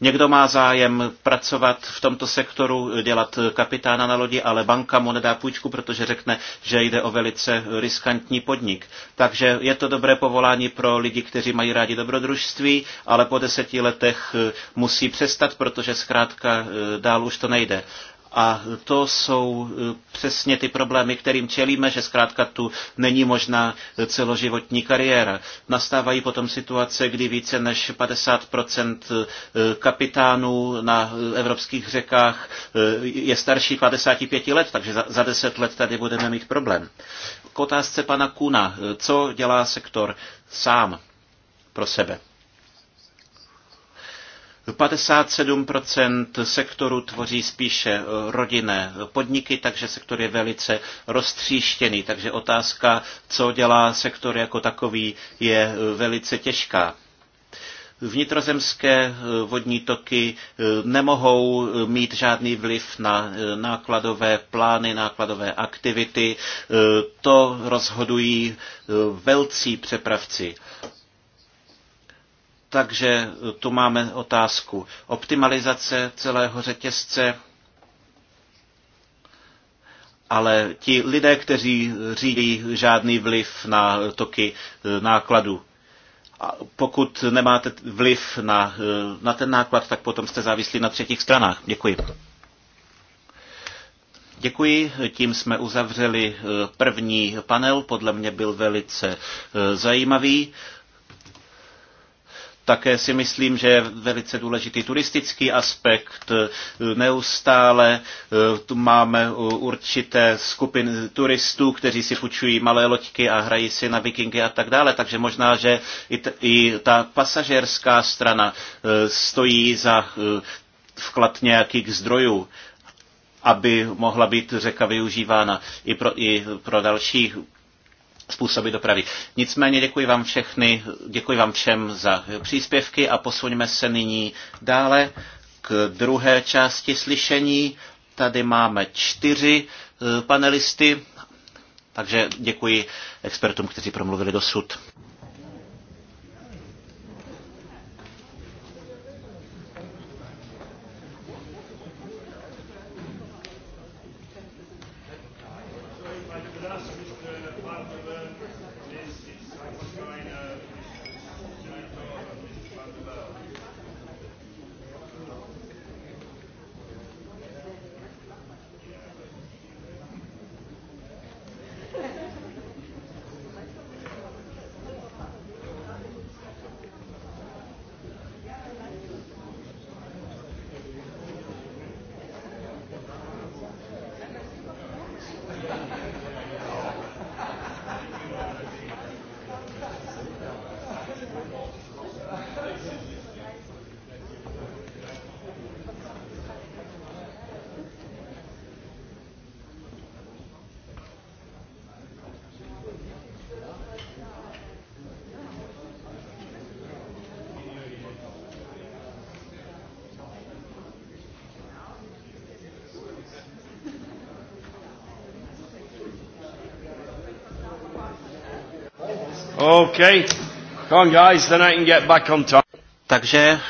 Někdo má zájem pracovat v tomto sektoru, dělat kapitána na lodi, ale banka mu nedá půjčku, protože řekne, že jde o velice riskantní podnik. Takže je to dobré povolání pro lidi, kteří mají rádi dobrodružství, ale po deseti letech eh, musí přestat, protože zkrátka eh, dál už to nejde. A to jsou eh, přesně ty problémy, kterým čelíme, že zkrátka tu není možná celoživotní kariéra. Nastávají potom situace, kdy více než 50% eh, kapitánů na evropských řekách eh, je starší 55 let, takže za 10 let tady budeme mít problém. K otázce pana Kuna, co dělá sektor sám pro sebe? 57% sektoru tvoří spíše eh, rodinné eh, podniky, takže sektor je velice roztříštěný. Takže otázka, co dělá sektor jako takový, je eh, velice těžká vnitrozemské vodní toky nemohou mít žádný vliv na nákladové plány, nákladové aktivity. To rozhodují velcí přepravci. Takže tu máme otázku optimalizace celého řetězce, ale ti lidé, kteří řídí žádný vliv na toky eh, nákladu, pokud nemáte vliv na, eh, na ten náklad, tak potom jste závislí na třetích stranách. Děkuji. Děkuji, tím jsme uzavřeli eh, první panel, podle mě byl velice zajímavý. Také si myslím, že je velice důležitý turistický aspekt. E, neustále e, tu máme e, určité skupiny turistů, kteří si půjčují malé loďky a hrají si na vikingy a tak dále. Takže možná, že i, i ta pasažerská strana stojí za vklad nějakých zdrojů aby mohla být řeka využívána i pro, i pro další způsoby dopravy. Nicméně děkuji vám všechny, děkuji vám všem za příspěvky a posuňme se nyní dále k druhé části slyšení. Tady máme čtyři eh, panelisty, takže děkuji expertům, kteří promluvili dosud. Okay. Come on guys, then I can get back on time. Takže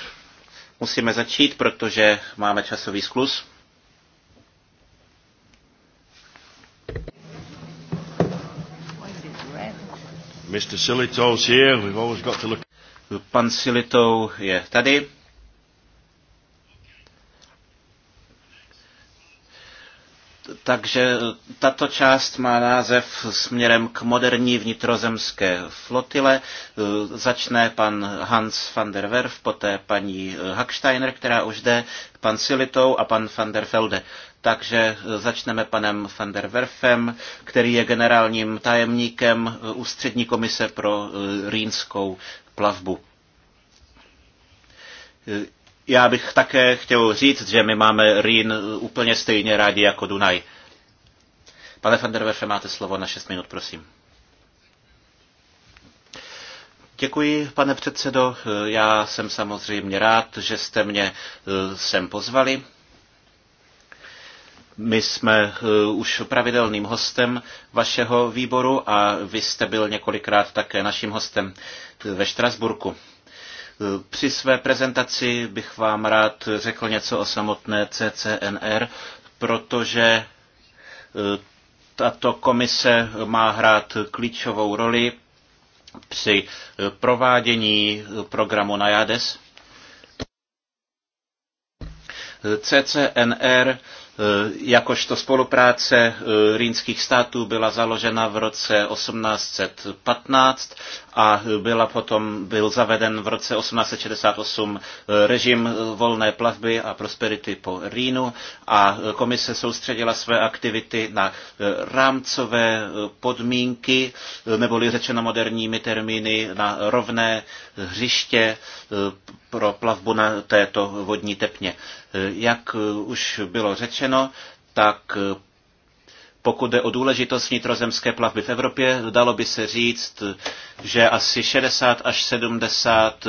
musíme začít, protože máme časový sklus. Mr. Silito's here. We've always got to look. Pan Silito je tady. Takže tato část má název směrem k moderní vnitrozemské flotile. Začne pan Hans van der Werf, poté paní Hacksteiner, která už jde, pan Silitou a pan van der Felde. Takže začneme panem van der Werfem, který je generálním tajemníkem Ústřední komise pro eh, rýnskou plavbu. Eh, já bych také chtěl říct, že my máme Rýn eh, úplně stejně rádi jako Dunaj. Pane van der Werfe, máte slovo na 6 minut, prosím. Děkuji, pane předsedo. Já jsem samozřejmě rád, že jste mě eh, sem pozvali. My jsme eh, už pravidelným hostem vašeho výboru a vy jste byl několikrát také naším hostem eh, ve Štrasburku. Při své prezentaci bych vám rád řekl něco o samotné CCNR, protože tato komise má hrát klíčovou roli při provádění programu NAJADES. CCNR jakožto spolupráce rýnských států byla založena v roce 1815 a byla potom, byl zaveden v roce 1868 eh, režim eh, volné plavby a prosperity po Rýnu a eh, komise soustředila své aktivity na rámcové podmínky, neboli řečeno moderními termíny, na rovné hřiště pro plavbu na této vodní tepně. Jak už bylo řečeno, tak pokud jde o důležitost vnitrozemské plavby v Evropě, dalo by se říct, že asi 60 až 70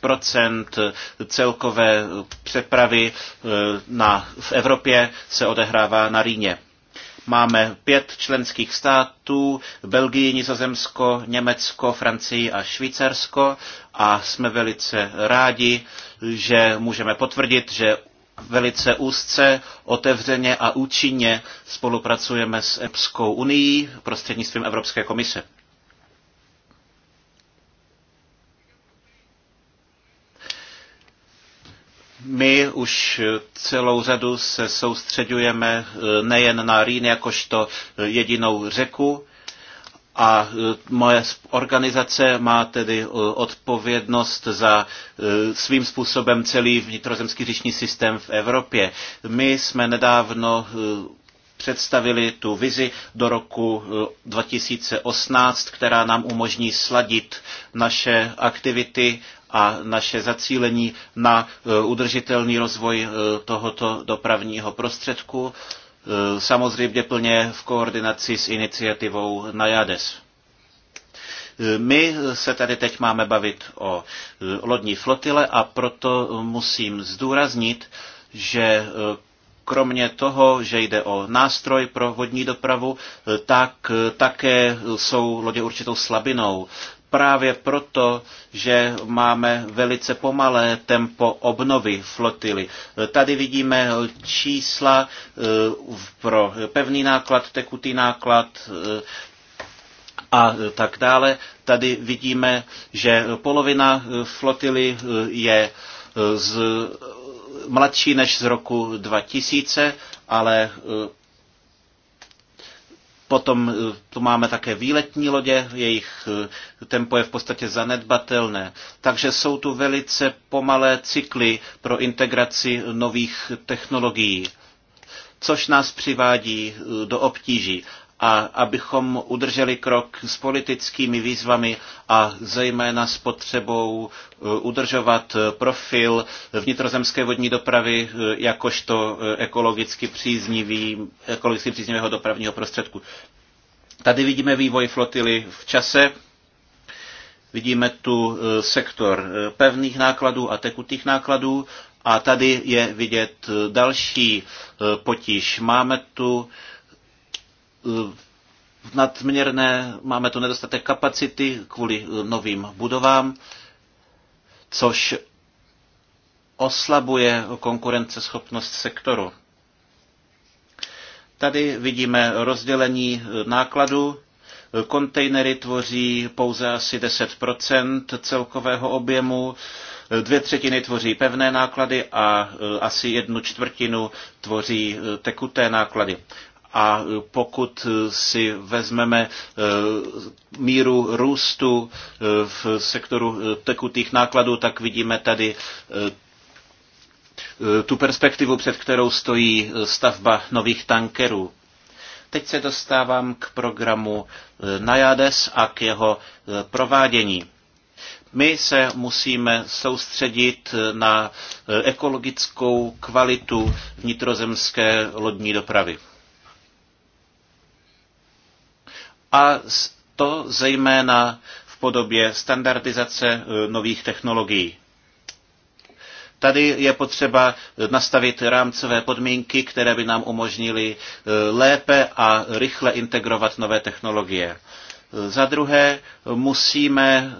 procent celkové přepravy eh, na, v Evropě se odehrává na Rýně. Máme pět členských států, Belgii, Nizozemsko, Německo, Francii a Švýcarsko a jsme velice rádi, že můžeme potvrdit, že velice úzce, otevřeně a účinně spolupracujeme s Evropskou unii prostřednictvím Evropské komise. My už celou řadu se soustředujeme eh, nejen na Rýn jakožto jedinou řeku, a e, moje organizace má tedy e, odpovědnost za e, svým způsobem celý vnitrozemský říční systém v Evropě. My jsme nedávno představili tu vizi do roku 2018, která nám umožní sladit naše aktivity a naše zacílení na udržitelný rozvoj tohoto dopravního prostředku Eh, samozřejmě plně v koordinaci s iniciativou Najades. Eh, my se tady teď máme bavit o eh, lodní flotile a proto musím zdůraznit, že kromě toho, že jde o nástroj pro vodní dopravu, tak také jsou lodě určitou slabinou právě proto, že máme velice pomalé tempo obnovy flotily. Tady vidíme čísla eh, pro pevný náklad, tekutý náklad eh, a tak dále. Tady vidíme, že polovina eh, flotily je z, mladší než z roku 2000, ale Potom eh, tu máme také výletní lodě, jejich eh, tempo je v podstatě zanedbatelné. Takže jsou tu velice pomalé cykly pro integraci nových technologií což nás přivádí eh, do obtíží a abychom udrželi krok s politickými výzvami a zejména s potřebou eh, udržovat eh, profil vnitrozemské vodní dopravy eh, jakožto ekologicky, příznivý, ekologicky příznivého dopravního prostředku. Tady vidíme vývoj flotily v čase, vidíme tu sektor pevných nákladů a tekutých nákladů a tady je vidět další potíž. Máme tu Eh, nadměrné, máme tu nedostatek kapacity kvůli eh, novým budovám, což oslabuje konkurenceschopnost sektoru. Tady vidíme rozdělení eh, nákladu. Kontejnery tvoří pouze asi 10 celkového objemu, dvě třetiny tvoří pevné náklady a asi jednu čtvrtinu tvoří tekuté náklady. A pokud si vezmeme eh, míru růstu eh, v sektoru eh, tekutých nákladů, tak vidíme tady tu perspektivu, před kterou stojí stavba nových tankerů. Teď se dostávám k programu Najades a k jeho provádění. My se musíme soustředit na ekologickou kvalitu vnitrozemské lodní dopravy. a to zejména v podobě standardizace e, nových technologií. Tady je potřeba nastavit rámcové podmínky, které by nám umožnily e, lépe a rychle integrovat nové technologie. E, za druhé musíme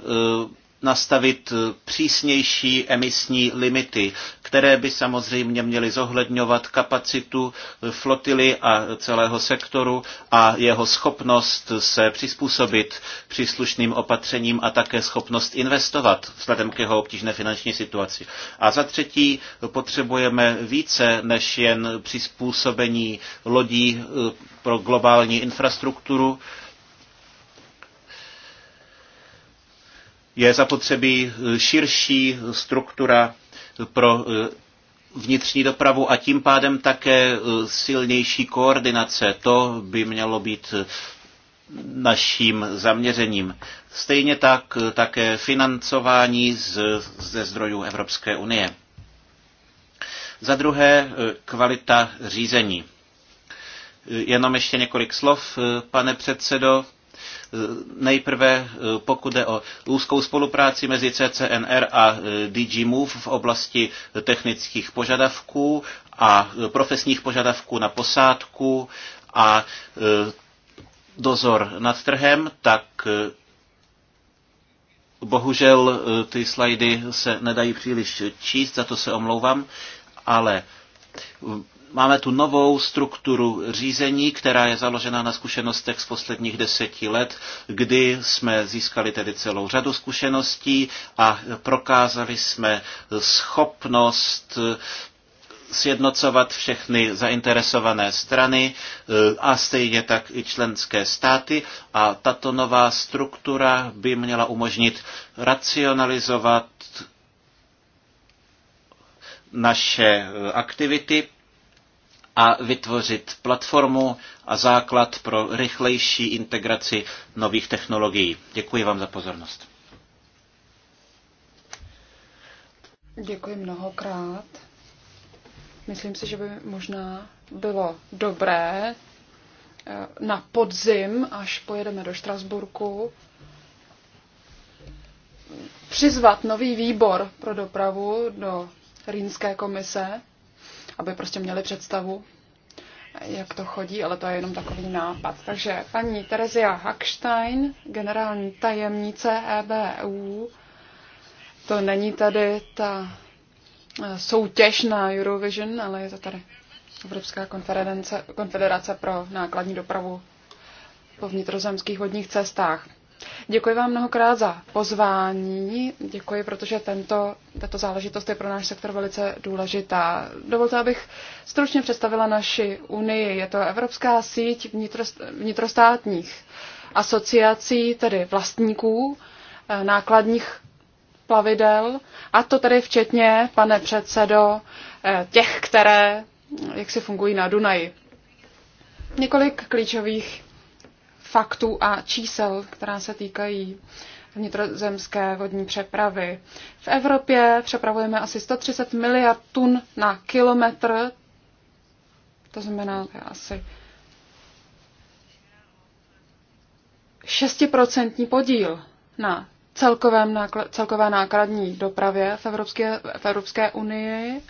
nastavit přísnější emisní limity, které by samozřejmě měly zohledňovat kapacitu flotily a celého sektoru a jeho schopnost se přizpůsobit příslušným opatřením a také schopnost investovat vzhledem k jeho obtížné finanční situaci. A za třetí potřebujeme více než jen přizpůsobení lodí eh, pro globální infrastrukturu, je zapotřebí eh, širší struktura eh, pro eh, vnitřní dopravu a tím pádem také silnější koordinace. To by mělo být naším zaměřením. Stejně tak také financování z, ze zdrojů Evropské unie. Za druhé, kvalita řízení. Jenom ještě několik slov, pane předsedo. Nejprve eh, pokud jde o úzkou spolupráci mezi CCNR a eh, DG Move v oblasti technických požadavků a eh, profesních požadavků na posádku a dozor nad trhem, tak bohužel ty slajdy se nedají příliš číst, za to se omlouvám, ale Máme tu novou strukturu řízení, která je založena na zkušenostech z posledních deseti let, kdy jsme získali tedy celou řadu zkušeností a prokázali jsme schopnost sjednocovat všechny zainteresované strany eh, a stejně tak i členské státy. A tato nová struktura by měla umožnit racionalizovat naše eh, aktivity a vytvořit platformu a základ pro rychlejší integraci nových technologií. Děkuji vám za pozornost. Děkuji mnohokrát. Myslím si, že by možná bylo dobré eh, na podzim, až pojedeme do Štrasburku, přizvat nový výbor pro dopravu do Rýnské komise, aby prostě měli představu, jak to chodí, ale to je jenom takový nápad. Takže paní Terezia Hackstein, generální tajemnice EBU, to není tady ta eh, soutěž na Eurovision, ale je to tady Evropská konfederace pro nákladní dopravu po vnitrozemských vodních cestách. Děkuji vám mnohokrát za pozvání. Děkuji, protože tento, tato záležitost je pro náš sektor velice důležitá. Dovolte, abych stručně představila naši unii. Je to Evropská síť vnitrostátních asociací, tedy vlastníků eh, nákladních plavidel, a to tedy včetně, pane předsedo, eh, těch, které jak si fungují na Dunaji. Několik klíčových faktů a čísel, která se týkají vnitrozemské vodní přepravy. V Evropě přepravujeme asi 130 miliard tun na kilometr, to znamená to asi 6% podíl na celkovém náklad, celkové nákladní dopravě v Evropské, v Evropské unii,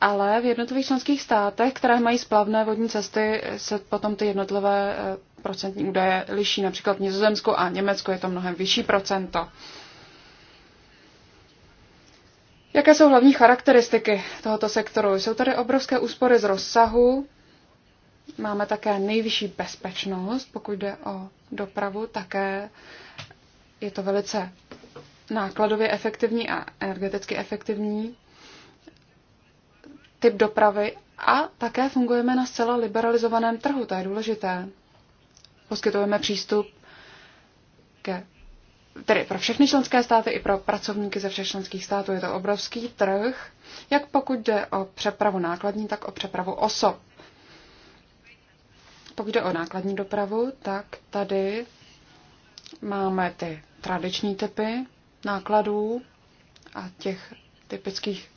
ale v jednotlivých členských státech, které mají splavné vodní cesty, se potom ty jednotlivé eh, procentní údaje liší. Například Nizozemsko a Německo je to mnohem vyšší procento. Jaké jsou hlavní charakteristiky tohoto sektoru? Jsou tady obrovské úspory z rozsahu, máme také nejvyšší bezpečnost, pokud jde o dopravu, také je to velice nákladově efektivní a energeticky efektivní typ dopravy a také fungujeme na zcela liberalizovaném trhu, to je důležité poskytujeme přístup ke tedy pro všechny členské státy i pro pracovníky ze všech členských států. Je to obrovský trh, jak pokud jde o přepravu nákladní, tak o přepravu osob. Pokud jde o nákladní dopravu, tak tady máme ty tradiční typy nákladů a těch typických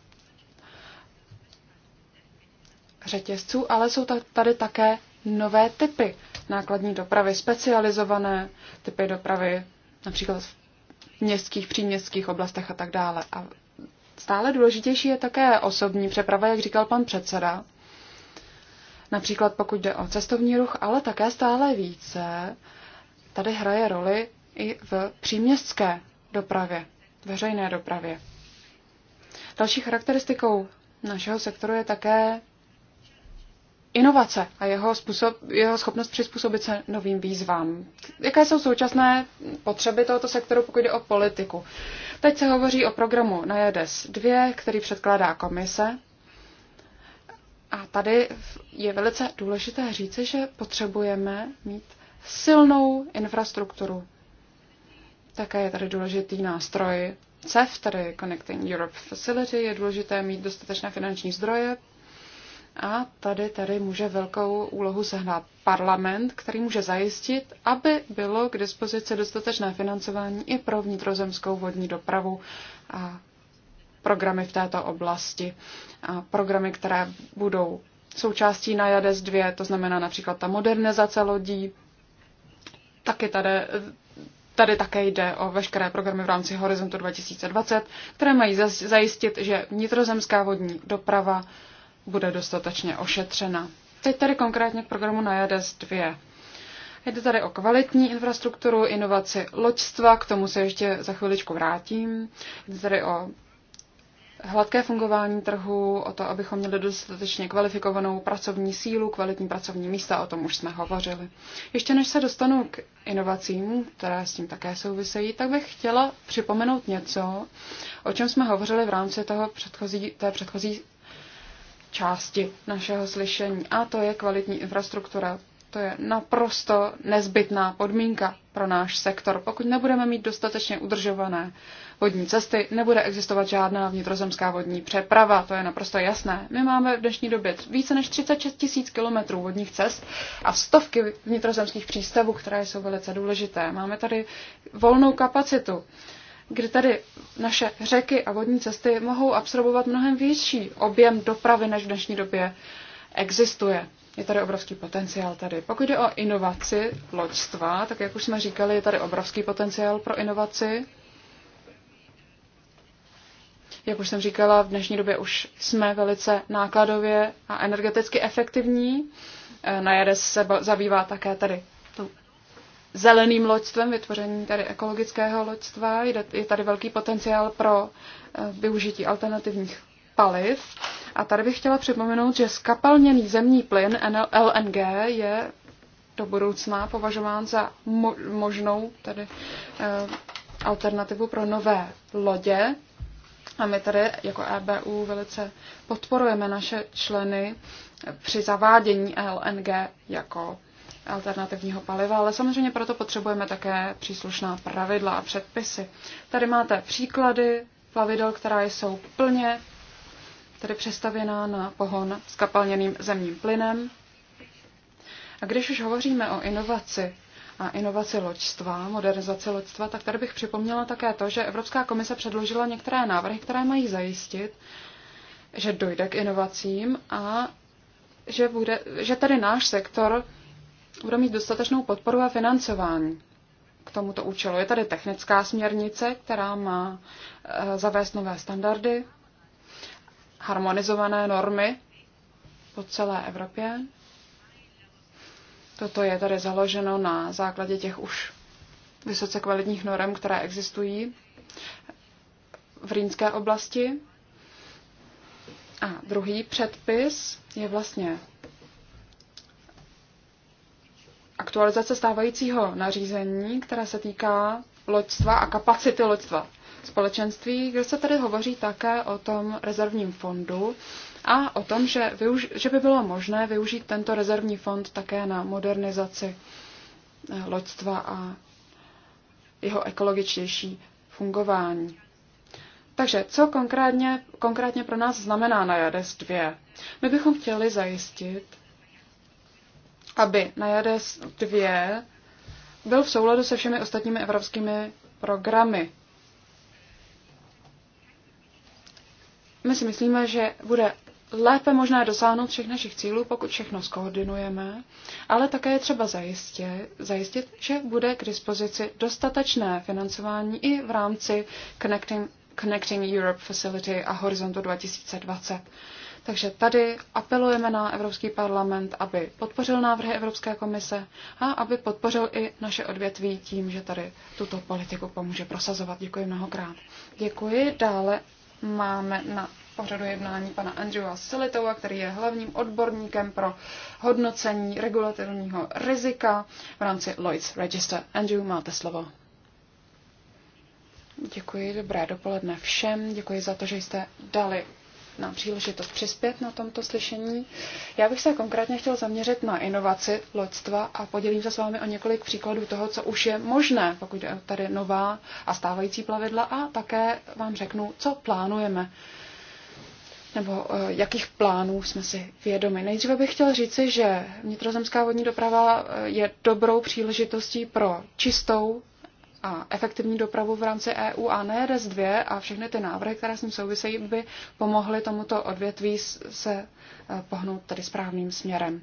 řetězců, ale jsou tady také nové typy nákladní dopravy, specializované typy dopravy, například v městských, příměstských oblastech a tak dále. A stále důležitější je také osobní přeprava, jak říkal pan předseda. Například pokud jde o cestovní ruch, ale také stále více tady hraje roli i v příměstské dopravě, veřejné dopravě. Další charakteristikou našeho sektoru je také inovace a jeho, způsob, jeho schopnost přizpůsobit se novým výzvám. Jaké jsou současné potřeby tohoto sektoru, pokud jde o politiku? Teď se hovoří o programu na jedes, 2, který předkládá komise. A tady je velice důležité říci, že potřebujeme mít silnou infrastrukturu. Také je tady důležitý nástroj CEF, tedy Connecting Europe Facility, je důležité mít dostatečné finanční zdroje a tady, tady může velkou úlohu sehnat parlament, který může zajistit, aby bylo k dispozici dostatečné financování i pro vnitrozemskou vodní dopravu a programy v této oblasti. A programy, které budou součástí na JADES 2, to znamená například ta modernizace lodí. Taky tady, tady také jde o veškeré programy v rámci Horizontu 2020, které mají zajistit, že vnitrozemská vodní doprava bude dostatečně ošetřena. Teď tady konkrétně k programu Najades 2. Jde tady o kvalitní infrastrukturu, inovaci loďstva, k tomu se ještě za chviličku vrátím. Jde tady o hladké fungování trhu, o to, abychom měli dostatečně kvalifikovanou pracovní sílu, kvalitní pracovní místa, o tom už jsme hovořili. Ještě než se dostanu k inovacím, které s tím také souvisejí, tak bych chtěla připomenout něco, o čem jsme hovořili v rámci toho předchozí, té předchozí části našeho slyšení, a to je kvalitní infrastruktura. To je naprosto nezbytná podmínka pro náš sektor. Pokud nebudeme mít dostatečně udržované vodní cesty, nebude existovat žádná vnitrozemská vodní přeprava, to je naprosto jasné. My máme v dnešní době více než 36 tisíc kilometrů vodních cest a stovky vnitrozemských přístavů, které jsou velice důležité. Máme tady volnou kapacitu kdy tady naše řeky a vodní cesty mohou absorbovat mnohem větší objem dopravy, než v dnešní době existuje. Je tady obrovský potenciál tady. Pokud jde o inovaci loďstva, tak jak už jsme říkali, je tady obrovský potenciál pro inovaci. Jak už jsem říkala, v dnešní době už jsme velice nákladově a energeticky efektivní. E, na jede se zabývá také tady zeleným loďstvem, vytvoření tady ekologického loďstva. Je tady velký potenciál pro eh, využití alternativních paliv. A tady bych chtěla připomenout, že skapalněný zemní plyn LNG je do budoucna považován za možnou tady eh, alternativu pro nové lodě. A my tady jako EBU velice podporujeme naše členy při zavádění LNG jako alternativního paliva, ale samozřejmě proto potřebujeme také příslušná pravidla a předpisy. Tady máte příklady plavidel, která jsou plně tedy přestavěná na pohon s kapalněným zemním plynem. A když už hovoříme o inovaci a inovaci loďstva, modernizaci loďstva, tak tady bych připomněla také to, že Evropská komise předložila některé návrhy, které mají zajistit, že dojde k inovacím a že, bude, že tady náš sektor budou mít dostatečnou podporu a financování k tomuto účelu. Je tady technická směrnice, která má eh, zavést nové standardy, harmonizované normy po celé Evropě. Toto je tady založeno na základě těch už vysoce kvalitních norm, které existují v rýnské oblasti. A druhý předpis je vlastně aktualizace stávajícího nařízení, které se týká loďstva a kapacity loďstva společenství, kde se tady hovoří také o tom rezervním fondu a o tom, že, využ- že by bylo možné využít tento rezervní fond také na modernizaci eh, loďstva a jeho ekologičtější fungování. Takže co konkrétně, konkrétně pro nás znamená na JADES 2? My bychom chtěli zajistit, aby na JADES 2 byl v souladu se všemi ostatními evropskými programy. My si myslíme, že bude lépe možné dosáhnout všech našich cílů, pokud všechno skoordinujeme, ale také je třeba zajistit, zajistit, že bude k dispozici dostatečné financování i v rámci Connecting, Connecting Europe Facility a Horizontu 2020. Takže tady apelujeme na Evropský parlament, aby podpořil návrhy Evropské komise a aby podpořil i naše odvětví tím, že tady tuto politiku pomůže prosazovat. Děkuji mnohokrát. Děkuji. Dále máme na pořadu jednání pana Andrewa Silitova, který je hlavním odborníkem pro hodnocení regulatorního rizika v rámci Lloyds Register. Andrew, máte slovo. Děkuji, dobré dopoledne všem. Děkuji za to, že jste dali nám příležitost přispět na tomto slyšení. Já bych se konkrétně chtěl zaměřit na inovaci loďstva a podělím se s vámi o několik příkladů toho, co už je možné, pokud je tady nová a stávající plavidla a také vám řeknu, co plánujeme nebo eh, jakých plánů jsme si vědomi. Nejdříve bych chtěl říci, že vnitrozemská vodní doprava eh, je dobrou příležitostí pro čistou a efektivní dopravu v rámci EU a ne RES 2 a všechny ty návrhy, které s ním souvisejí, by pomohly tomuto odvětví se eh, pohnout tedy správným směrem.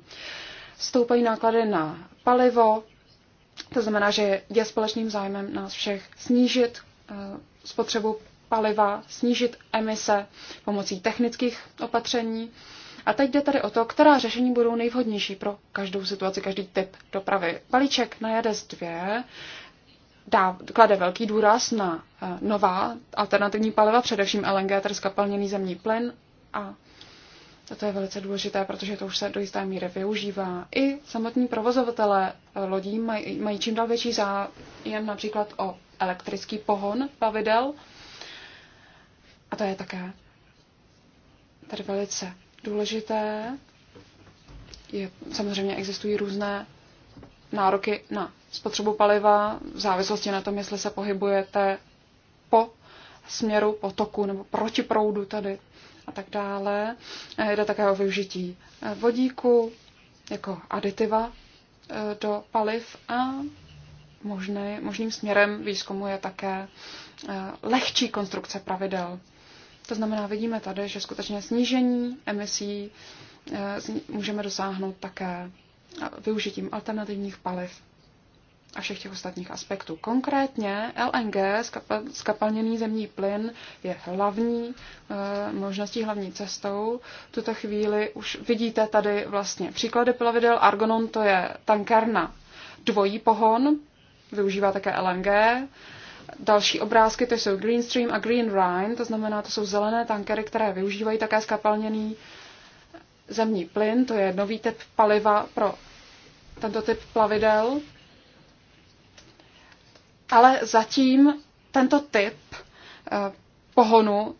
Stoupají náklady na palivo, to znamená, že je společným zájmem nás všech snížit eh, spotřebu paliva, snížit emise pomocí technických opatření. A teď jde tady o to, která řešení budou nejvhodnější pro každou situaci, každý typ dopravy. Balíček na JADES 2 dá, klade velký důraz na eh, nová alternativní paliva, především LNG, tedy skapalněný zemní plyn a to je velice důležité, protože to už se do jisté míry využívá. I samotní provozovatele eh, lodí mají, mají čím dál větší zájem například o elektrický pohon plavidel. A to je také tady velice důležité. Je, samozřejmě existují různé nároky na spotřebu paliva v závislosti na tom, jestli se pohybujete po směru potoku nebo proti proudu tady a tak dále. Eh, jde také o využití eh, vodíku jako aditiva eh, do paliv a možný, možným směrem výzkumu je také lehčí konstrukce pravidel. To znamená, vidíme tady, že skutečně snížení emisí můžeme dosáhnout také využitím alternativních paliv a všech těch ostatních aspektů. Konkrétně LNG, skapalněný zemní plyn, je hlavní eh, možností, hlavní cestou. V tuto chvíli už vidíte tady vlastně příklady plavidel. Argonon to je tanker na dvojí pohon, využívá také LNG. Další obrázky to jsou Green Stream a Green Rhine, to znamená, to jsou zelené tankery, které využívají také skapalněný uh, zemní plyn, to je nový typ paliva pro tento typ plavidel. Ale zatím tento typ eh, pohonu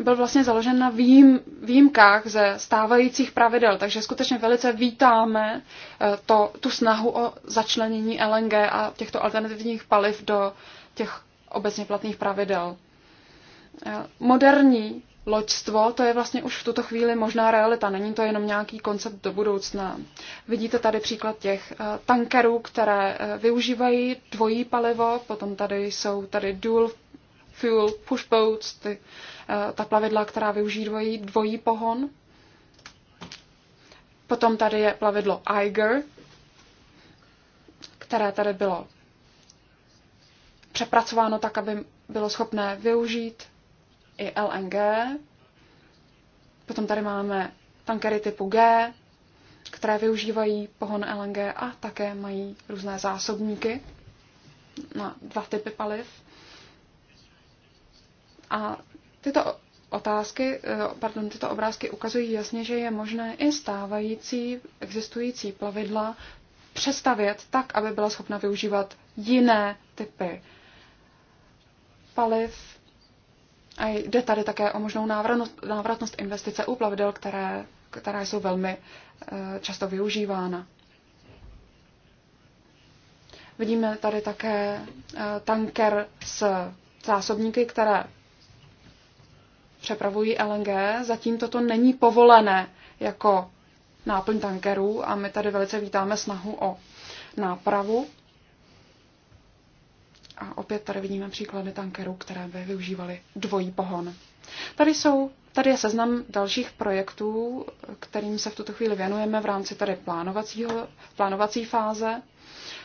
byl vlastně založen na výjim, výjimkách ze stávajících pravidel, takže skutečně velice vítáme eh, to, tu snahu o začlenění LNG a těchto alternativních paliv do těch obecně platných pravidel. Eh, moderní loďstvo, to je vlastně už v tuto chvíli možná realita, není to jenom nějaký koncept do budoucna. Vidíte tady příklad těch eh, tankerů, které eh, využívají dvojí palivo, potom tady jsou tady dual fuel push boats, ty, eh, ta plavidla, která využívají dvojí pohon. Potom tady je plavidlo Eiger, které tady bylo přepracováno tak, aby bylo schopné využít i LNG. Potom tady máme tankery typu G, které využívají pohon LNG a také mají různé zásobníky na dva typy paliv. A tyto otázky, eh, pardon, tyto obrázky ukazují jasně, že je možné i stávající existující plavidla přestavět tak, aby byla schopna využívat jiné typy paliv a jde tady také o možnou návratnost, návratnost investice u plavidel, které, které jsou velmi eh, často využívána. Vidíme tady také eh, tanker s zásobníky, které přepravují LNG. Zatím toto není povolené jako náplň tankerů a my tady velice vítáme snahu o nápravu. A opět tady vidíme příklady tankerů, které by využívaly dvojí pohon. Tady jsou Tady je seznam dalších projektů, kterým se v tuto chvíli věnujeme v rámci tady plánovacího, plánovací fáze.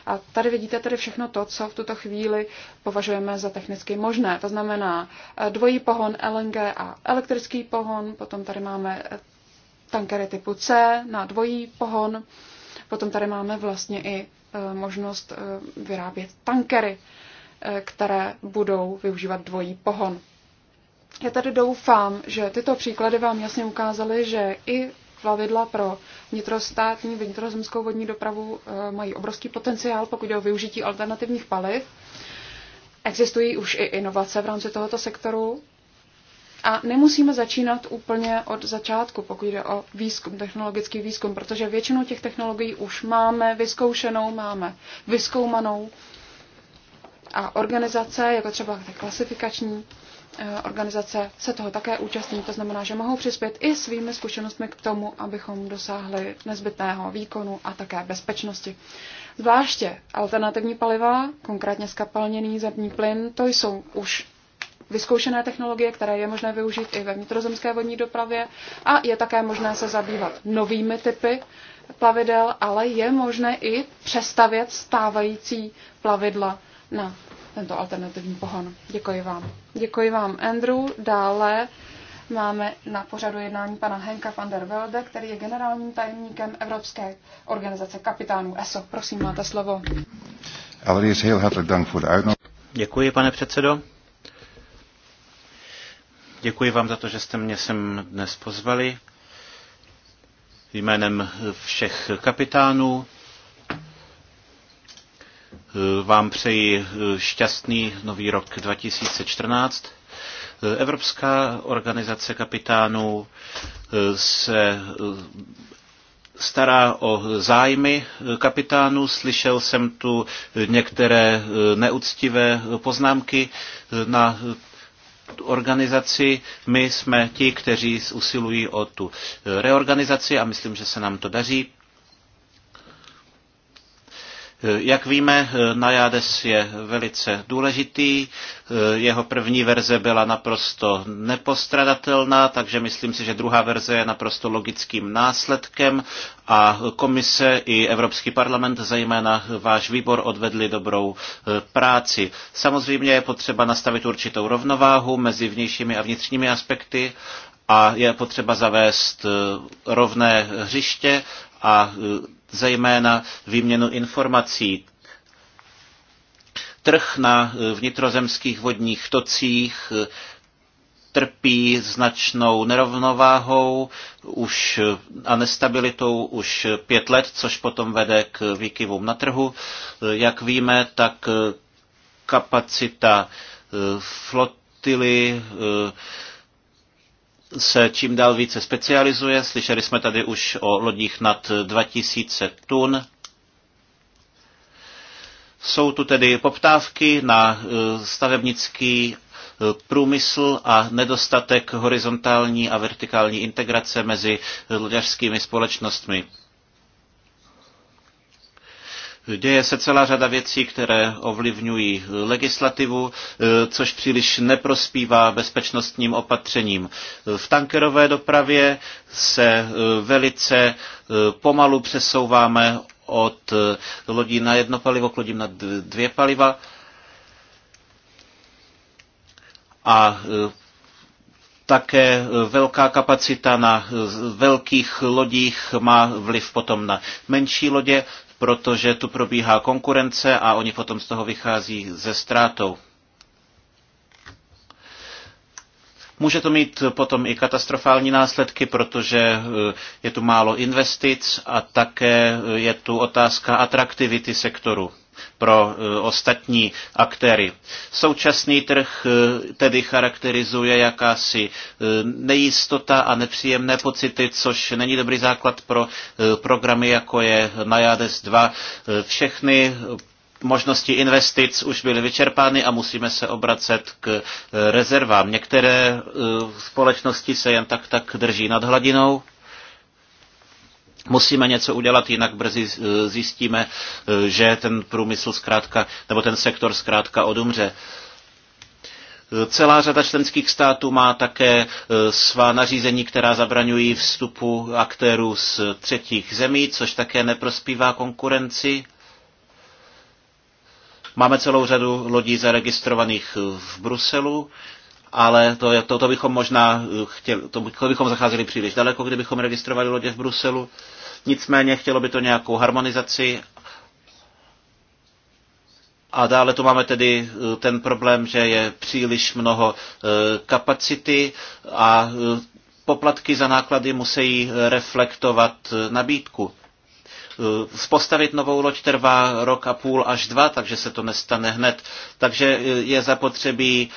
A tady vidíte tedy všechno to, co v tuto chvíli považujeme za technicky možné. To znamená eh, dvojí pohon LNG a elektrický pohon, potom tady máme eh, tankery typu C na dvojí pohon, potom tady máme vlastně i eh, možnost vyrábět tankery Eh, které budou využívat dvojí pohon. Já tady doufám, že tyto příklady vám jasně ukázaly, že i plavidla pro vnitrostátní, vnitrozemskou vodní dopravu eh, mají obrovský potenciál, pokud jde o využití alternativních paliv. Existují už i inovace v rámci tohoto sektoru. A nemusíme začínat úplně od začátku, pokud jde o výzkum, technologický výzkum, protože většinu těch technologií už máme vyzkoušenou, máme vyskoumanou a organizace, jako třeba ty klasifikační eh, organizace, se toho také účastní. To znamená, že mohou přispět i svými zkušenostmi k tomu, abychom dosáhli nezbytného výkonu a také bezpečnosti. Zvláště alternativní paliva, konkrétně skapalněný zemní plyn, to jsou už vyzkoušené technologie, které je možné využít i ve vnitrozemské vodní dopravě a je také možné se zabývat novými typy plavidel, ale je možné i přestavět stávající plavidla na tento alternativní pohon. Děkuji vám. Děkuji vám, Andrew. Dále máme na pořadu jednání pana Henka van der Velde, který je generálním tajemníkem Evropské organizace kapitánů ESO. Prosím, máte slovo. Děkuji, pane předsedo. Děkuji vám za to, že jste mě sem dnes pozvali. Jménem všech kapitánů Eh, vám přeji eh, šťastný nový rok 2014. Eh, Evropská organizace kapitánů se stará o zájmy kapitánů. Slyšel jsem tu některé neúctivé poznámky na organizaci. My jsme ti, kteří usilují o tu reorganizaci a myslím, že se nám to daří. Jak víme, Najades je velice důležitý. Jeho první verze byla naprosto nepostradatelná, takže myslím si, že druhá verze je naprosto logickým následkem a komise i Evropský parlament, zejména váš výbor, odvedli dobrou eh, práci. Samozřejmě je potřeba nastavit určitou rovnováhu mezi vnějšími a vnitřními aspekty a je potřeba zavést eh, rovné hřiště a eh, zejména výměnu informací. Trh na e, vnitrozemských vodních tocích e, trpí značnou nerovnováhou už e, a nestabilitou už pět let, což potom vede k výkyvům na trhu. Jak víme, tak kapacita flotily se čím dál více specializuje. Slyšeli jsme tady už o lodích nad 2000 tun. Jsou tu tedy poptávky na e, stavebnický e, průmysl a nedostatek horizontální a vertikální integrace mezi loďařskými společnostmi. Děje se celá řada věcí, které ovlivňují legislativu, eh, což příliš neprospívá bezpečnostním opatřením. V tankerové dopravě se eh, velice eh, pomalu přesouváme od lodí na jedno palivo k lodím na dvě paliva. A také velká kapacita na velkých lodích má vliv potom na menší lodě protože tu probíhá konkurence a oni potom z toho vychází ze ztrátou. Může to mít potom i katastrofální následky, protože eh, je tu málo investic a také eh, je tu otázka atraktivity sektoru pro eh, ostatní aktéry. Současný trh eh, tedy charakterizuje jakási eh, nejistota a nepříjemné pocity, což není dobrý základ pro programy, jako je Najades 2. Všechny možnosti investic už byly vyčerpány a musíme se obracet k rezervám. Některé společnosti se jen tak tak drží nad hladinou musíme něco udělat, jinak brzy eh, zjistíme, eh, že ten průmysl zkrátka, nebo ten sektor zkrátka odumře. Eh, celá řada členských států má také svá nařízení, která zabraňují vstupu aktérů z třetích zemí, což také neprospívá konkurenci. Máme celou řadu lodí zaregistrovaných v Bruselu, ale to, to, to bychom možná eh, chtěli, to, to bychom zacházeli příliš daleko, kdybychom registrovali lodě v Bruselu. Nicméně chtělo by to nějakou harmonizaci a dále tu máme tedy eh, ten problém, že je příliš mnoho eh, kapacity a poplatky za náklady musí reflektovat nabídku. Spostavit novou loď trvá rok a půl až dva, takže se to nestane hned. Takže je zapotřebí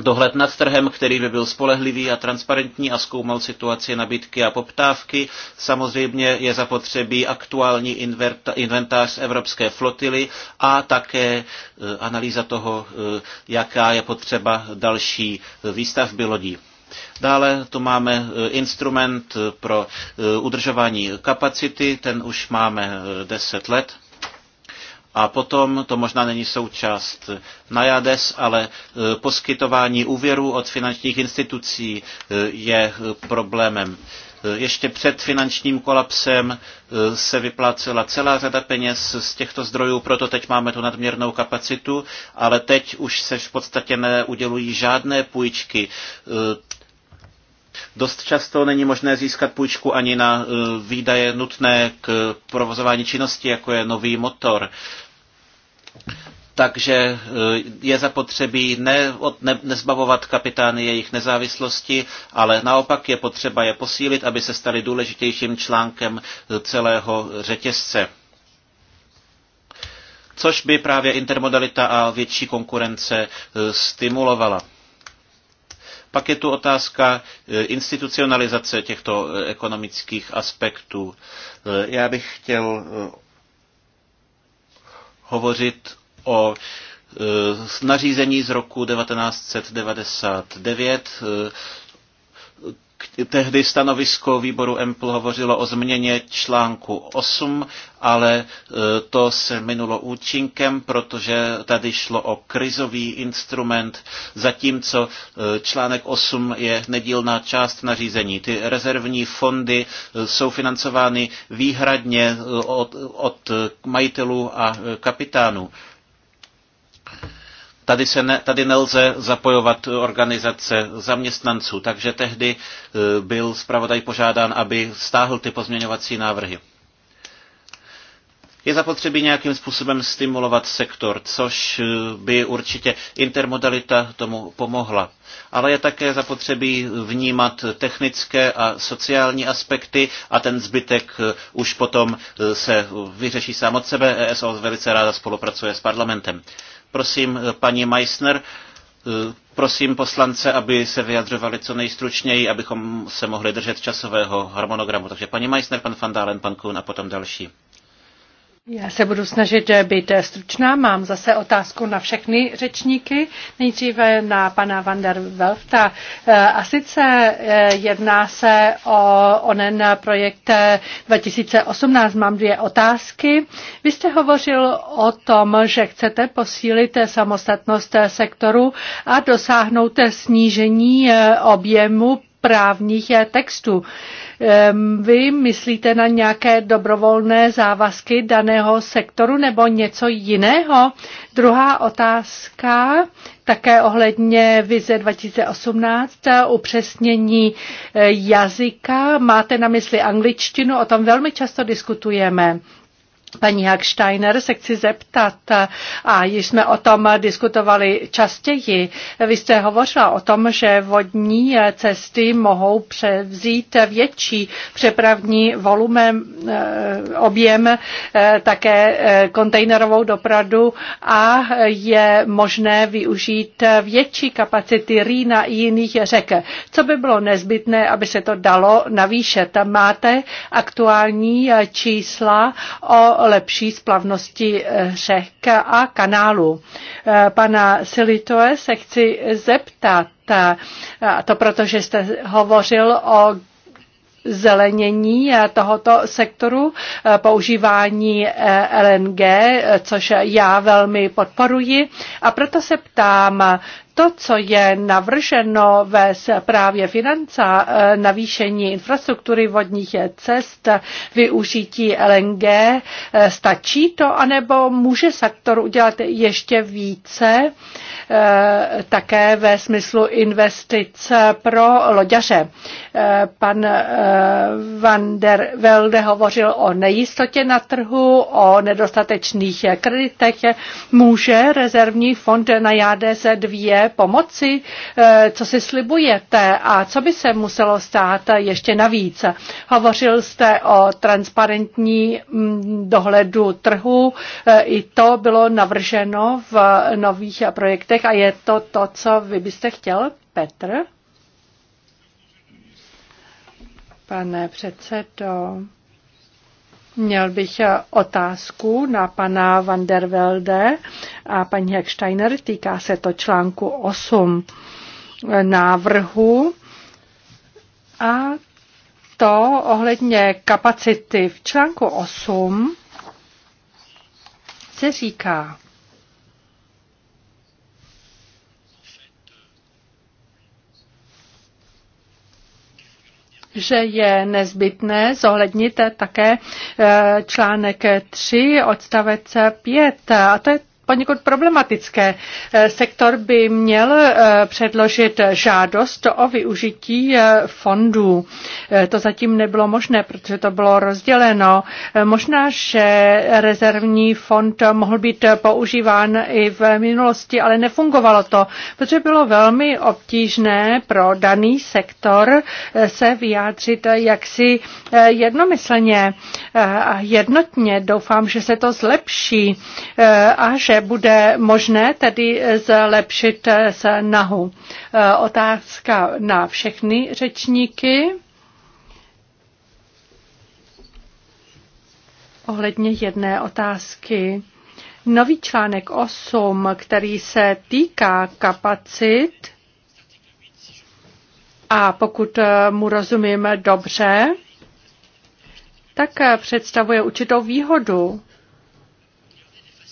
dohled nad trhem, který by byl spolehlivý a transparentní a zkoumal situaci nabídky a poptávky. Samozřejmě je zapotřebí aktuální inventář evropské flotily a také e, analýza toho, e, jaká je potřeba další výstavby lodí. Dále tu máme e, instrument pro udržování kapacity, ten už máme 10 let a potom, to možná není součást NAJADES, ale e, poskytování úvěrů od finančních institucí e, je e, problémem. Ještě před finančním kolapsem se vyplácela celá řada peněz z těchto zdrojů, proto teď máme tu nadměrnou kapacitu, ale teď už se v podstatě neudělují žádné půjčky Dost často není možné získat půjčku ani na eh, výdaje nutné k provozování činnosti, jako je nový motor. Takže eh, je zapotřebí ne, ne, nezbavovat kapitány jejich nezávislosti, ale naopak je potřeba je posílit, aby se stali důležitějším článkem eh, celého řetězce. Což by právě intermodalita a větší konkurence stimulovala. Pak je tu otázka eh, institucionalizace těchto eh, ekonomických aspektů. Eh, já bych chtěl hovořit o nařízení z roku 1999, tehdy stanovisko výboru EMPL hovořilo o změně článku 8, ale e, to se minulo účinkem, protože tady šlo o krizový instrument, zatímco e, článek 8 je nedílná část nařízení. Ty rezervní fondy e, jsou financovány výhradně od, od majitelů a kapitánů. Tady, se ne, tady nelze zapojovat organizace zaměstnanců, takže tehdy e, byl zpravodaj požádán, aby stáhl ty pozměňovací návrhy. Je zapotřebí nějakým způsobem stimulovat sektor, což e, by určitě intermodalita tomu pomohla. Ale je také zapotřebí vnímat technické a sociální aspekty a ten zbytek e, už potom se vyřeší sám od sebe. ESO velice ráda spolupracuje s parlamentem. Prosím, eh, paní Meissner, eh, prosím poslance, aby se vyjadřovali co nejstručněji, abychom se mohli držet časového harmonogramu. Takže paní Meissner, pan Van Dalen, pan Kuhn a potom další. Já se budu snažit eh, být eh, stručná. Mám zase otázku na všechny řečníky. Nejdříve na pana Van der Welfta. Eh, a sice jedná se o onen projekt 2018. Mám dvě otázky. Vy jste hovořil o tom, že chcete posílit samostatnost sektoru a dosáhnout snížení objemu právních textů. Vy myslíte na nějaké dobrovolné závazky daného sektoru nebo něco jiného? Druhá otázka, také ohledně vize 2018, upřesnění eh, jazyka. Máte na mysli angličtinu, o tom velmi často diskutujeme. Paní Hagsteiner se chci zeptat, a již jsme o tom diskutovali častěji, vy jste hovořila o tom, že vodní cesty mohou převzít větší přepravní volumem, eh, objem, eh, také eh, kontejnerovou dopravu a je možné využít větší kapacity Rýna i jiných řek. Co by bylo nezbytné, aby se to dalo navýšet? Máte aktuální čísla o lepší splavnosti eh, řek a kanálu. Eh, pana Silitoe se chci zeptat, eh, to protože jste hovořil o zelenění tohoto sektoru, používání LNG, což já velmi podporuji. A proto se ptám, to, co je navrženo ve zprávě financa, eh, navýšení infrastruktury vodních cest, využití LNG, eh, stačí to, anebo může sektor udělat ještě více, eh, také ve smyslu investic pro loďaře. Pan Van der Velde hovořil o nejistotě na trhu, o nedostatečných kreditech. Může rezervní fond na JADS 2 pomoci, eh, co si slibujete a co by se muselo stát ještě navíc. Hovořil jste o transparentní mm, dohledu trhu, eh, i to bylo navrženo v nových projektech a je to to, co vy byste chtěl, Petr? Pane předsedo. Měl bych eh, otázku na pana van der Velde a paní Hecksteiner. Týká se to článku 8 eh, návrhu a to ohledně kapacity. V článku 8 se říká, že je nezbytné zohlednit také eh, článek 3 odstavec 5. A to je poněkud problematické. Eh, sektor by měl eh, předložit žádost o využití eh, fondů. To zatím nebylo možné, protože to bylo rozděleno. Možná, že rezervní fond mohl být používán i v minulosti, ale nefungovalo to, protože bylo velmi obtížné pro daný sektor se vyjádřit jaksi jednomyslně a jednotně. Doufám, že se to zlepší a že bude možné tedy zlepšit snahu. Eh, otázka na všechny řečníky. Ohledně jedné otázky. Nový článek 8, který se týká kapacit, a pokud eh, mu rozumím dobře, tak eh, představuje určitou výhodu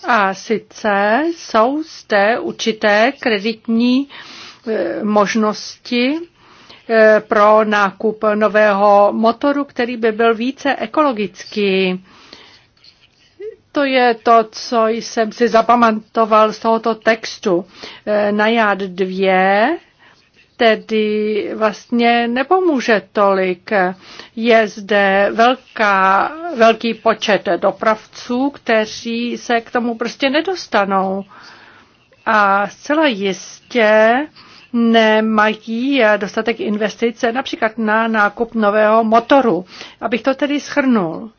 a sice jsou zde určité kreditní e, možnosti e, pro nákup nového motoru, který by byl více ekologický. To je to, co jsem si zapamatoval z tohoto textu. E, na JAD 2 tedy vlastně nepomůže tolik. Je zde velká, velký počet dopravců, kteří se k tomu prostě nedostanou. A zcela jistě nemají dostatek investice například na nákup nového motoru. Abych to tedy schrnul.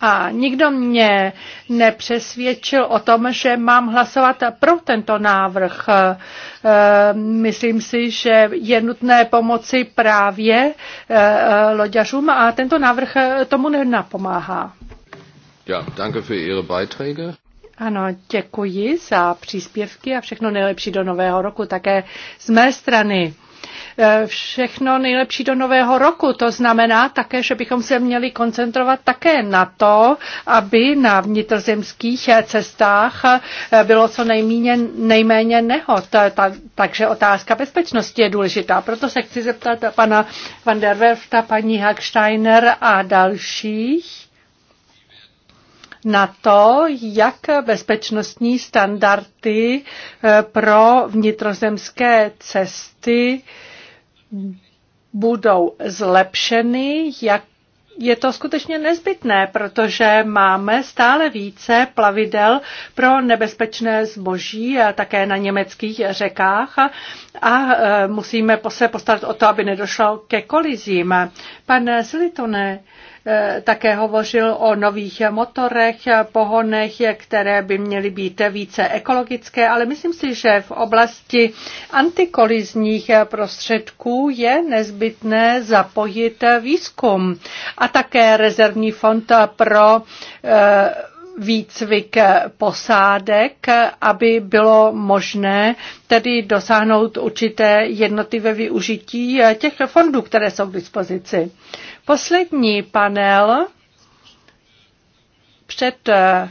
A nikdo mě nepřesvědčil o tom, že mám hlasovat pro tento návrh. E, myslím si, že je nutné pomoci právě e, e, loďařům a tento návrh tomu nenapomáhá. Ja, danke für Ihre Beiträge. Ano, děkuji za příspěvky a všechno nejlepší do nového roku také z mé strany. Eh, všechno nejlepší do nového roku. To znamená také, že bychom se měli koncentrovat také na to, aby na vnitrozemských cestách eh, bylo co nejméně, nejméně nehod. Eh, ta, takže otázka bezpečnosti je důležitá. Proto se chci zeptat pana van der Werfta, paní Hagsteiner a dalších na to, jak bezpečnostní standardy pro vnitrozemské cesty budou zlepšeny, jak je to skutečně nezbytné, protože máme stále více plavidel pro nebezpečné zboží také na německých řekách a e, musíme se postarat o to, aby nedošlo ke kolizím. Pan Zlitone, Eh, také hovořil o nových motorech, pohonech, které by měly být více ekologické, ale myslím si, že v oblasti antikolizních prostředků je nezbytné zapojit výzkum a také rezervní fond pro eh, výcvik posádek, aby bylo možné tedy dosáhnout určité jednotlivé využití eh, těch fondů, které jsou k dispozici. Poslední panel před eh,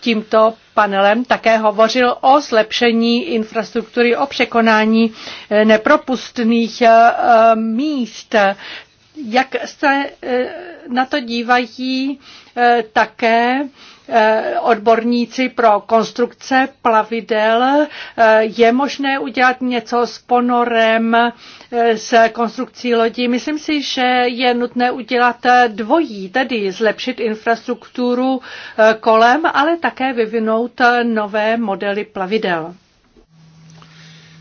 tímto panelem také hovořil o zlepšení infrastruktury, o překonání eh, nepropustných eh, míst. Jak se na to dívají také Eh, odborníci pro konstrukce plavidel. Eh, je možné udělat něco s ponorem, eh, s konstrukcí lodí. Myslím si, že je nutné udělat dvojí, tedy zlepšit infrastrukturu kolem, ale také vyvinout nové modely plavidel.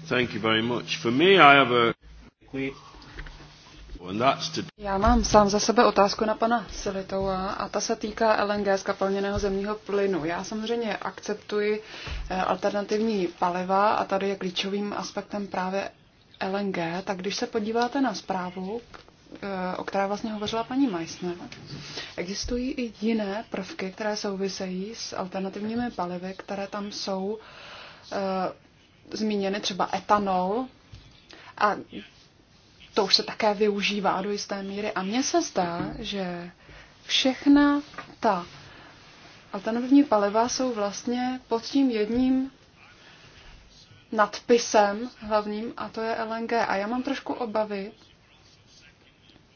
Thank you very much. For me, I have a... Děkuji. Já mám sám za sebe otázku na pana Silitova a ta se týká LNG z kapalněného zemního plynu. Já samozřejmě akceptuji eh, alternativní paliva a tady je klíčovým aspektem právě LNG, tak když se podíváte na zprávu, eh, o které vlastně hovořila paní Meissner, existují i jiné prvky, které souvisejí s alternativními palivy, které tam jsou eh, zmíněny, třeba etanol. A to už se také využívá do jisté míry. A mně se zdá, že všechna ta alternativní paliva jsou vlastně pod tím jedním nadpisem hlavním, a to je LNG. A já mám trošku obavy,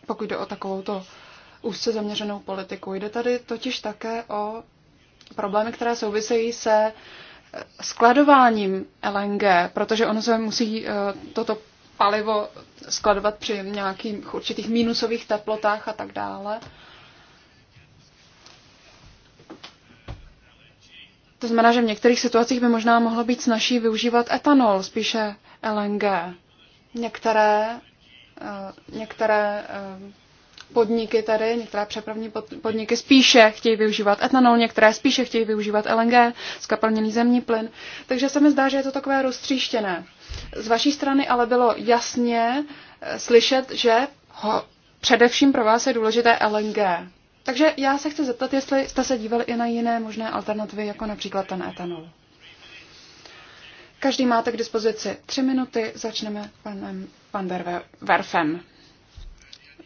pokud jde o takovou to úzce zaměřenou politiku. Jde tady totiž také o problémy, které souvisejí se skladováním LNG, protože ono se musí eh, toto palivo skladovat při nějakých určitých mínusových teplotách a tak dále. To znamená, že v některých situacích by možná mohlo být snažší využívat etanol, spíše LNG. Některé, eh, některé eh, podniky tady, některé přepravní podniky spíše chtějí využívat etanol, některé spíše chtějí využívat LNG, skapalněný zemní plyn. Takže se mi zdá, že je to takové roztříštěné. Z vaší strany ale bylo jasně eh, slyšet, že ho, především pro vás je důležité LNG. Takže já se chci zeptat, jestli jste se dívali i na jiné možné alternativy, jako například ten etanol. Každý máte k dispozici tři minuty. Začneme panem Van der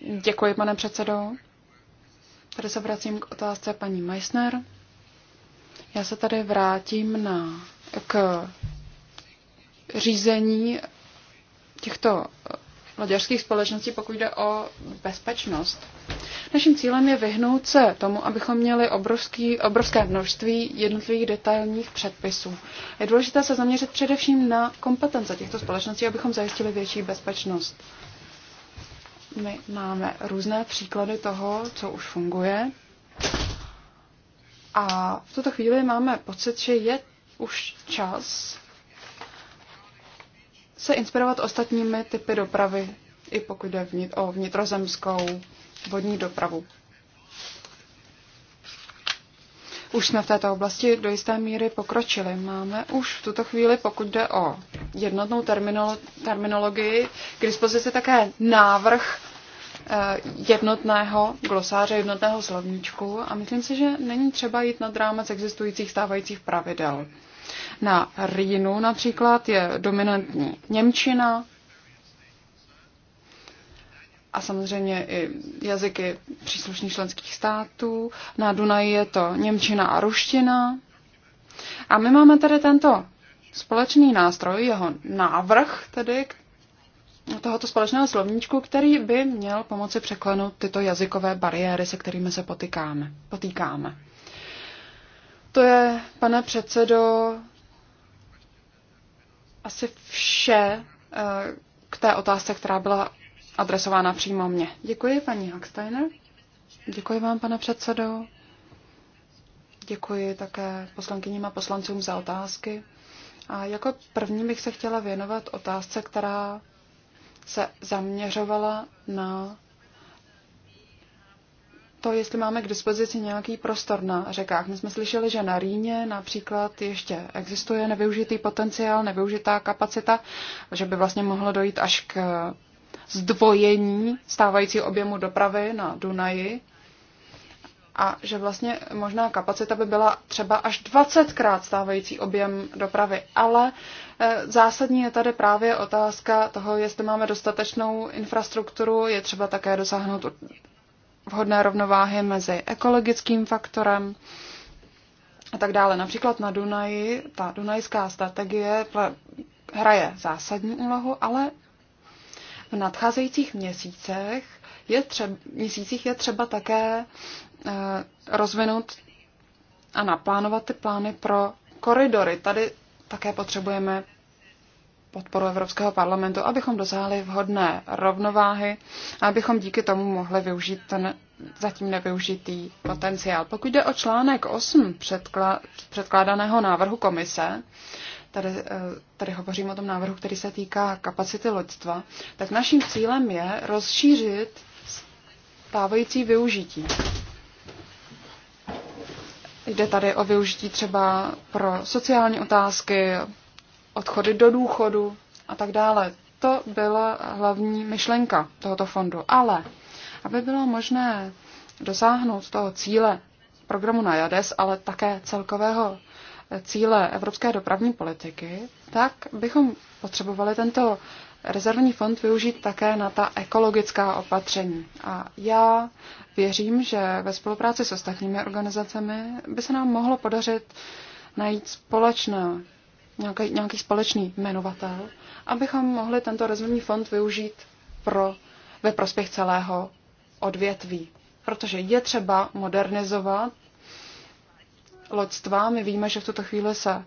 Děkuji, pane předsedo. Tady se vracím k otázce paní Meissner. Já se tady vrátím na, k řízení těchto loďařských eh, společností, pokud jde o bezpečnost. Naším cílem je vyhnout se tomu, abychom měli obrovský, obrovské množství jednotlivých detailních předpisů. Je důležité se zaměřit především na kompetence těchto společností, abychom zajistili větší bezpečnost. My máme různé příklady toho, co už funguje. A v tuto chvíli máme pocit, že je už čas se inspirovat ostatními typy dopravy, i pokud jde o vnitrozemskou vodní dopravu. už jsme v této oblasti do jisté míry pokročili. Máme už v tuto chvíli, pokud jde o jednotnou terminolo- terminologii, k dispozici také návrh eh, jednotného glosáře, jednotného slovníčku a myslím si, že není třeba jít nad rámec existujících stávajících pravidel. Na Rýnu například je dominantní Němčina, a samozřejmě i jazyky příslušných členských států. Na Dunaji je to Němčina a ruština. A my máme tady tento společný nástroj, jeho návrh tedy tohoto společného slovníčku, který by měl pomoci překlenout tyto jazykové bariéry, se kterými se potykáme, potýkáme. To je, pane předsedo, asi vše eh, k té otázce, která byla adresována přímo mně. Děkuji, paní Hacksteiner. Děkuji vám, pane předsedo. Děkuji také poslankyním a poslancům za otázky. A jako první bych se chtěla věnovat otázce, která se zaměřovala na to, jestli máme k dispozici nějaký prostor na řekách. My jsme slyšeli, že na Rýně například ještě existuje nevyužitý potenciál, nevyužitá kapacita, že by vlastně mohlo dojít až k zdvojení stávajícího objemu dopravy na Dunaji a že vlastně možná kapacita by byla třeba až 20krát stávající objem dopravy, ale e, zásadní je tady právě otázka toho, jestli máme dostatečnou infrastrukturu, je třeba také dosáhnout vhodné rovnováhy mezi ekologickým faktorem a tak dále. Například na Dunaji ta dunajská strategie hraje zásadní úlohu, ale v nadcházejících měsících je třeba, měsících je třeba také eh, rozvinout a naplánovat ty plány pro koridory. Tady také potřebujeme podporu Evropského parlamentu, abychom dosáhli vhodné rovnováhy a abychom díky tomu mohli využít ten zatím nevyužitý potenciál. Pokud jde o článek 8 předkla- předkládaného návrhu komise, tady, eh, tady hovořím o tom návrhu, který se týká kapacity loďstva, tak naším cílem je rozšířit stávající využití. Jde tady o využití třeba pro sociální otázky, odchody do důchodu a tak dále. To byla hlavní myšlenka tohoto fondu. Ale aby bylo možné dosáhnout toho cíle programu na JADES, ale také celkového cíle evropské dopravní politiky, tak bychom potřebovali tento rezervní fond využít také na ta ekologická opatření. A já věřím, že ve spolupráci s ostatními organizacemi by se nám mohlo podařit najít společné, nějaký, nějaký společný jmenovatel, abychom mohli tento rezervní fond využít pro, ve prospěch celého odvětví. Protože je třeba modernizovat loďstva. My víme, že v tuto chvíli se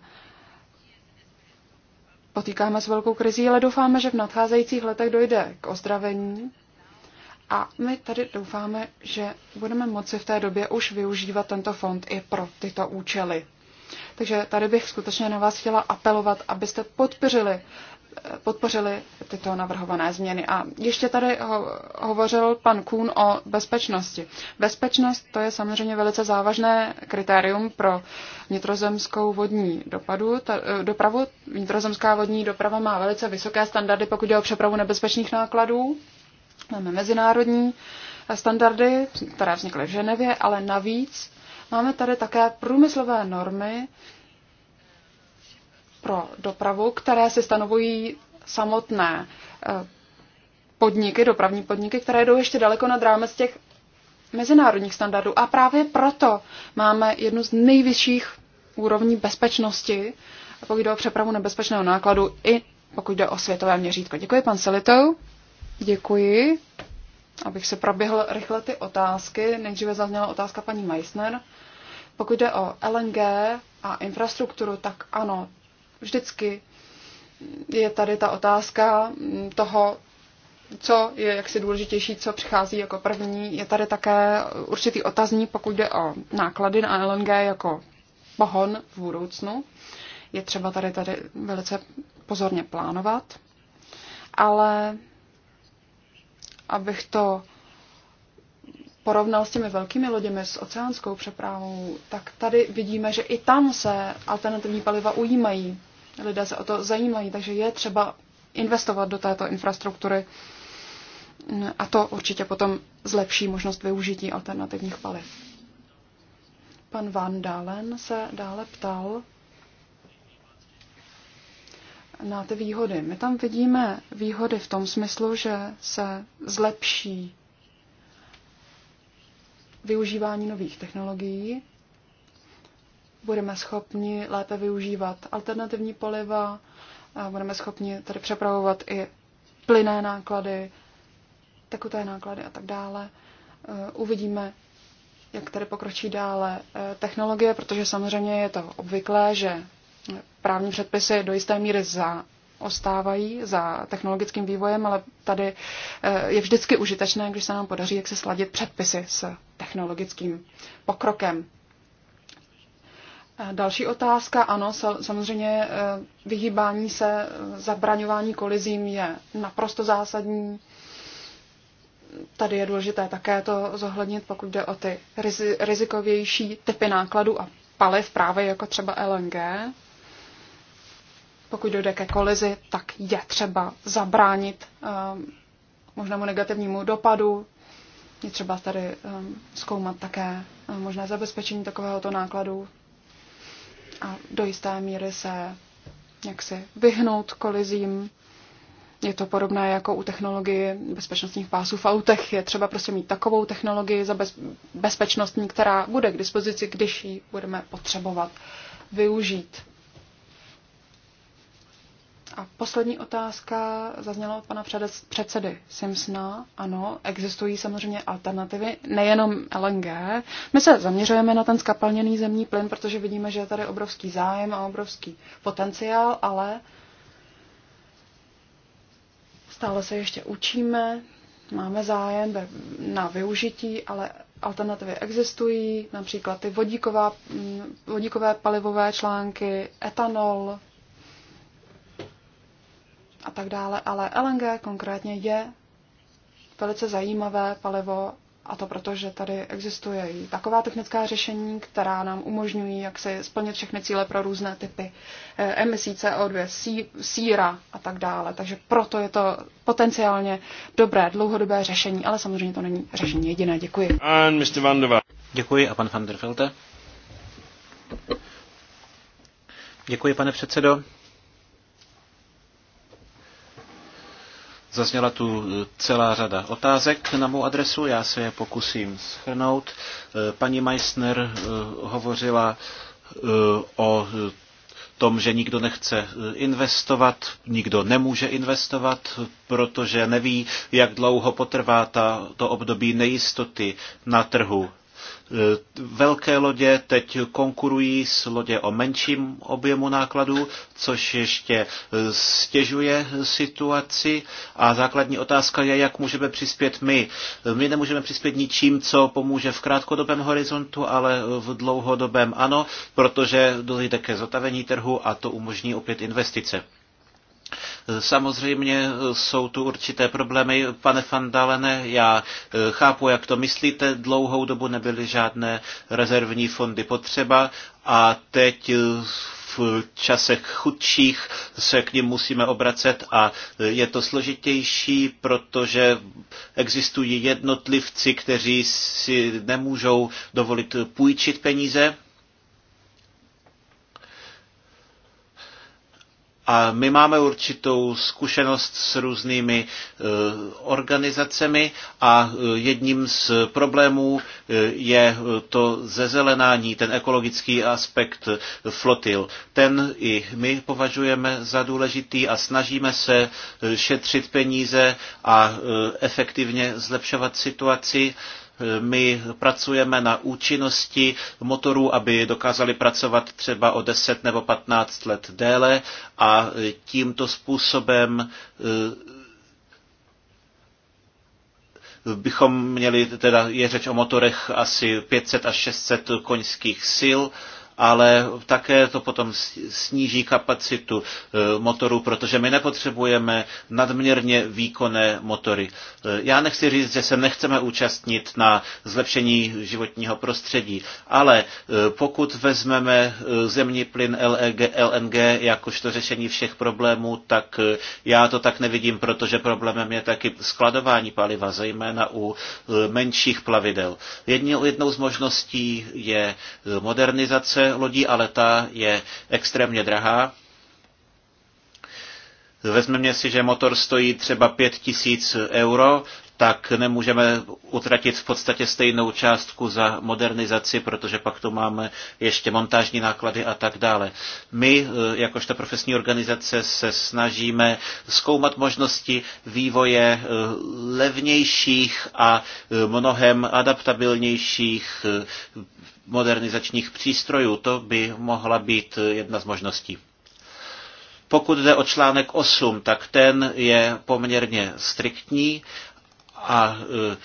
potýkáme s velkou krizí, ale doufáme, že v nadcházejících letech dojde k ozdravení. A my tady doufáme, že budeme moci v té době už využívat tento fond i pro tyto účely. Takže tady bych skutečně na vás chtěla apelovat, abyste podpořili podpořili tyto navrhované změny. A ještě tady ho, hovořil pan Kuhn o bezpečnosti. Bezpečnost to je samozřejmě velice závažné kritérium pro vnitrozemskou vodní dopadu, ta, eh, dopravu. Vnitrozemská vodní doprava má velice vysoké standardy, pokud jde o přepravu nebezpečných nákladů. Máme mezinárodní eh, standardy, které vznikly v Ženevě, ale navíc máme tady také průmyslové normy, pro dopravu, které si stanovují samotné eh, podniky, dopravní podniky, které jdou ještě daleko nad rámec těch mezinárodních standardů. A právě proto máme jednu z nejvyšších úrovní bezpečnosti, pokud jde o přepravu nebezpečného nákladu i pokud jde o světové měřítko. Děkuji, pan Selitou. Děkuji. Abych se proběhl rychle ty otázky. Nejdříve zazněla otázka paní Meissner. Pokud jde o LNG a infrastrukturu, tak ano, vždycky je tady ta otázka toho, co je jaksi důležitější, co přichází jako první. Je tady také určitý otazní, pokud jde o náklady na LNG jako pohon v budoucnu. Je třeba tady tady velice pozorně plánovat. Ale abych to porovnal s těmi velkými loděmi, s oceánskou přepravou, tak tady vidíme, že i tam se alternativní paliva ujímají. Lidé se o to zajímají, takže je třeba investovat do této infrastruktury a to určitě potom zlepší možnost využití alternativních paliv. Pan Van Dalen se dále ptal na ty výhody. My tam vidíme výhody v tom smyslu, že se zlepší využívání nových technologií, budeme schopni lépe využívat alternativní poliva, budeme schopni tady přepravovat i plyné náklady, tekuté náklady a tak dále. Eh, uvidíme, jak tady pokročí dále eh, technologie, protože samozřejmě je to obvyklé, že právní předpisy do jisté míry za, ostávají za technologickým vývojem, ale tady eh, je vždycky užitečné, když se nám podaří, jak se sladit předpisy s technologickým pokrokem. Eh, další otázka, ano, samozřejmě eh, vyhýbání se, zabraňování kolizím je naprosto zásadní. Tady je důležité také to zohlednit, pokud jde o ty rizikovější typy nákladů a paliv právě jako třeba LNG pokud dojde ke kolizi, tak je třeba zabránit ehm, možnému negativnímu dopadu. Je třeba tady ehm, zkoumat také ehm, možné zabezpečení takovéhoto nákladu a do jisté míry se jaksi vyhnout kolizím. Je to podobné jako u technologie bezpečnostních pásů v autech. Je třeba prostě mít takovou technologii za bez, bezpečnostní, která bude k dispozici, když ji budeme potřebovat využít. A poslední otázka zazněla od pana předsedy Simsna. Ano, existují samozřejmě alternativy, nejenom LNG. My se zaměřujeme na ten skapalněný zemní plyn, protože vidíme, že je tady obrovský zájem a obrovský potenciál, ale stále se ještě učíme, máme zájem na využití, ale alternativy existují, například ty vodíková, vodíkové palivové články, etanol, a tak dále, ale LNG konkrétně je velice zajímavé palivo a to proto, že tady existuje i taková technická řešení, která nám umožňují, jak se splnit všechny cíle pro různé typy eh, emisí CO2, síra a tak dále. Takže proto je to potenciálně dobré dlouhodobé řešení, ale samozřejmě to není řešení jediné. Děkuji. And Mr. Van der Děkuji a pan Van der Velte. Děkuji, pane předsedo. Zazněla tu eh, celá řada otázek na mou adresu, já se je pokusím schrnout. Eh, paní Meissner eh, hovořila o tom, že nikdo nechce investovat, nikdo nemůže investovat, protože neví, jak dlouho potrvá ta, to období nejistoty na trhu E, velké lodě teď konkurují s lodě o menším objemu nákladů, což ještě e, stěžuje situaci. A základní otázka je, jak můžeme přispět my. E, my nemůžeme přispět ničím, co pomůže v krátkodobém horizontu, ale v dlouhodobém ano, protože dojde ke zotavení trhu a to umožní opět investice. Samozřejmě e, jsou tu určité problémy. Pane Fandalene, já e, chápu, jak to myslíte. Dlouhou dobu nebyly žádné rezervní fondy potřeba a teď e, v časech chudších se k ním musíme obracet a je to složitější, protože existují jednotlivci, kteří si nemůžou dovolit půjčit peníze A my máme určitou zkušenost s různými e, organizacemi a e, jedním z problémů e, je to zezelenání, ten ekologický aspekt flotil. Ten i my považujeme za důležitý a snažíme se šetřit peníze a efektivně zlepšovat situaci my pracujeme na účinnosti motorů, aby dokázali pracovat třeba o 10 nebo 15 let déle a tímto způsobem eh, bychom měli, teda je řeč o motorech asi 500 až 600 koňských sil ale také to potom sníží kapacitu e, motorů, protože my nepotřebujeme nadměrně výkonné motory. E, já nechci říct, že se nechceme účastnit na zlepšení životního prostředí, ale e, pokud vezmeme zemní plyn LNG, LNG jakožto řešení všech problémů, tak já to tak nevidím, protože problémem je taky skladování paliva, zejména u menších plavidel. Jednou z možností je modernizace lodí a leta je extrémně drahá. Vezmeme si, že motor stojí třeba 5000 euro, tak nemůžeme utratit v podstatě stejnou částku za modernizaci, protože pak tu máme ještě montážní náklady a tak dále. My, eh, jakožto profesní organizace, se snažíme zkoumat možnosti vývoje eh, levnějších a eh, mnohem adaptabilnějších modernizačních přístrojů. To by mohla být jedna z možností. Pokud jde o článek 8, tak ten je poměrně striktní a e,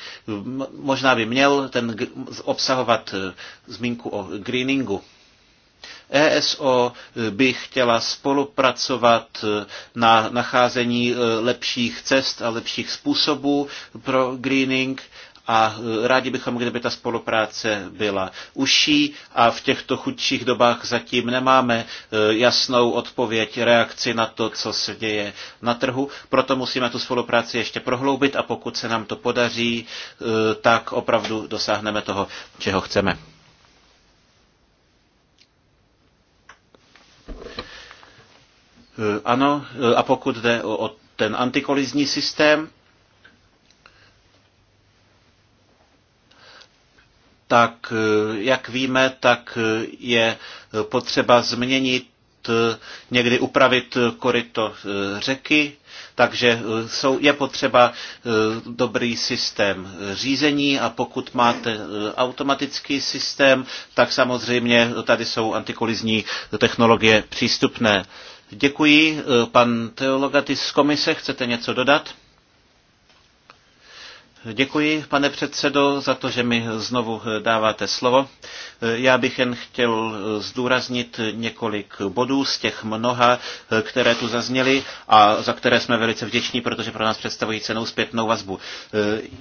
možná by měl ten obsahovat e, zmínku o greeningu. ESO by chtěla spolupracovat e, na nacházení lepších cest a lepších způsobů pro greening a e, rádi bychom, kdyby ta spolupráce byla užší a v těchto chudších dobách zatím nemáme e, jasnou odpověď, reakci na to, co se děje na trhu, proto musíme tu spolupráci ještě prohloubit a pokud se nám to podaří, e, tak opravdu dosáhneme toho, čeho chceme. Ano, a pokud jde o ten antikolizní systém, tak eh, jak víme, tak eh, je potřeba změnit, eh, někdy upravit koryto řeky, takže jsou, je potřeba dobrý systém řízení a pokud máte automatický systém, tak samozřejmě tady jsou antikolizní technologie přístupné. Děkuji. Pan teologatis z komise, chcete něco dodat? Děkuji, pane předsedo, za to, že mi znovu dáváte slovo. Já bych jen chtěl zdůraznit několik bodů z těch mnoha, které tu zazněly a za které jsme velice vděční, protože pro nás představují cenou zpětnou vazbu.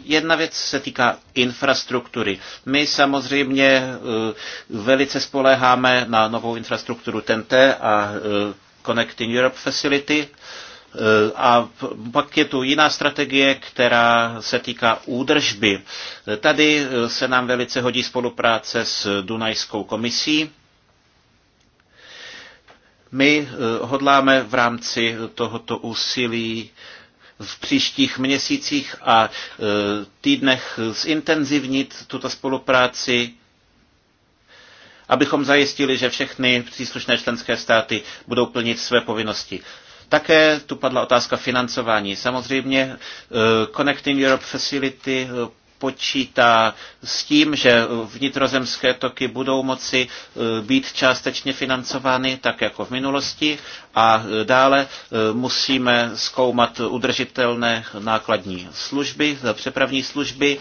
Jedna věc se týká infrastruktury. My samozřejmě eh, velice spoléháme na novou infrastrukturu TNT a eh, Connecting Europe Facility, Eh, a pak je tu jiná strategie, která se týká údržby. Tady eh, se nám velice hodí spolupráce s Dunajskou komisí. My eh, hodláme v rámci tohoto úsilí v příštích měsících a týdnech zintenzivnit tuto spolupráci abychom zajistili, že všechny příslušné členské státy budou plnit své povinnosti. Také tu padla otázka financování. Samozřejmě eh, Connecting Europe Facility eh, počítá s tím, že vnitrozemské toky budou moci eh, být částečně financovány, tak jako v minulosti, a dále musíme zkoumat udržitelné nákladní služby, přepravní služby,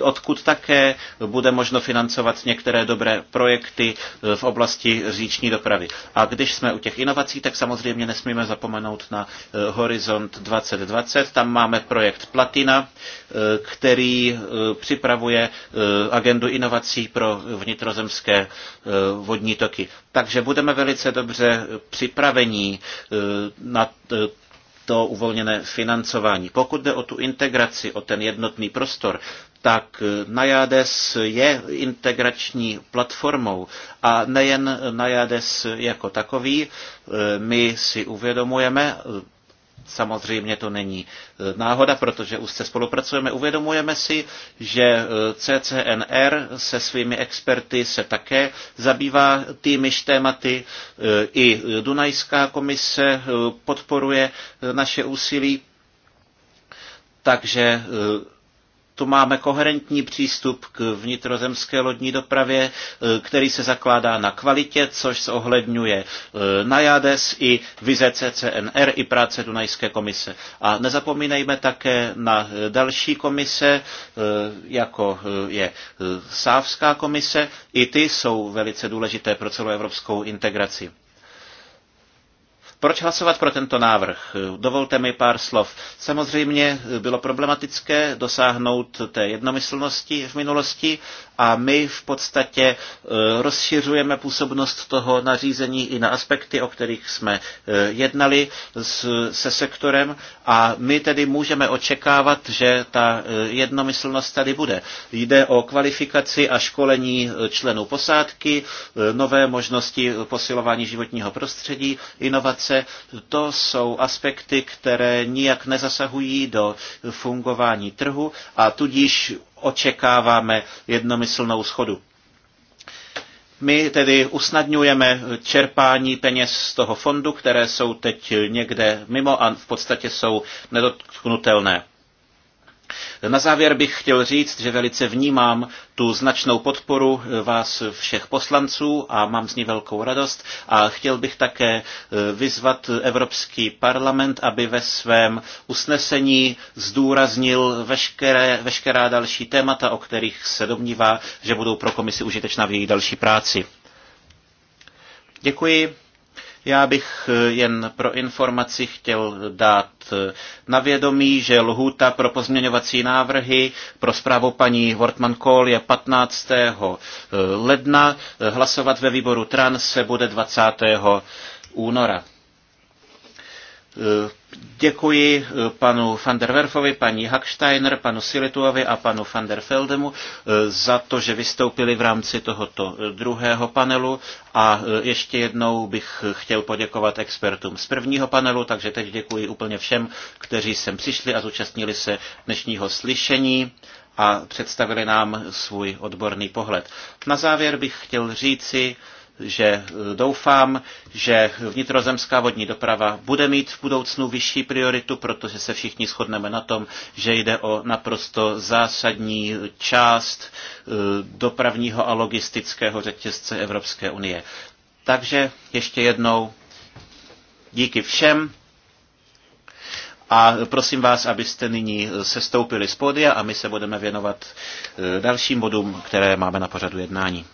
odkud také bude možno financovat některé dobré projekty e, v oblasti říční dopravy. A když jsme u těch inovací, tak samozřejmě nesmíme zapomenout na e, Horizont 2020. Tam máme projekt Platina, e, který připravuje agendu inovací pro vnitrozemské vodní toky. Takže budeme velice dobře připravení na to uvolněné financování. Pokud jde o tu integraci, o ten jednotný prostor, tak Najades je integrační platformou a nejen Najades jako takový. E, my si uvědomujeme, e, samozřejmě to není e, náhoda, protože už se spolupracujeme, uvědomujeme si, že CCNR se svými experty se také zabývá týmiž tématy. I Dunajská komise podporuje naše úsilí, takže tu máme koherentní přístup k vnitrozemské lodní dopravě, e, který se zakládá na kvalitě, což se ohledňuje e, na JADES i vize CCNR i práce Dunajské komise. A nezapomínejme také na e, další komise, jako je Sávská komise. I ty jsou velice důležité pro celou evropskou integraci. Proč hlasovat pro tento návrh? Dovolte mi pár slov. Samozřejmě bylo problematické dosáhnout té jednomyslnosti v minulosti, a my v podstatě eh, rozšiřujeme působnost toho nařízení i na aspekty, o kterých jsme eh, jednali se sektorem a my tedy můžeme očekávat, že ta eh, jednomyslnost tady bude. Jde o kvalifikaci a školení členů posádky, nové možnosti posilování životního prostředí, inovace. To jsou aspekty, které nijak nezasahují do fungování trhu a tudíž očekáváme jednomyslnou schodu. My tedy usnadňujeme čerpání peněz z toho fondu, které jsou teď někde mimo a v podstatě jsou nedotknutelné. Na závěr bych chtěl říct, že velice vnímám tu značnou podporu eh, vás všech poslanců a mám z ní velkou radost a chtěl bych také eh, vyzvat Evropský parlament, aby ve svém usnesení zdůraznil veškeré, veškerá další témata, o kterých se domnívá, že budou pro komisi užitečná v její další práci. Děkuji. Já bych eh, jen pro informaci chtěl dát eh, na vědomí, že lhůta pro pozměňovací návrhy pro zprávu paní Wortman Kohl je 15. Eh, ledna. Hlasovat ve výboru Trans se bude 20. února. Děkuji eh, panu van der Werfovi, paní Hacksteiner, panu Silituovi a panu van der Feldemu eh, za to, že vystoupili v rámci tohoto eh, druhého panelu a ještě jednou bych chtěl poděkovat expertům z prvního panelu, takže teď děkuji úplně všem, kteří sem přišli a zúčastnili se dnešního slyšení a představili nám svůj odborný pohled. Na závěr bych chtěl říci, že eh, doufám, že vnitrozemská vodní doprava bude mít v budoucnu vyšší prioritu, protože se všichni shodneme na tom, že jde o naprosto zásadní část eh, dopravního a logistického řetězce Evropské unie. Takže ještě jednou díky všem a prosím vás, abyste nyní eh, sestoupili z pódia a my se budeme věnovat dalším bodům, které máme na pořadu jednání.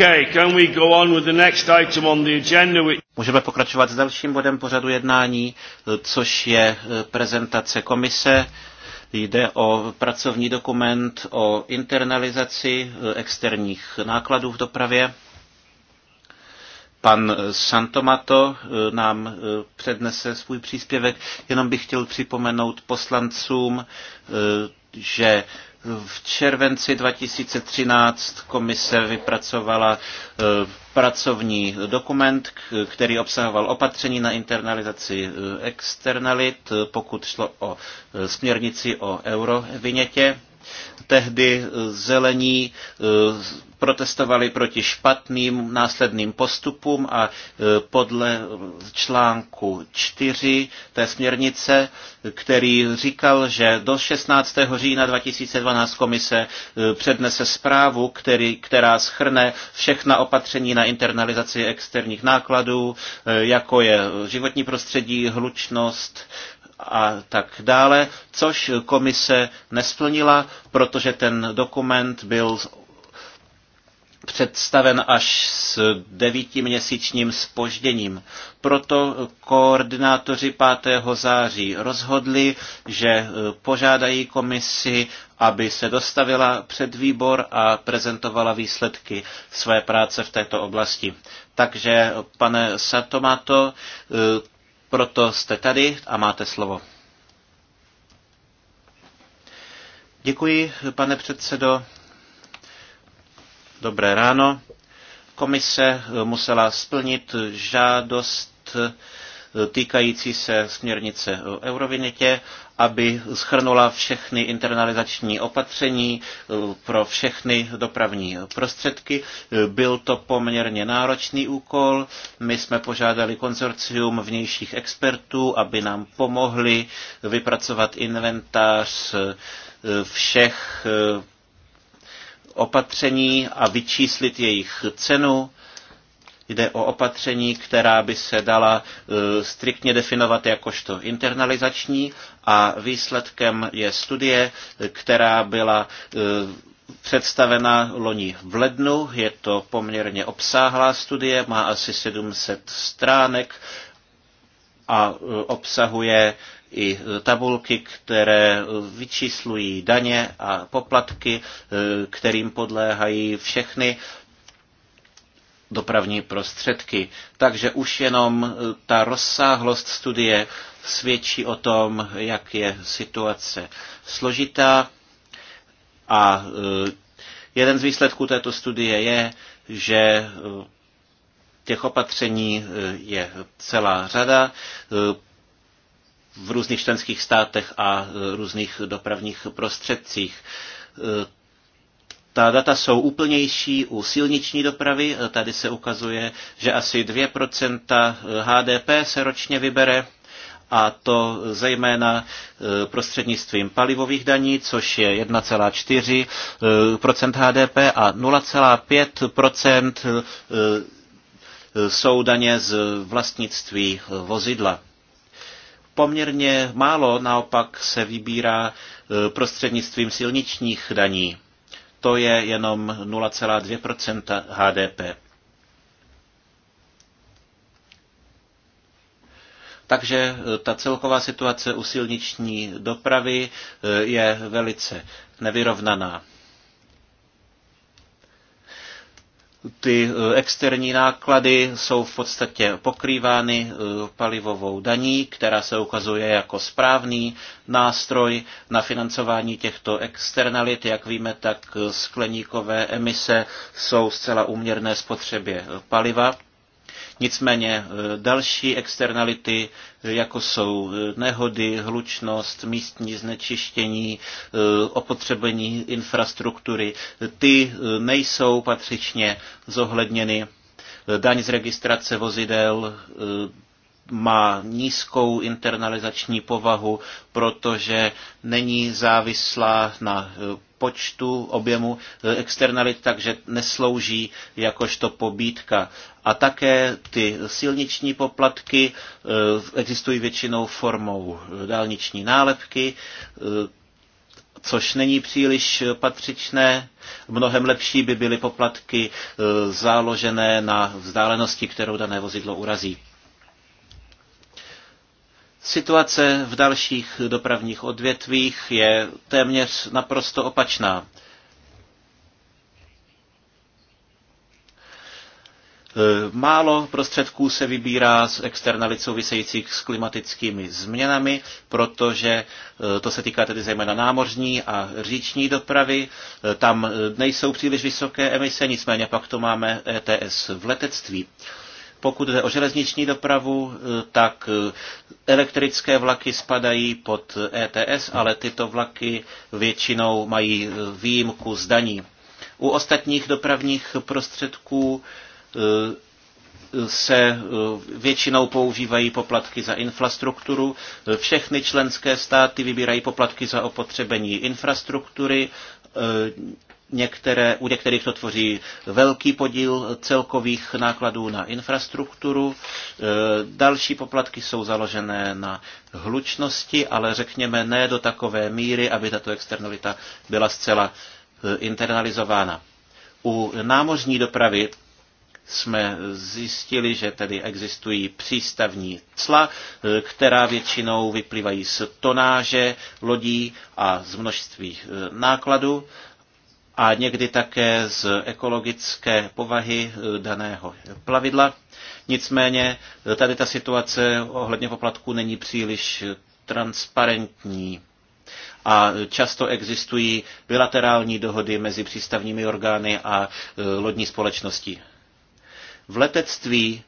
Okay, can we go on with the next item on the agenda? Můžeme pokračovat s dalším bodem pořadu jednání, což je eh, prezentace komise. Jde o pracovní dokument o internalizaci eh, externích nákladů v dopravě. Pan eh, Santomato nám přednese svůj příspěvek. Jenom bych chtěl připomenout poslancům, že v červenci 2013 komise vypracovala e, pracovní dokument, který obsahoval opatření na internalizaci e, externalit, e, pokud šlo o směrnici o eurovinětě. Tehdy eh, zelení eh, protestovali proti špatným následným postupům a eh, podle článku 4 té směrnice, který říkal, že do 16. října 2012 komise přednese zprávu, který, která schrne všechna opatření na internalizaci externích nákladů, jako je životní prostředí, hlučnost, a tak dále, což komise nesplnila, protože ten dokument byl představen až s devítiměsíčním spožděním. Proto koordinátoři 5. září rozhodli, že eh, požádají komisi, aby se dostavila před výbor a prezentovala výsledky své práce v této oblasti. Takže, pane Satomato, eh, proto jste tady a máte slovo. Děkuji, pane předsedo. Dobré ráno. Komise musela splnit žádost týkající se směrnice o eurovinitě, aby schrnula všechny internalizační opatření eh, pro všechny dopravní prostředky. Eh, byl to poměrně náročný úkol. My jsme požádali konzorcium vnějších expertů, aby nám pomohli vypracovat inventář eh, všech opatření a vyčíslit jejich cenu Jde o opatření, která by se dala e, striktně definovat jakožto internalizační a výsledkem je studie, která byla e, představena loni v lednu. Je to poměrně obsáhlá studie, má asi 700 stránek a e, obsahuje i tabulky, které vyčíslují daně a poplatky, kterým podléhají všechny dopravní prostředky. Takže už jenom e, ta rozsáhlost studie svědčí o tom, jak je situace složitá. A e, jeden z výsledků této studie je, že e, těch opatření je celá řada v různých členských státech a různých dopravních prostředcích. Ta data jsou úplnější u silniční dopravy. Tady se ukazuje, že asi 2% eh, HDP se ročně vybere a to zejména eh, prostřednictvím palivových daní, což je 1,4 eh, HDP a 0,5 jsou daně z vlastnictví vozidla. Poměrně málo naopak se vybírá prostřednictvím silničních daní to je jenom 0,2 HDP. Takže eh, ta celková situace u silniční dopravy eh, je velice nevyrovnaná. ty eh, externí náklady jsou v podstatě pokrývány eh, palivovou daní, která se ukazuje jako správný nástroj na financování těchto externalit. Jak víme, tak eh, skleníkové emise jsou zcela úměrné spotřebě paliva. Nicméně e, další externality, e, jako jsou e, nehody, hlučnost, místní znečištění, opotřebení infrastruktury, ty nejsou patřičně zohledněny. Daň z registrace vozidel, má nízkou internalizační povahu, protože není závislá na počtu objemu eh, externalit, takže neslouží jakožto pobídka. A také ty silniční poplatky eh, existují většinou formou eh, dálniční nálepky, což není příliš patřičné. Mnohem lepší by byly poplatky záložené na vzdálenosti, kterou dané vozidlo urazí. Situace v dalších dopravních odvětvích je téměř naprosto opačná. Málo prostředků se vybírá z externalit souvisejících s klimatickými změnami, protože eh, to se týká tedy zejména námořní a říční dopravy. Eh, tam eh, nejsou příliš vysoké emise, nicméně pak to máme ETS v letectví. Pokud jde o železniční dopravu, eh, tak eh, elektrické vlaky spadají pod ETS, ale tyto vlaky většinou mají eh, výjimku z daní. U ostatních dopravních prostředků se většinou používají poplatky za infrastrukturu. Všechny členské státy vybírají poplatky za opotřebení infrastruktury. Některé, u některých to tvoří velký podíl celkových nákladů na infrastrukturu. E, další poplatky jsou založené na hlučnosti, ale řekněme ne do takové míry, aby tato externalita byla zcela e, internalizována. U námořní dopravy jsme zjistili, že tedy existují přístavní cla, e, která většinou vyplývají z tonáže lodí a z množství nákladu a někdy také z ekologické povahy eh, daného plavidla. Nicméně eh, tady ta situace ohledně poplatků není příliš eh, transparentní a často existují bilaterální dohody mezi přístavními orgány a lodní společností. V letectví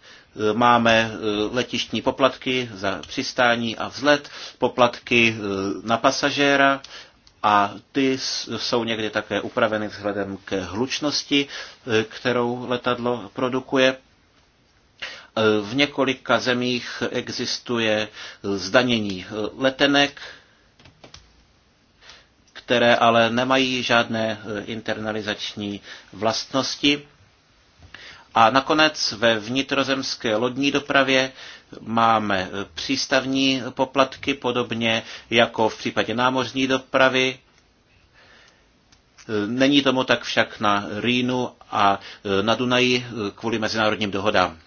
máme letištní poplatky za přistání a vzlet, poplatky na pasažéra a ty jsou někdy také upraveny vzhledem k hlučnosti, eh, kterou letadlo produkuje. Eh, v několika zemích existuje eh, zdanění letenek, které ale nemají žádné internalizační vlastnosti a nakonec ve vnitrozemské lodní dopravě máme přístavní poplatky, podobně jako v případě námořní dopravy. Není tomu tak však na Rýnu a na Dunaji kvůli mezinárodním dohodám.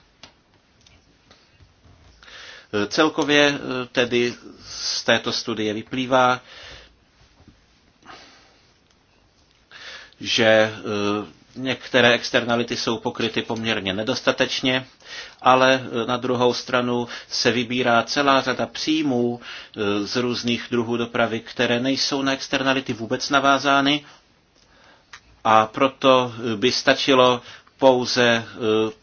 Celkově tedy z této studie vyplývá, že Některé externality jsou pokryty poměrně nedostatečně, ale na druhou stranu se vybírá celá řada příjmů e, z různých druhů dopravy, které nejsou na externality vůbec navázány a proto by stačilo pouze e,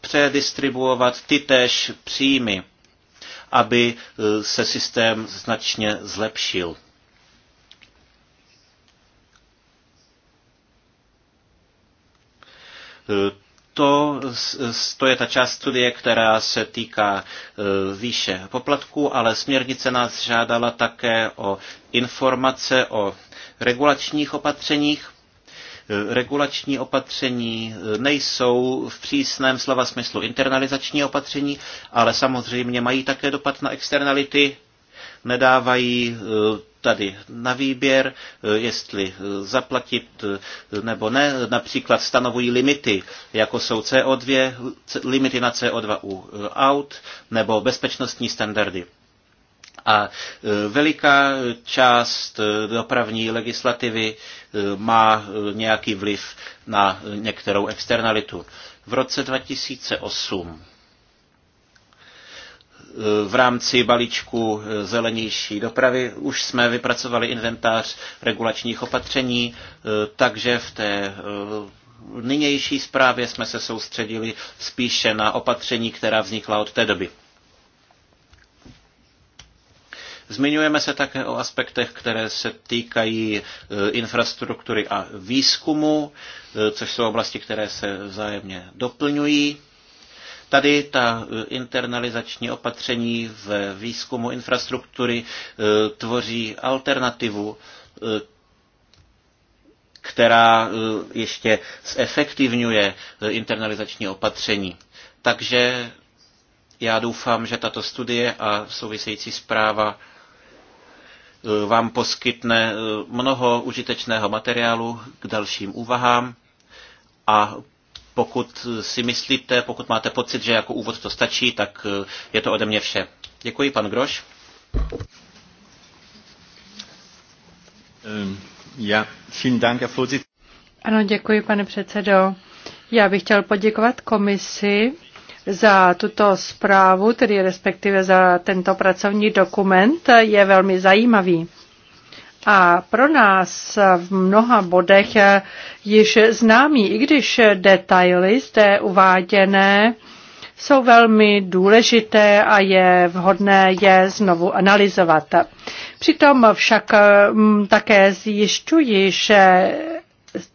předistribuovat ty též příjmy, aby e, se systém značně zlepšil. to, to je ta část studie, která se týká e, výše poplatků, ale směrnice nás žádala také o informace o regulačních opatřeních. E, regulační opatření e, nejsou v přísném slova smyslu internalizační opatření, ale samozřejmě mají také dopad na externality nedávají eh, tady na výběr, eh, jestli eh, zaplatit nebo ne. Například stanovují limity, jako jsou CO2, limity na CO2 u aut nebo bezpečnostní standardy. A veliká část dopravní legislativy má nějaký vliv na některou externalitu. V roce 2008 Eh, v rámci balíčku eh, zelenější dopravy už jsme vypracovali inventář regulačních opatření, eh, takže v té nynější zprávě jsme se soustředili spíše na opatření, která vznikla od té doby. Zmiňujeme se také o aspektech, které se týkají infrastruktury a výzkumu, což jsou oblasti, které se vzájemně doplňují. Tady ta e, internalizační opatření v výzkumu infrastruktury e, tvoří alternativu, e, která ještě zefektivňuje internalizační opatření. Takže já doufám, že tato studie a související zpráva vám poskytne mnoho užitečného materiálu k dalším úvahám a pokud si myslíte, pokud máte pocit, že jako úvod to stačí, tak eh, je to ode mě vše. Děkuji, pan Groš. Ehm, Já, vielen Dank, Ano, děkuji, pane předsedo. Já bych chtěl poděkovat komisi za tuto zprávu, tedy respektive za tento pracovní dokument. Je velmi zajímavý a pro nás v mnoha bodech již známý, i když detaily zde uváděné jsou velmi důležité a je vhodné je znovu analyzovat. Přitom však mm, také zjišťuji, že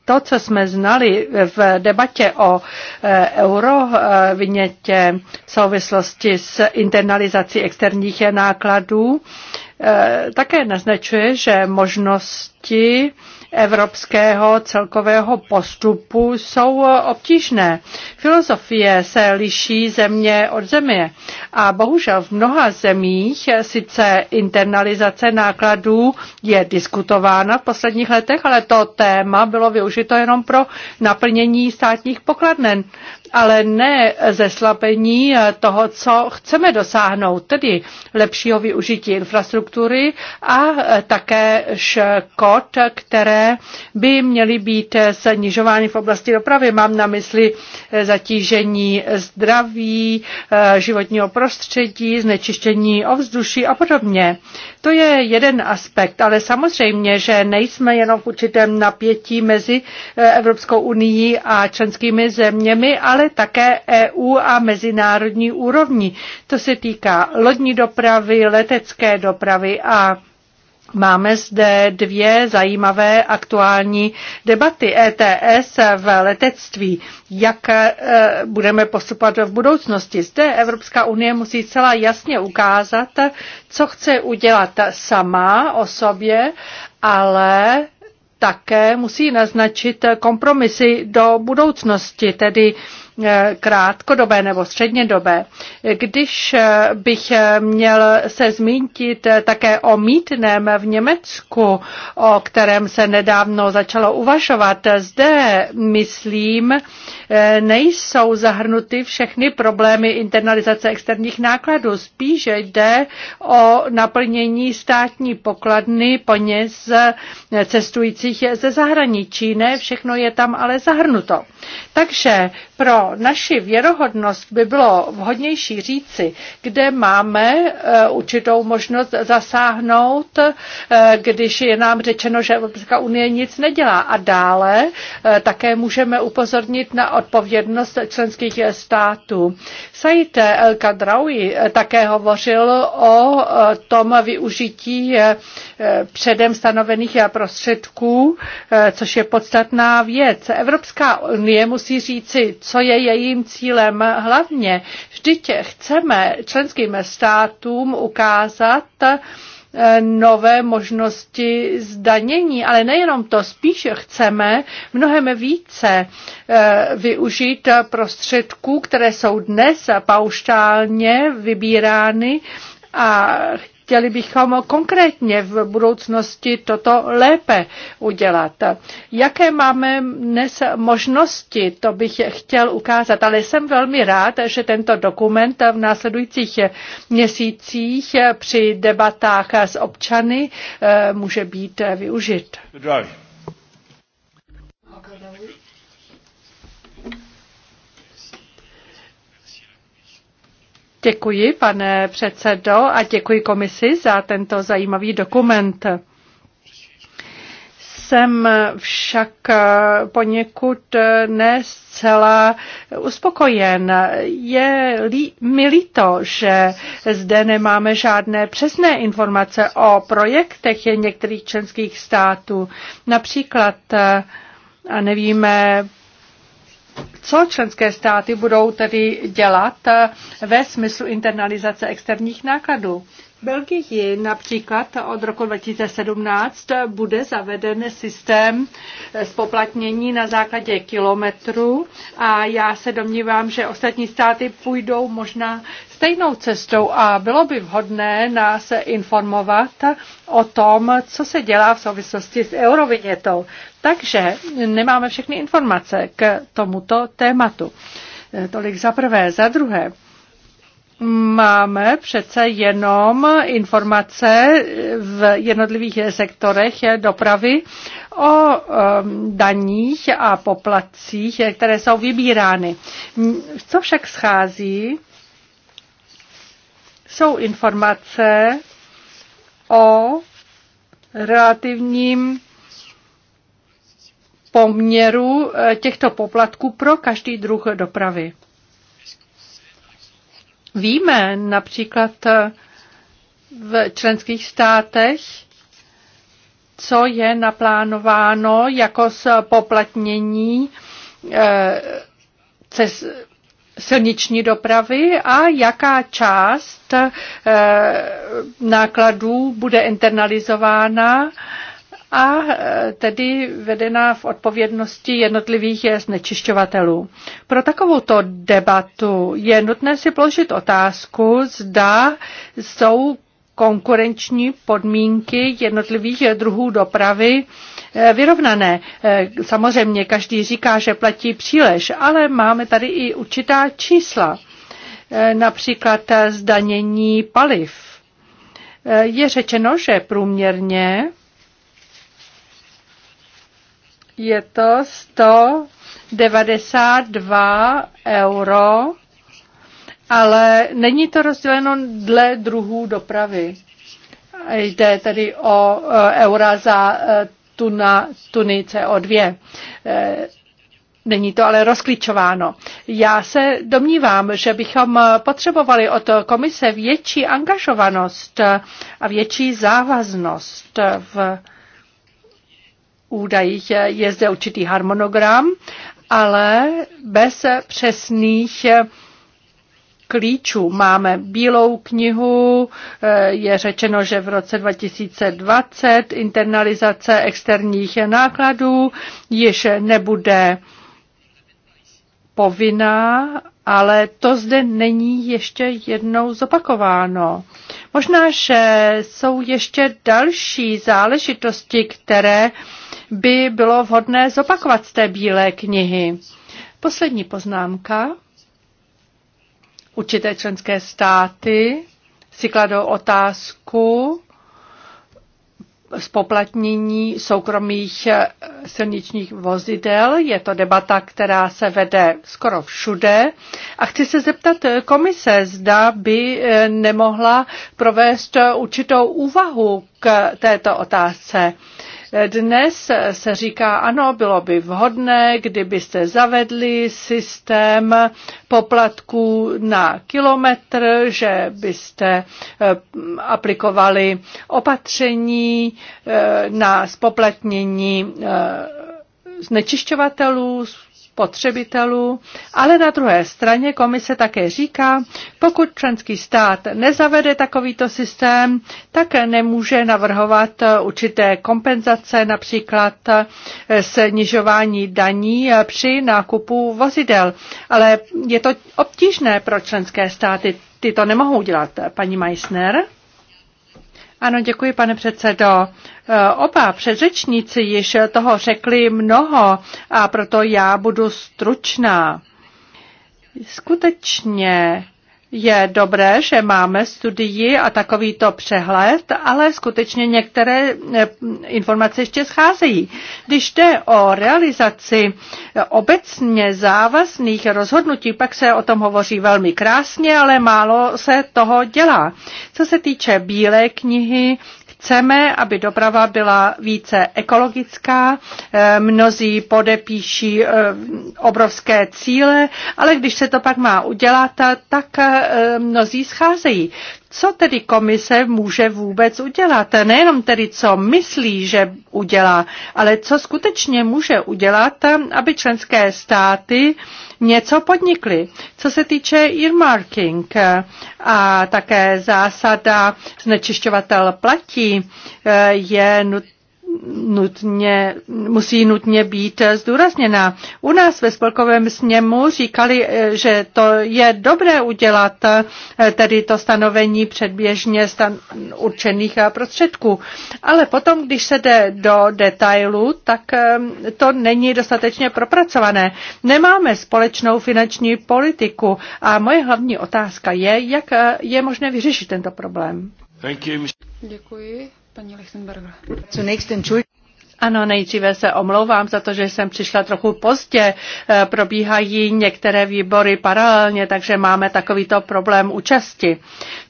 to, co jsme znali v debatě o e, eurovinětě v souvislosti s internalizací externích nákladů, Eh, také naznačuje, že možnosti evropského celkového postupu jsou obtížné. Filozofie se liší země od země a bohužel v mnoha zemích sice internalizace nákladů je diskutována v posledních letech, ale to téma bylo využito jenom pro naplnění státních pokladnen ale ne zeslabení toho, co chceme dosáhnout, tedy lepšího využití infrastruktury a také škod, které by měly být snižovány v oblasti dopravy. Mám na mysli zatížení zdraví, životního prostředí, znečištění ovzduší a podobně. To je jeden aspekt, ale samozřejmě, že nejsme jenom v určitém napětí mezi Evropskou unii a členskými zeměmi, ale ale také EU a mezinárodní úrovni. To se týká lodní dopravy, letecké dopravy a Máme zde dvě zajímavé aktuální debaty ETS v letectví. Jak e, budeme postupovat v budoucnosti? Zde Evropská unie musí celá jasně ukázat, co chce udělat sama o sobě, ale také musí naznačit kompromisy do budoucnosti, tedy Eh, krátkodobé nebo střednědobé. Když eh, bych eh, měl se zmínit také o mítném v Německu, o kterém se nedávno začalo uvažovat, zde myslím, E, nejsou zahrnuty všechny problémy internalizace externích nákladů. Spíše jde o naplnění státní pokladny peněz cestujících ze zahraničí. Ne všechno je tam ale zahrnuto. Takže pro naši věrohodnost by bylo vhodnější říci, kde máme e, určitou možnost zasáhnout, e, když je nám řečeno, že Evropská unie nic nedělá. A dále také můžeme upozornit na odpovědnost členských států. Said El Kadraoui také hovořil o tom využití eh, předem stanovených prostředků, eh, což je podstatná věc. Evropská unie musí říci, co je jejím cílem hlavně. Vždyť chceme členským státům ukázat, E, nové možnosti zdanění, ale nejenom to, Spíše chceme mnohem více e, využít prostředků, které jsou dnes paušálně vybírány a Chtěli bychom konkrétně v budoucnosti toto lépe udělat. Jaké máme dnes možnosti, to bych chtěl ukázat, ale jsem velmi rád, že tento dokument v následujících měsících při debatách s občany eh, může být využit. Děkuji, pane předsedo, a děkuji komisi za tento zajímavý dokument. Jsem však poněkud ne zcela uspokojen. Je lí, mi líto, že zde nemáme žádné přesné informace o projektech některých členských států. Například a nevíme co členské státy budou tedy dělat eh, ve smyslu internalizace externích nákladů? Belgii například od roku 2017 bude zaveden systém spoplatnění na základě kilometru a já se domnívám, že ostatní státy půjdou možná stejnou cestou a bylo by vhodné nás informovat o tom, co se dělá v souvislosti s eurovinětou. Takže nemáme všechny informace k tomuto tématu. Tolik za prvé. Za druhé, máme přece jenom informace v jednotlivých sektorech dopravy o um, daních a poplatcích, které jsou vybírány. Co však schází, jsou informace o relativním poměru eh, těchto poplatků pro každý druh dopravy. Víme například eh, v členských státech, co je naplánováno jako poplatnění eh, cez silniční dopravy a jaká část eh, nákladů bude internalizována a e, tedy vedená v odpovědnosti jednotlivých znečišťovatelů. Pro takovouto debatu je nutné si položit otázku, zda jsou konkurenční podmínky jednotlivých druhů dopravy e, vyrovnané. E, samozřejmě každý říká, že platí přílež, ale máme tady i určitá čísla, například zdanění paliv. Je řečeno, že průměrně je to 192 euro, ale není to rozděleno dle druhů dopravy. Jde tedy o eh, eura za eh, tuna, tuny CO2. Eh, není to ale rozklíčováno. Já se domnívám, že bychom potřebovali od komise větší angažovanost a větší závaznost v údajích je zde určitý harmonogram, ale bez přesných eh, klíčů. Máme bílou knihu, eh, je řečeno, že v roce 2020 internalizace externích nákladů již nebude povinná, ale to zde není ještě jednou zopakováno. Možná, že jsou ještě další záležitosti, které by bylo vhodné zopakovat z té bílé knihy. Poslední poznámka. Určité členské státy si kladou otázku spoplatnění soukromých eh, silničních vozidel. Je to debata, která se vede skoro všude. A chci se zeptat eh, komise, zda by eh, nemohla provést určitou úvahu k této otázce. Dnes se říká, ano, bylo by vhodné, kdybyste zavedli systém poplatků na kilometr, že byste eh, aplikovali opatření eh, na spoplatnění eh, znečišťovatelů, spotřebitelů, ale na druhé straně komise také říká, pokud členský stát nezavede takovýto systém, tak nemůže navrhovat určité kompenzace, například snižování daní při nákupu vozidel. Ale je to obtížné pro členské státy. Ty to nemohou dělat, paní Meissner. Ano, děkuji, pane předsedo. E, oba předřečníci již toho řekli mnoho a proto já budu stručná. Skutečně je dobré, že máme studii a takovýto přehled, ale skutečně některé eh, informace ještě scházejí. Když jde o realizaci eh, obecně závazných rozhodnutí, pak se o tom hovoří velmi krásně, ale málo se toho dělá. Co se týče bílé knihy, Chceme, aby doprava byla více ekologická, eh, mnozí podepíší eh, obrovské cíle, ale když se to pak má udělat, tak eh, mnozí scházejí. Co tedy komise může vůbec udělat? Nejenom tedy, co myslí, že udělá, ale co skutečně může udělat, aby členské státy něco podnikly. Co se týče earmarking a také zásada znečišťovatel platí, je nutné nutně, musí nutně být zdůrazněna. U nás ve spolkovém sněmu říkali, že to je dobré udělat tedy to stanovení předběžně stan- určených prostředků. Ale potom, když se jde do detailu, tak to není dostatečně propracované. Nemáme společnou finanční politiku a moje hlavní otázka je, jak je možné vyřešit tento problém. Děkuji paní Lichtenberger. Ano, nejdříve se omlouvám za to, že jsem přišla trochu pozdě. E, probíhají některé výbory paralelně, takže máme takovýto problém účasti.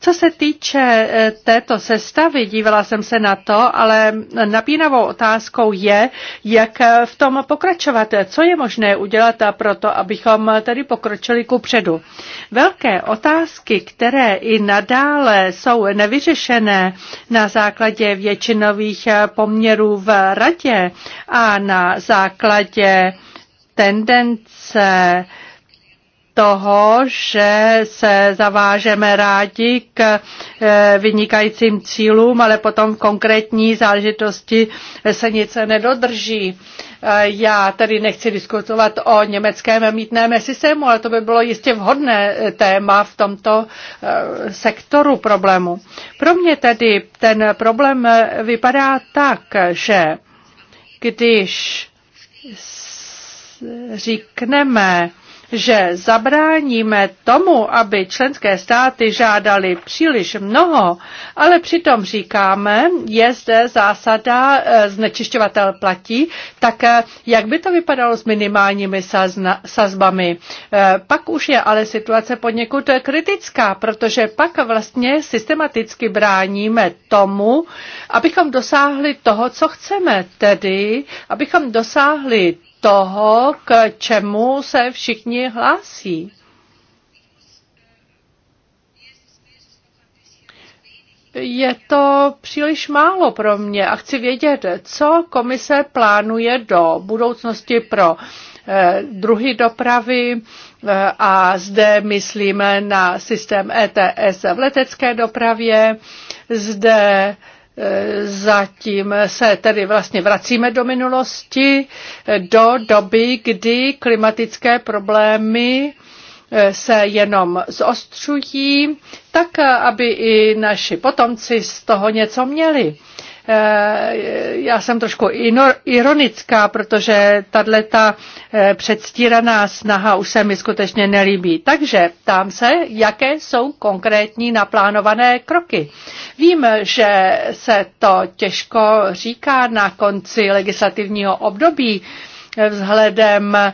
Co se týče e, této sestavy, dívala jsem se na to, ale napínavou otázkou je, jak v tom pokračovat. Co je možné udělat pro to, abychom tedy pokročili ku předu? Velké otázky, které i nadále jsou nevyřešené na základě většinových poměrů v radě, radě a na základě tendence toho, že se zavážeme rádi k eh, vynikajícím cílům, ale potom konkrétní záležitosti se nic nedodrží. Eh, já tedy nechci diskutovat o německém mítném systému, ale to by bylo jistě vhodné téma v tomto eh, sektoru problému. Pro mě tedy ten problém vypadá tak, že když řekneme, že zabráníme tomu, aby členské státy žádali příliš mnoho, ale přitom říkáme, je zde zásada eh, znečišťovatel platí, tak eh, jak by to vypadalo s minimálními sazbami. Eh, pak už je ale situace poněkud kritická, protože pak vlastně systematicky bráníme tomu, abychom dosáhli toho, co chceme, tedy abychom dosáhli toho, k čemu se všichni hlásí. Je to příliš málo pro mě a chci vědět, co komise plánuje do budoucnosti pro eh, druhy dopravy eh, a zde myslíme na systém ETS v letecké dopravě. Zde Zatím se tedy vlastně vracíme do minulosti, do doby, kdy klimatické problémy eh, se jenom zostřují, tak aby i naši potomci z toho něco měli. Eh, já jsem trošku ironická, protože tato eh, předstíraná snaha už se mi skutečně nelíbí. Takže ptám se, jaké jsou konkrétní naplánované kroky. Vím, že se to těžko říká na konci legislativního období, vzhledem eh,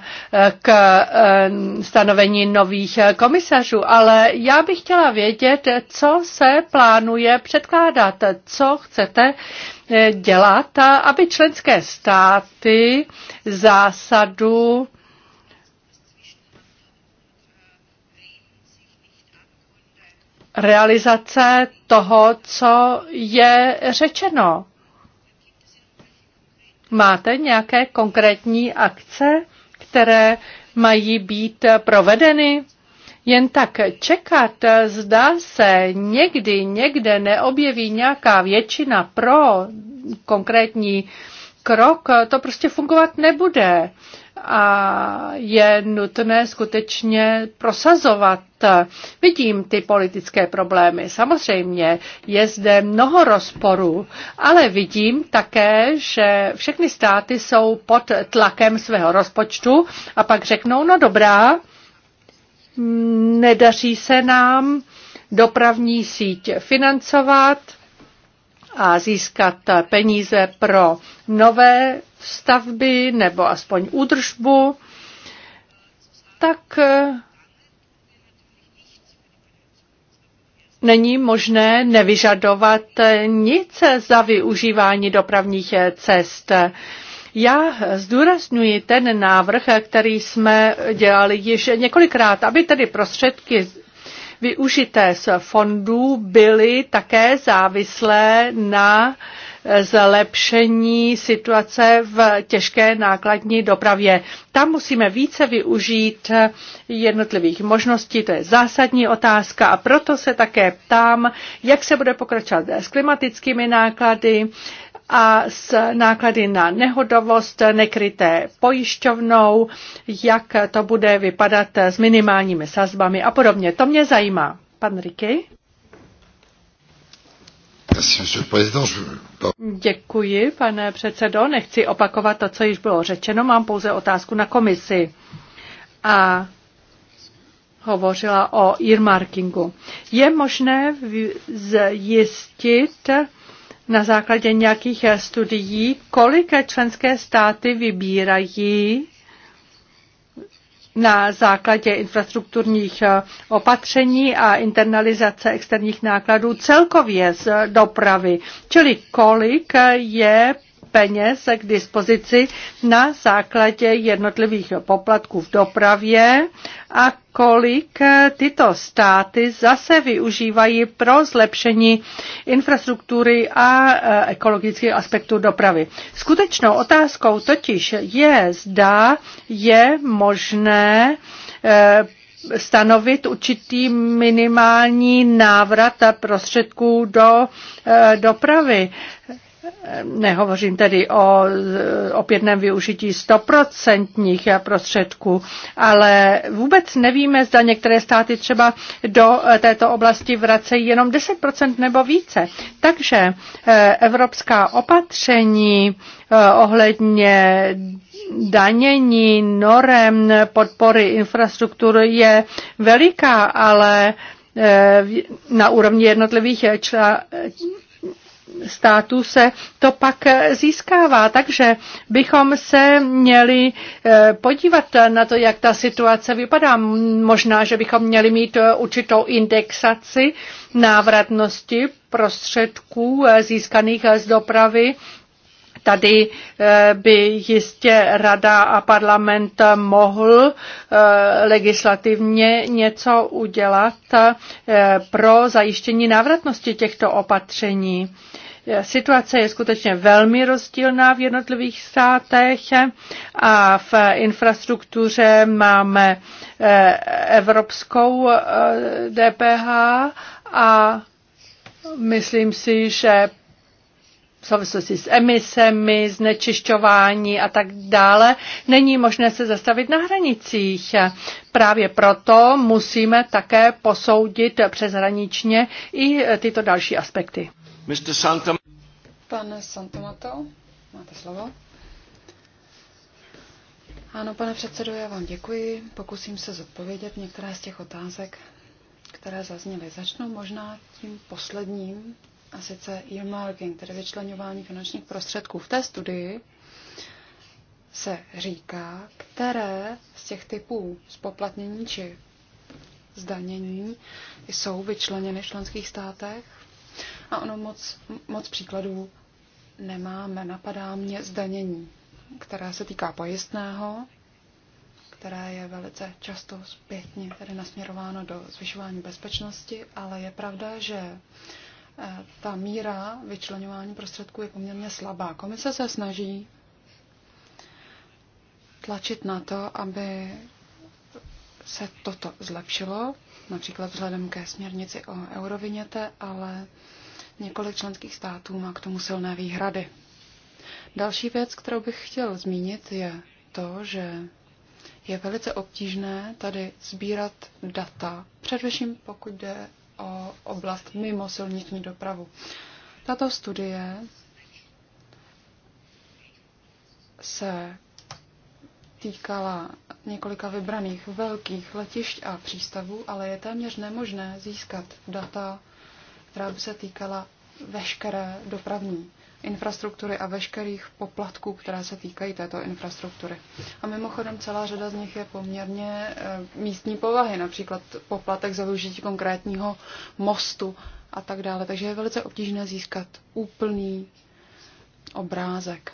k eh, stanovení nových eh, komisařů, ale já bych chtěla vědět, co se plánuje předkládat, co chcete dělat, aby členské státy zásadu realizace toho, co je řečeno Máte nějaké konkrétní akce, které mají být provedeny? Jen tak čekat, zdá se, někdy někde neobjeví nějaká většina pro konkrétní krok, to prostě fungovat nebude a je nutné skutečně prosazovat. Vidím ty politické problémy. Samozřejmě je zde mnoho rozporů, ale vidím také, že všechny státy jsou pod tlakem svého rozpočtu a pak řeknou, no dobrá, nedaří se nám dopravní síť financovat a získat peníze pro nové stavby nebo aspoň údržbu, tak eh, není možné nevyžadovat nic za využívání dopravních cest. Já zdůraznuji ten návrh, který jsme dělali již několikrát, aby tedy prostředky využité z fondů byly také závislé na uh, zlepšení situace v těžké nákladní dopravě. Tam musíme více využít jednotlivých možností, to je zásadní otázka a proto se také ptám, jak se bude pokračovat s klimatickými náklady, a s náklady na nehodovost nekryté pojišťovnou, jak to bude vypadat s minimálními sazbami a podobně. To mě zajímá. Pan Riky? Děkuji, pane předsedo. Nechci opakovat to, co již bylo řečeno. Mám pouze otázku na komisi. A hovořila o earmarkingu. Je možné zjistit na základě nějakých studií, kolik členské státy vybírají na základě infrastrukturních eh, opatření a internalizace externích nákladů celkově z dopravy. Čili kolik eh, je peněz k dispozici na základě jednotlivých poplatků v dopravě a kolik tyto státy zase využívají pro zlepšení infrastruktury a eh, ekologických aspektů dopravy. Skutečnou otázkou totiž je, zda je možné eh, stanovit určitý minimální návrat prostředků do eh, dopravy. Nehovořím tedy o opětném využití stoprocentních prostředků, ale vůbec nevíme, zda některé státy třeba do této oblasti vracejí jenom 10% nebo více. Takže eh, evropská opatření eh, ohledně danění norem podpory infrastruktury je veliká, ale eh, na úrovni jednotlivých čl- Státu se to pak eh, získává. Takže bychom se měli eh, podívat na to, jak ta situace vypadá. Možná, že bychom měli mít eh, určitou indexaci návratnosti prostředků získaných z dopravy tady by jistě rada a parlament mohl legislativně něco udělat pro zajištění návratnosti těchto opatření. Eh, situace je skutečně velmi rozdílná v jednotlivých státech a v infrastruktuře máme eh, evropskou DPH eh, a myslím si, že v souvislosti s emisemi, znečišťování a tak dále, není možné se zastavit na hranicích. Právě proto musíme také posoudit přeshraničně i tyto další aspekty. Mr. Pane Santomato, máte slovo. Ano, pane předsedo, já vám děkuji. Pokusím se zodpovědět některé z těch otázek, které zazněly. Začnu možná tím posledním, a sice earmarking, tedy vyčlenování finančních prostředků. V té studii se říká, které z těch typů spoplatnění či zdanění jsou vyčleněny v členských státech a ono moc, moc příkladů nemáme. Napadá mě zdanění, která se týká pojistného, které je velice často zpětně tedy nasměrováno do zvyšování bezpečnosti, ale je pravda, že eh, ta míra vyčlenování prostředků je poměrně slabá. Komise se snaží tlačit na to, aby se toto zlepšilo, například vzhledem ke směrnici o euroviněte, ale Několik členských států má k tomu silné výhrady. Další věc, kterou bych chtěl zmínit, je to, že je velice obtížné tady sbírat data, především pokud jde o oblast mimo silniční dopravu. Tato studie se týkala několika vybraných velkých letišť a přístavů, ale je téměř nemožné získat data která by se týkala veškeré dopravní infrastruktury a veškerých poplatků, které se týkají této infrastruktury. A mimochodem celá řada z nich je poměrně eh, místní povahy, například poplatek za využití konkrétního mostu a tak dále. Takže je velice obtížné získat úplný obrázek.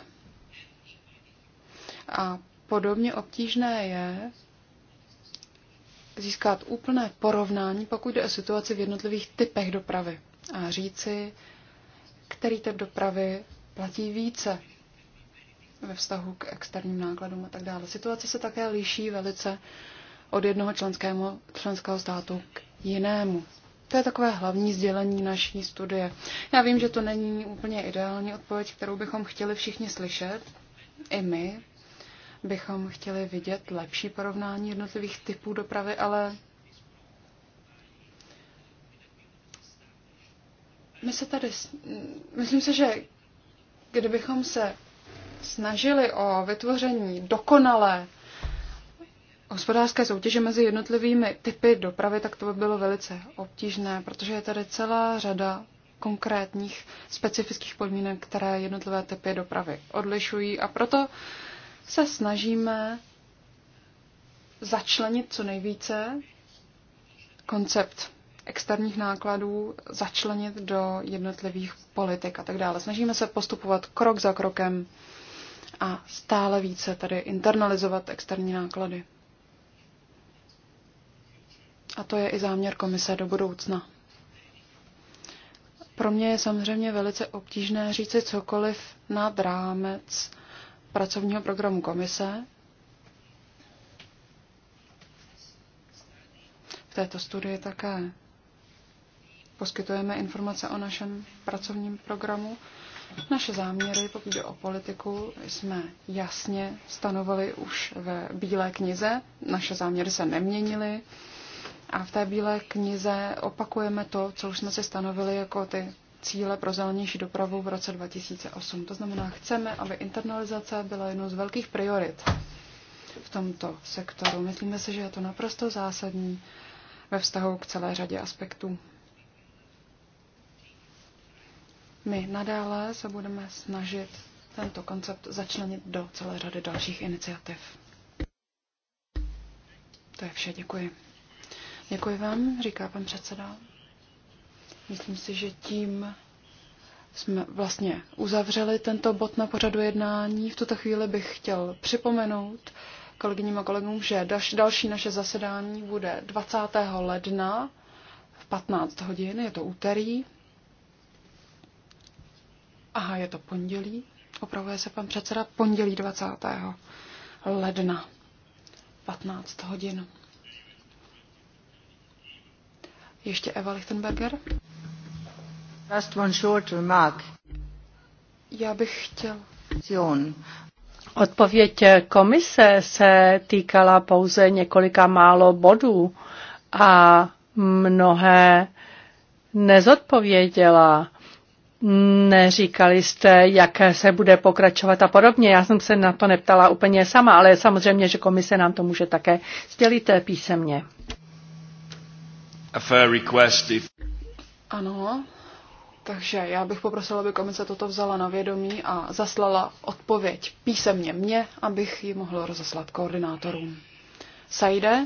A podobně obtížné je získat úplné porovnání, pokud jde o situaci v jednotlivých typech dopravy a říci, který typ dopravy platí více ve vztahu k externím nákladům a tak dále. Situace se také liší velice od jednoho členského, členského státu k jinému. To je takové hlavní sdělení naší studie. Já vím, že to není úplně ideální odpověď, kterou bychom chtěli všichni slyšet. I my bychom chtěli vidět lepší porovnání jednotlivých typů dopravy, ale my se tady, myslím si, že kdybychom se snažili o vytvoření dokonalé hospodářské soutěže mezi jednotlivými typy dopravy, tak to by bylo velice obtížné, protože je tady celá řada konkrétních specifických podmínek, které jednotlivé typy dopravy odlišují a proto se snažíme začlenit co nejvíce koncept externích nákladů začlenit do jednotlivých politik a tak dále. Snažíme se postupovat krok za krokem a stále více tady internalizovat externí náklady. A to je i záměr komise do budoucna. Pro mě je samozřejmě velice obtížné říci cokoliv nad rámec pracovního programu komise. V této studii také poskytujeme informace o našem pracovním programu. Naše záměry, pokud jde o politiku, jsme jasně stanovili už ve Bílé knize. Naše záměry se neměnily. A v té Bílé knize opakujeme to, co už jsme si stanovili jako ty cíle pro zelenější dopravu v roce 2008. To znamená, chceme, aby internalizace byla jednou z velkých priorit v tomto sektoru. Myslíme si, že je to naprosto zásadní ve vztahu k celé řadě aspektů. My nadále se budeme snažit tento koncept začlenit do celé řady dalších iniciativ. To je vše, děkuji. Děkuji vám, říká pan předseda. Myslím si, že tím jsme vlastně uzavřeli tento bod na pořadu jednání. V tuto chvíli bych chtěl připomenout kolegyním a kolegům, že další naše zasedání bude 20. ledna v 15 hodin, je to úterý. Aha, je to pondělí. Opravuje se pan předseda pondělí 20. ledna 15 hodin. Ještě Eva Lichtenberger. Just one short remark. Já bych chtěl. Odpověď komise se týkala pouze několika málo bodů a mnohé nezodpověděla neříkali jste, jak se bude pokračovat a podobně. Já jsem se na to neptala úplně sama, ale samozřejmě, že komise nám to může také sdělit eh, písemně. A fair request if... Ano, takže já bych poprosila, aby komise toto vzala na vědomí a zaslala odpověď písemně mně, abych ji mohla rozeslat koordinátorům. Sajde?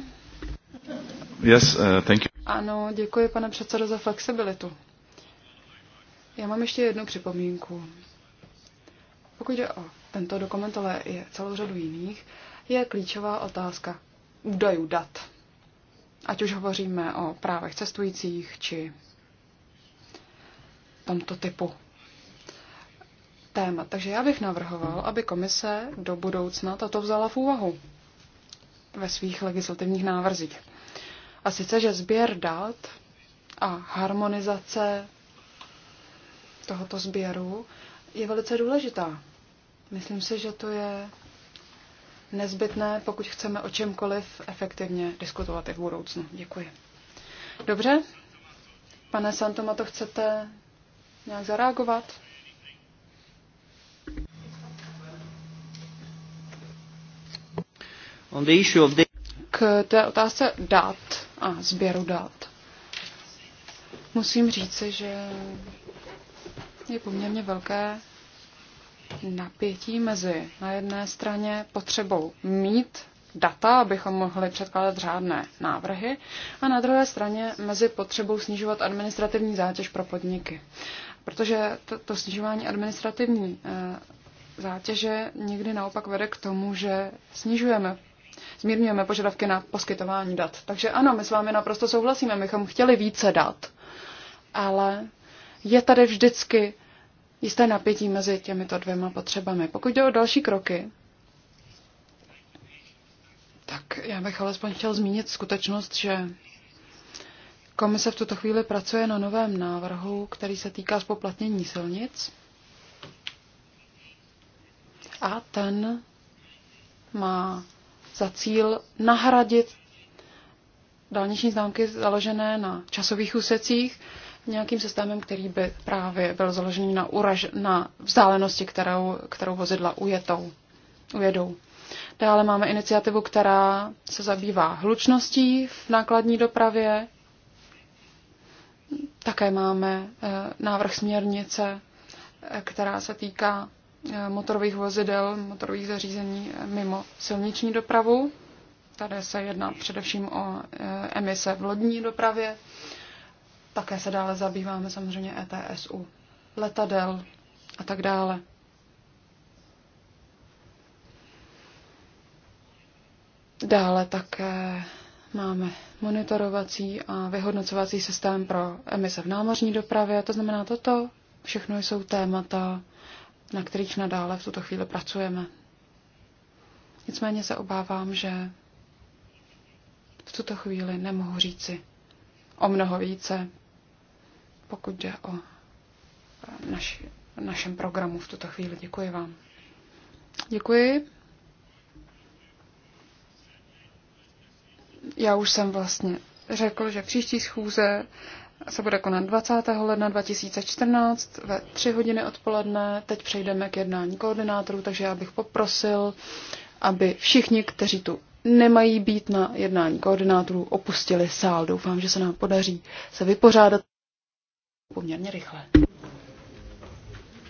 Yes, uh, thank you. Ano, děkuji pane předsedo za flexibilitu. Já mám ještě jednu připomínku. Pokud jde o tento dokument, ale je celou řadu jiných, je klíčová otázka údajů dat. Ať už hovoříme o právech cestujících či tomto typu téma. Takže já bych navrhoval, aby komise do budoucna toto vzala v úvahu ve svých legislativních návrzích. A sice, že sběr dat a harmonizace tohoto sběru je velice důležitá. Myslím si, že to je nezbytné, pokud chceme o čemkoliv efektivně diskutovat i v budoucnu. Děkuji. Dobře. Pane Santoma, to chcete nějak zareagovat? K té otázce dat a sběru dat. Musím říci, že je poměrně velké napětí mezi na jedné straně potřebou mít data, abychom mohli předkládat řádné návrhy, a na druhé straně mezi potřebou snižovat administrativní zátěž pro podniky. Protože to, to snižování administrativní e, zátěže někdy naopak vede k tomu, že snižujeme zmírňujeme požadavky na poskytování dat. Takže ano, my s vámi naprosto souhlasíme, bychom chtěli více dat, ale je tady vždycky jisté napětí mezi těmito dvěma potřebami. Pokud jde o další kroky, tak já bych alespoň chtěl zmínit skutečnost, že komise v tuto chvíli pracuje na novém návrhu, který se týká spoplatnění silnic. A ten má za cíl nahradit dálniční známky založené na časových úsecích nějakým systémem, který by právě byl založený na, uraž, na vzdálenosti, kterou, kterou vozidla ujetou, ujedou. Dále máme iniciativu, která se zabývá hlučností v nákladní dopravě. Také máme eh, návrh směrnice, eh, která se týká eh, motorových vozidel, motorových zařízení mimo silniční dopravu. Tady se jedná především o emise v lodní dopravě. Také se dále zabýváme samozřejmě ETSU, letadel a tak dále. Dále také máme monitorovací a vyhodnocovací systém pro emise v námořní dopravě. To znamená, toto všechno jsou témata, na kterých nadále v tuto chvíli pracujeme. Nicméně se obávám, že v tuto chvíli nemohu říci o mnoho více, pokud jde o eh, naš, našem programu v tuto chvíli. Děkuji vám. Děkuji. Já už jsem vlastně řekl, že příští schůze se bude konat 20. ledna 2014 ve 3 hodiny odpoledne. Teď přejdeme k jednání koordinátorů, takže já bych poprosil, aby všichni, kteří tu nemají být na jednání koordinátorů, opustili sál. Doufám, že se nám podaří se vypořádat poměrně rychle.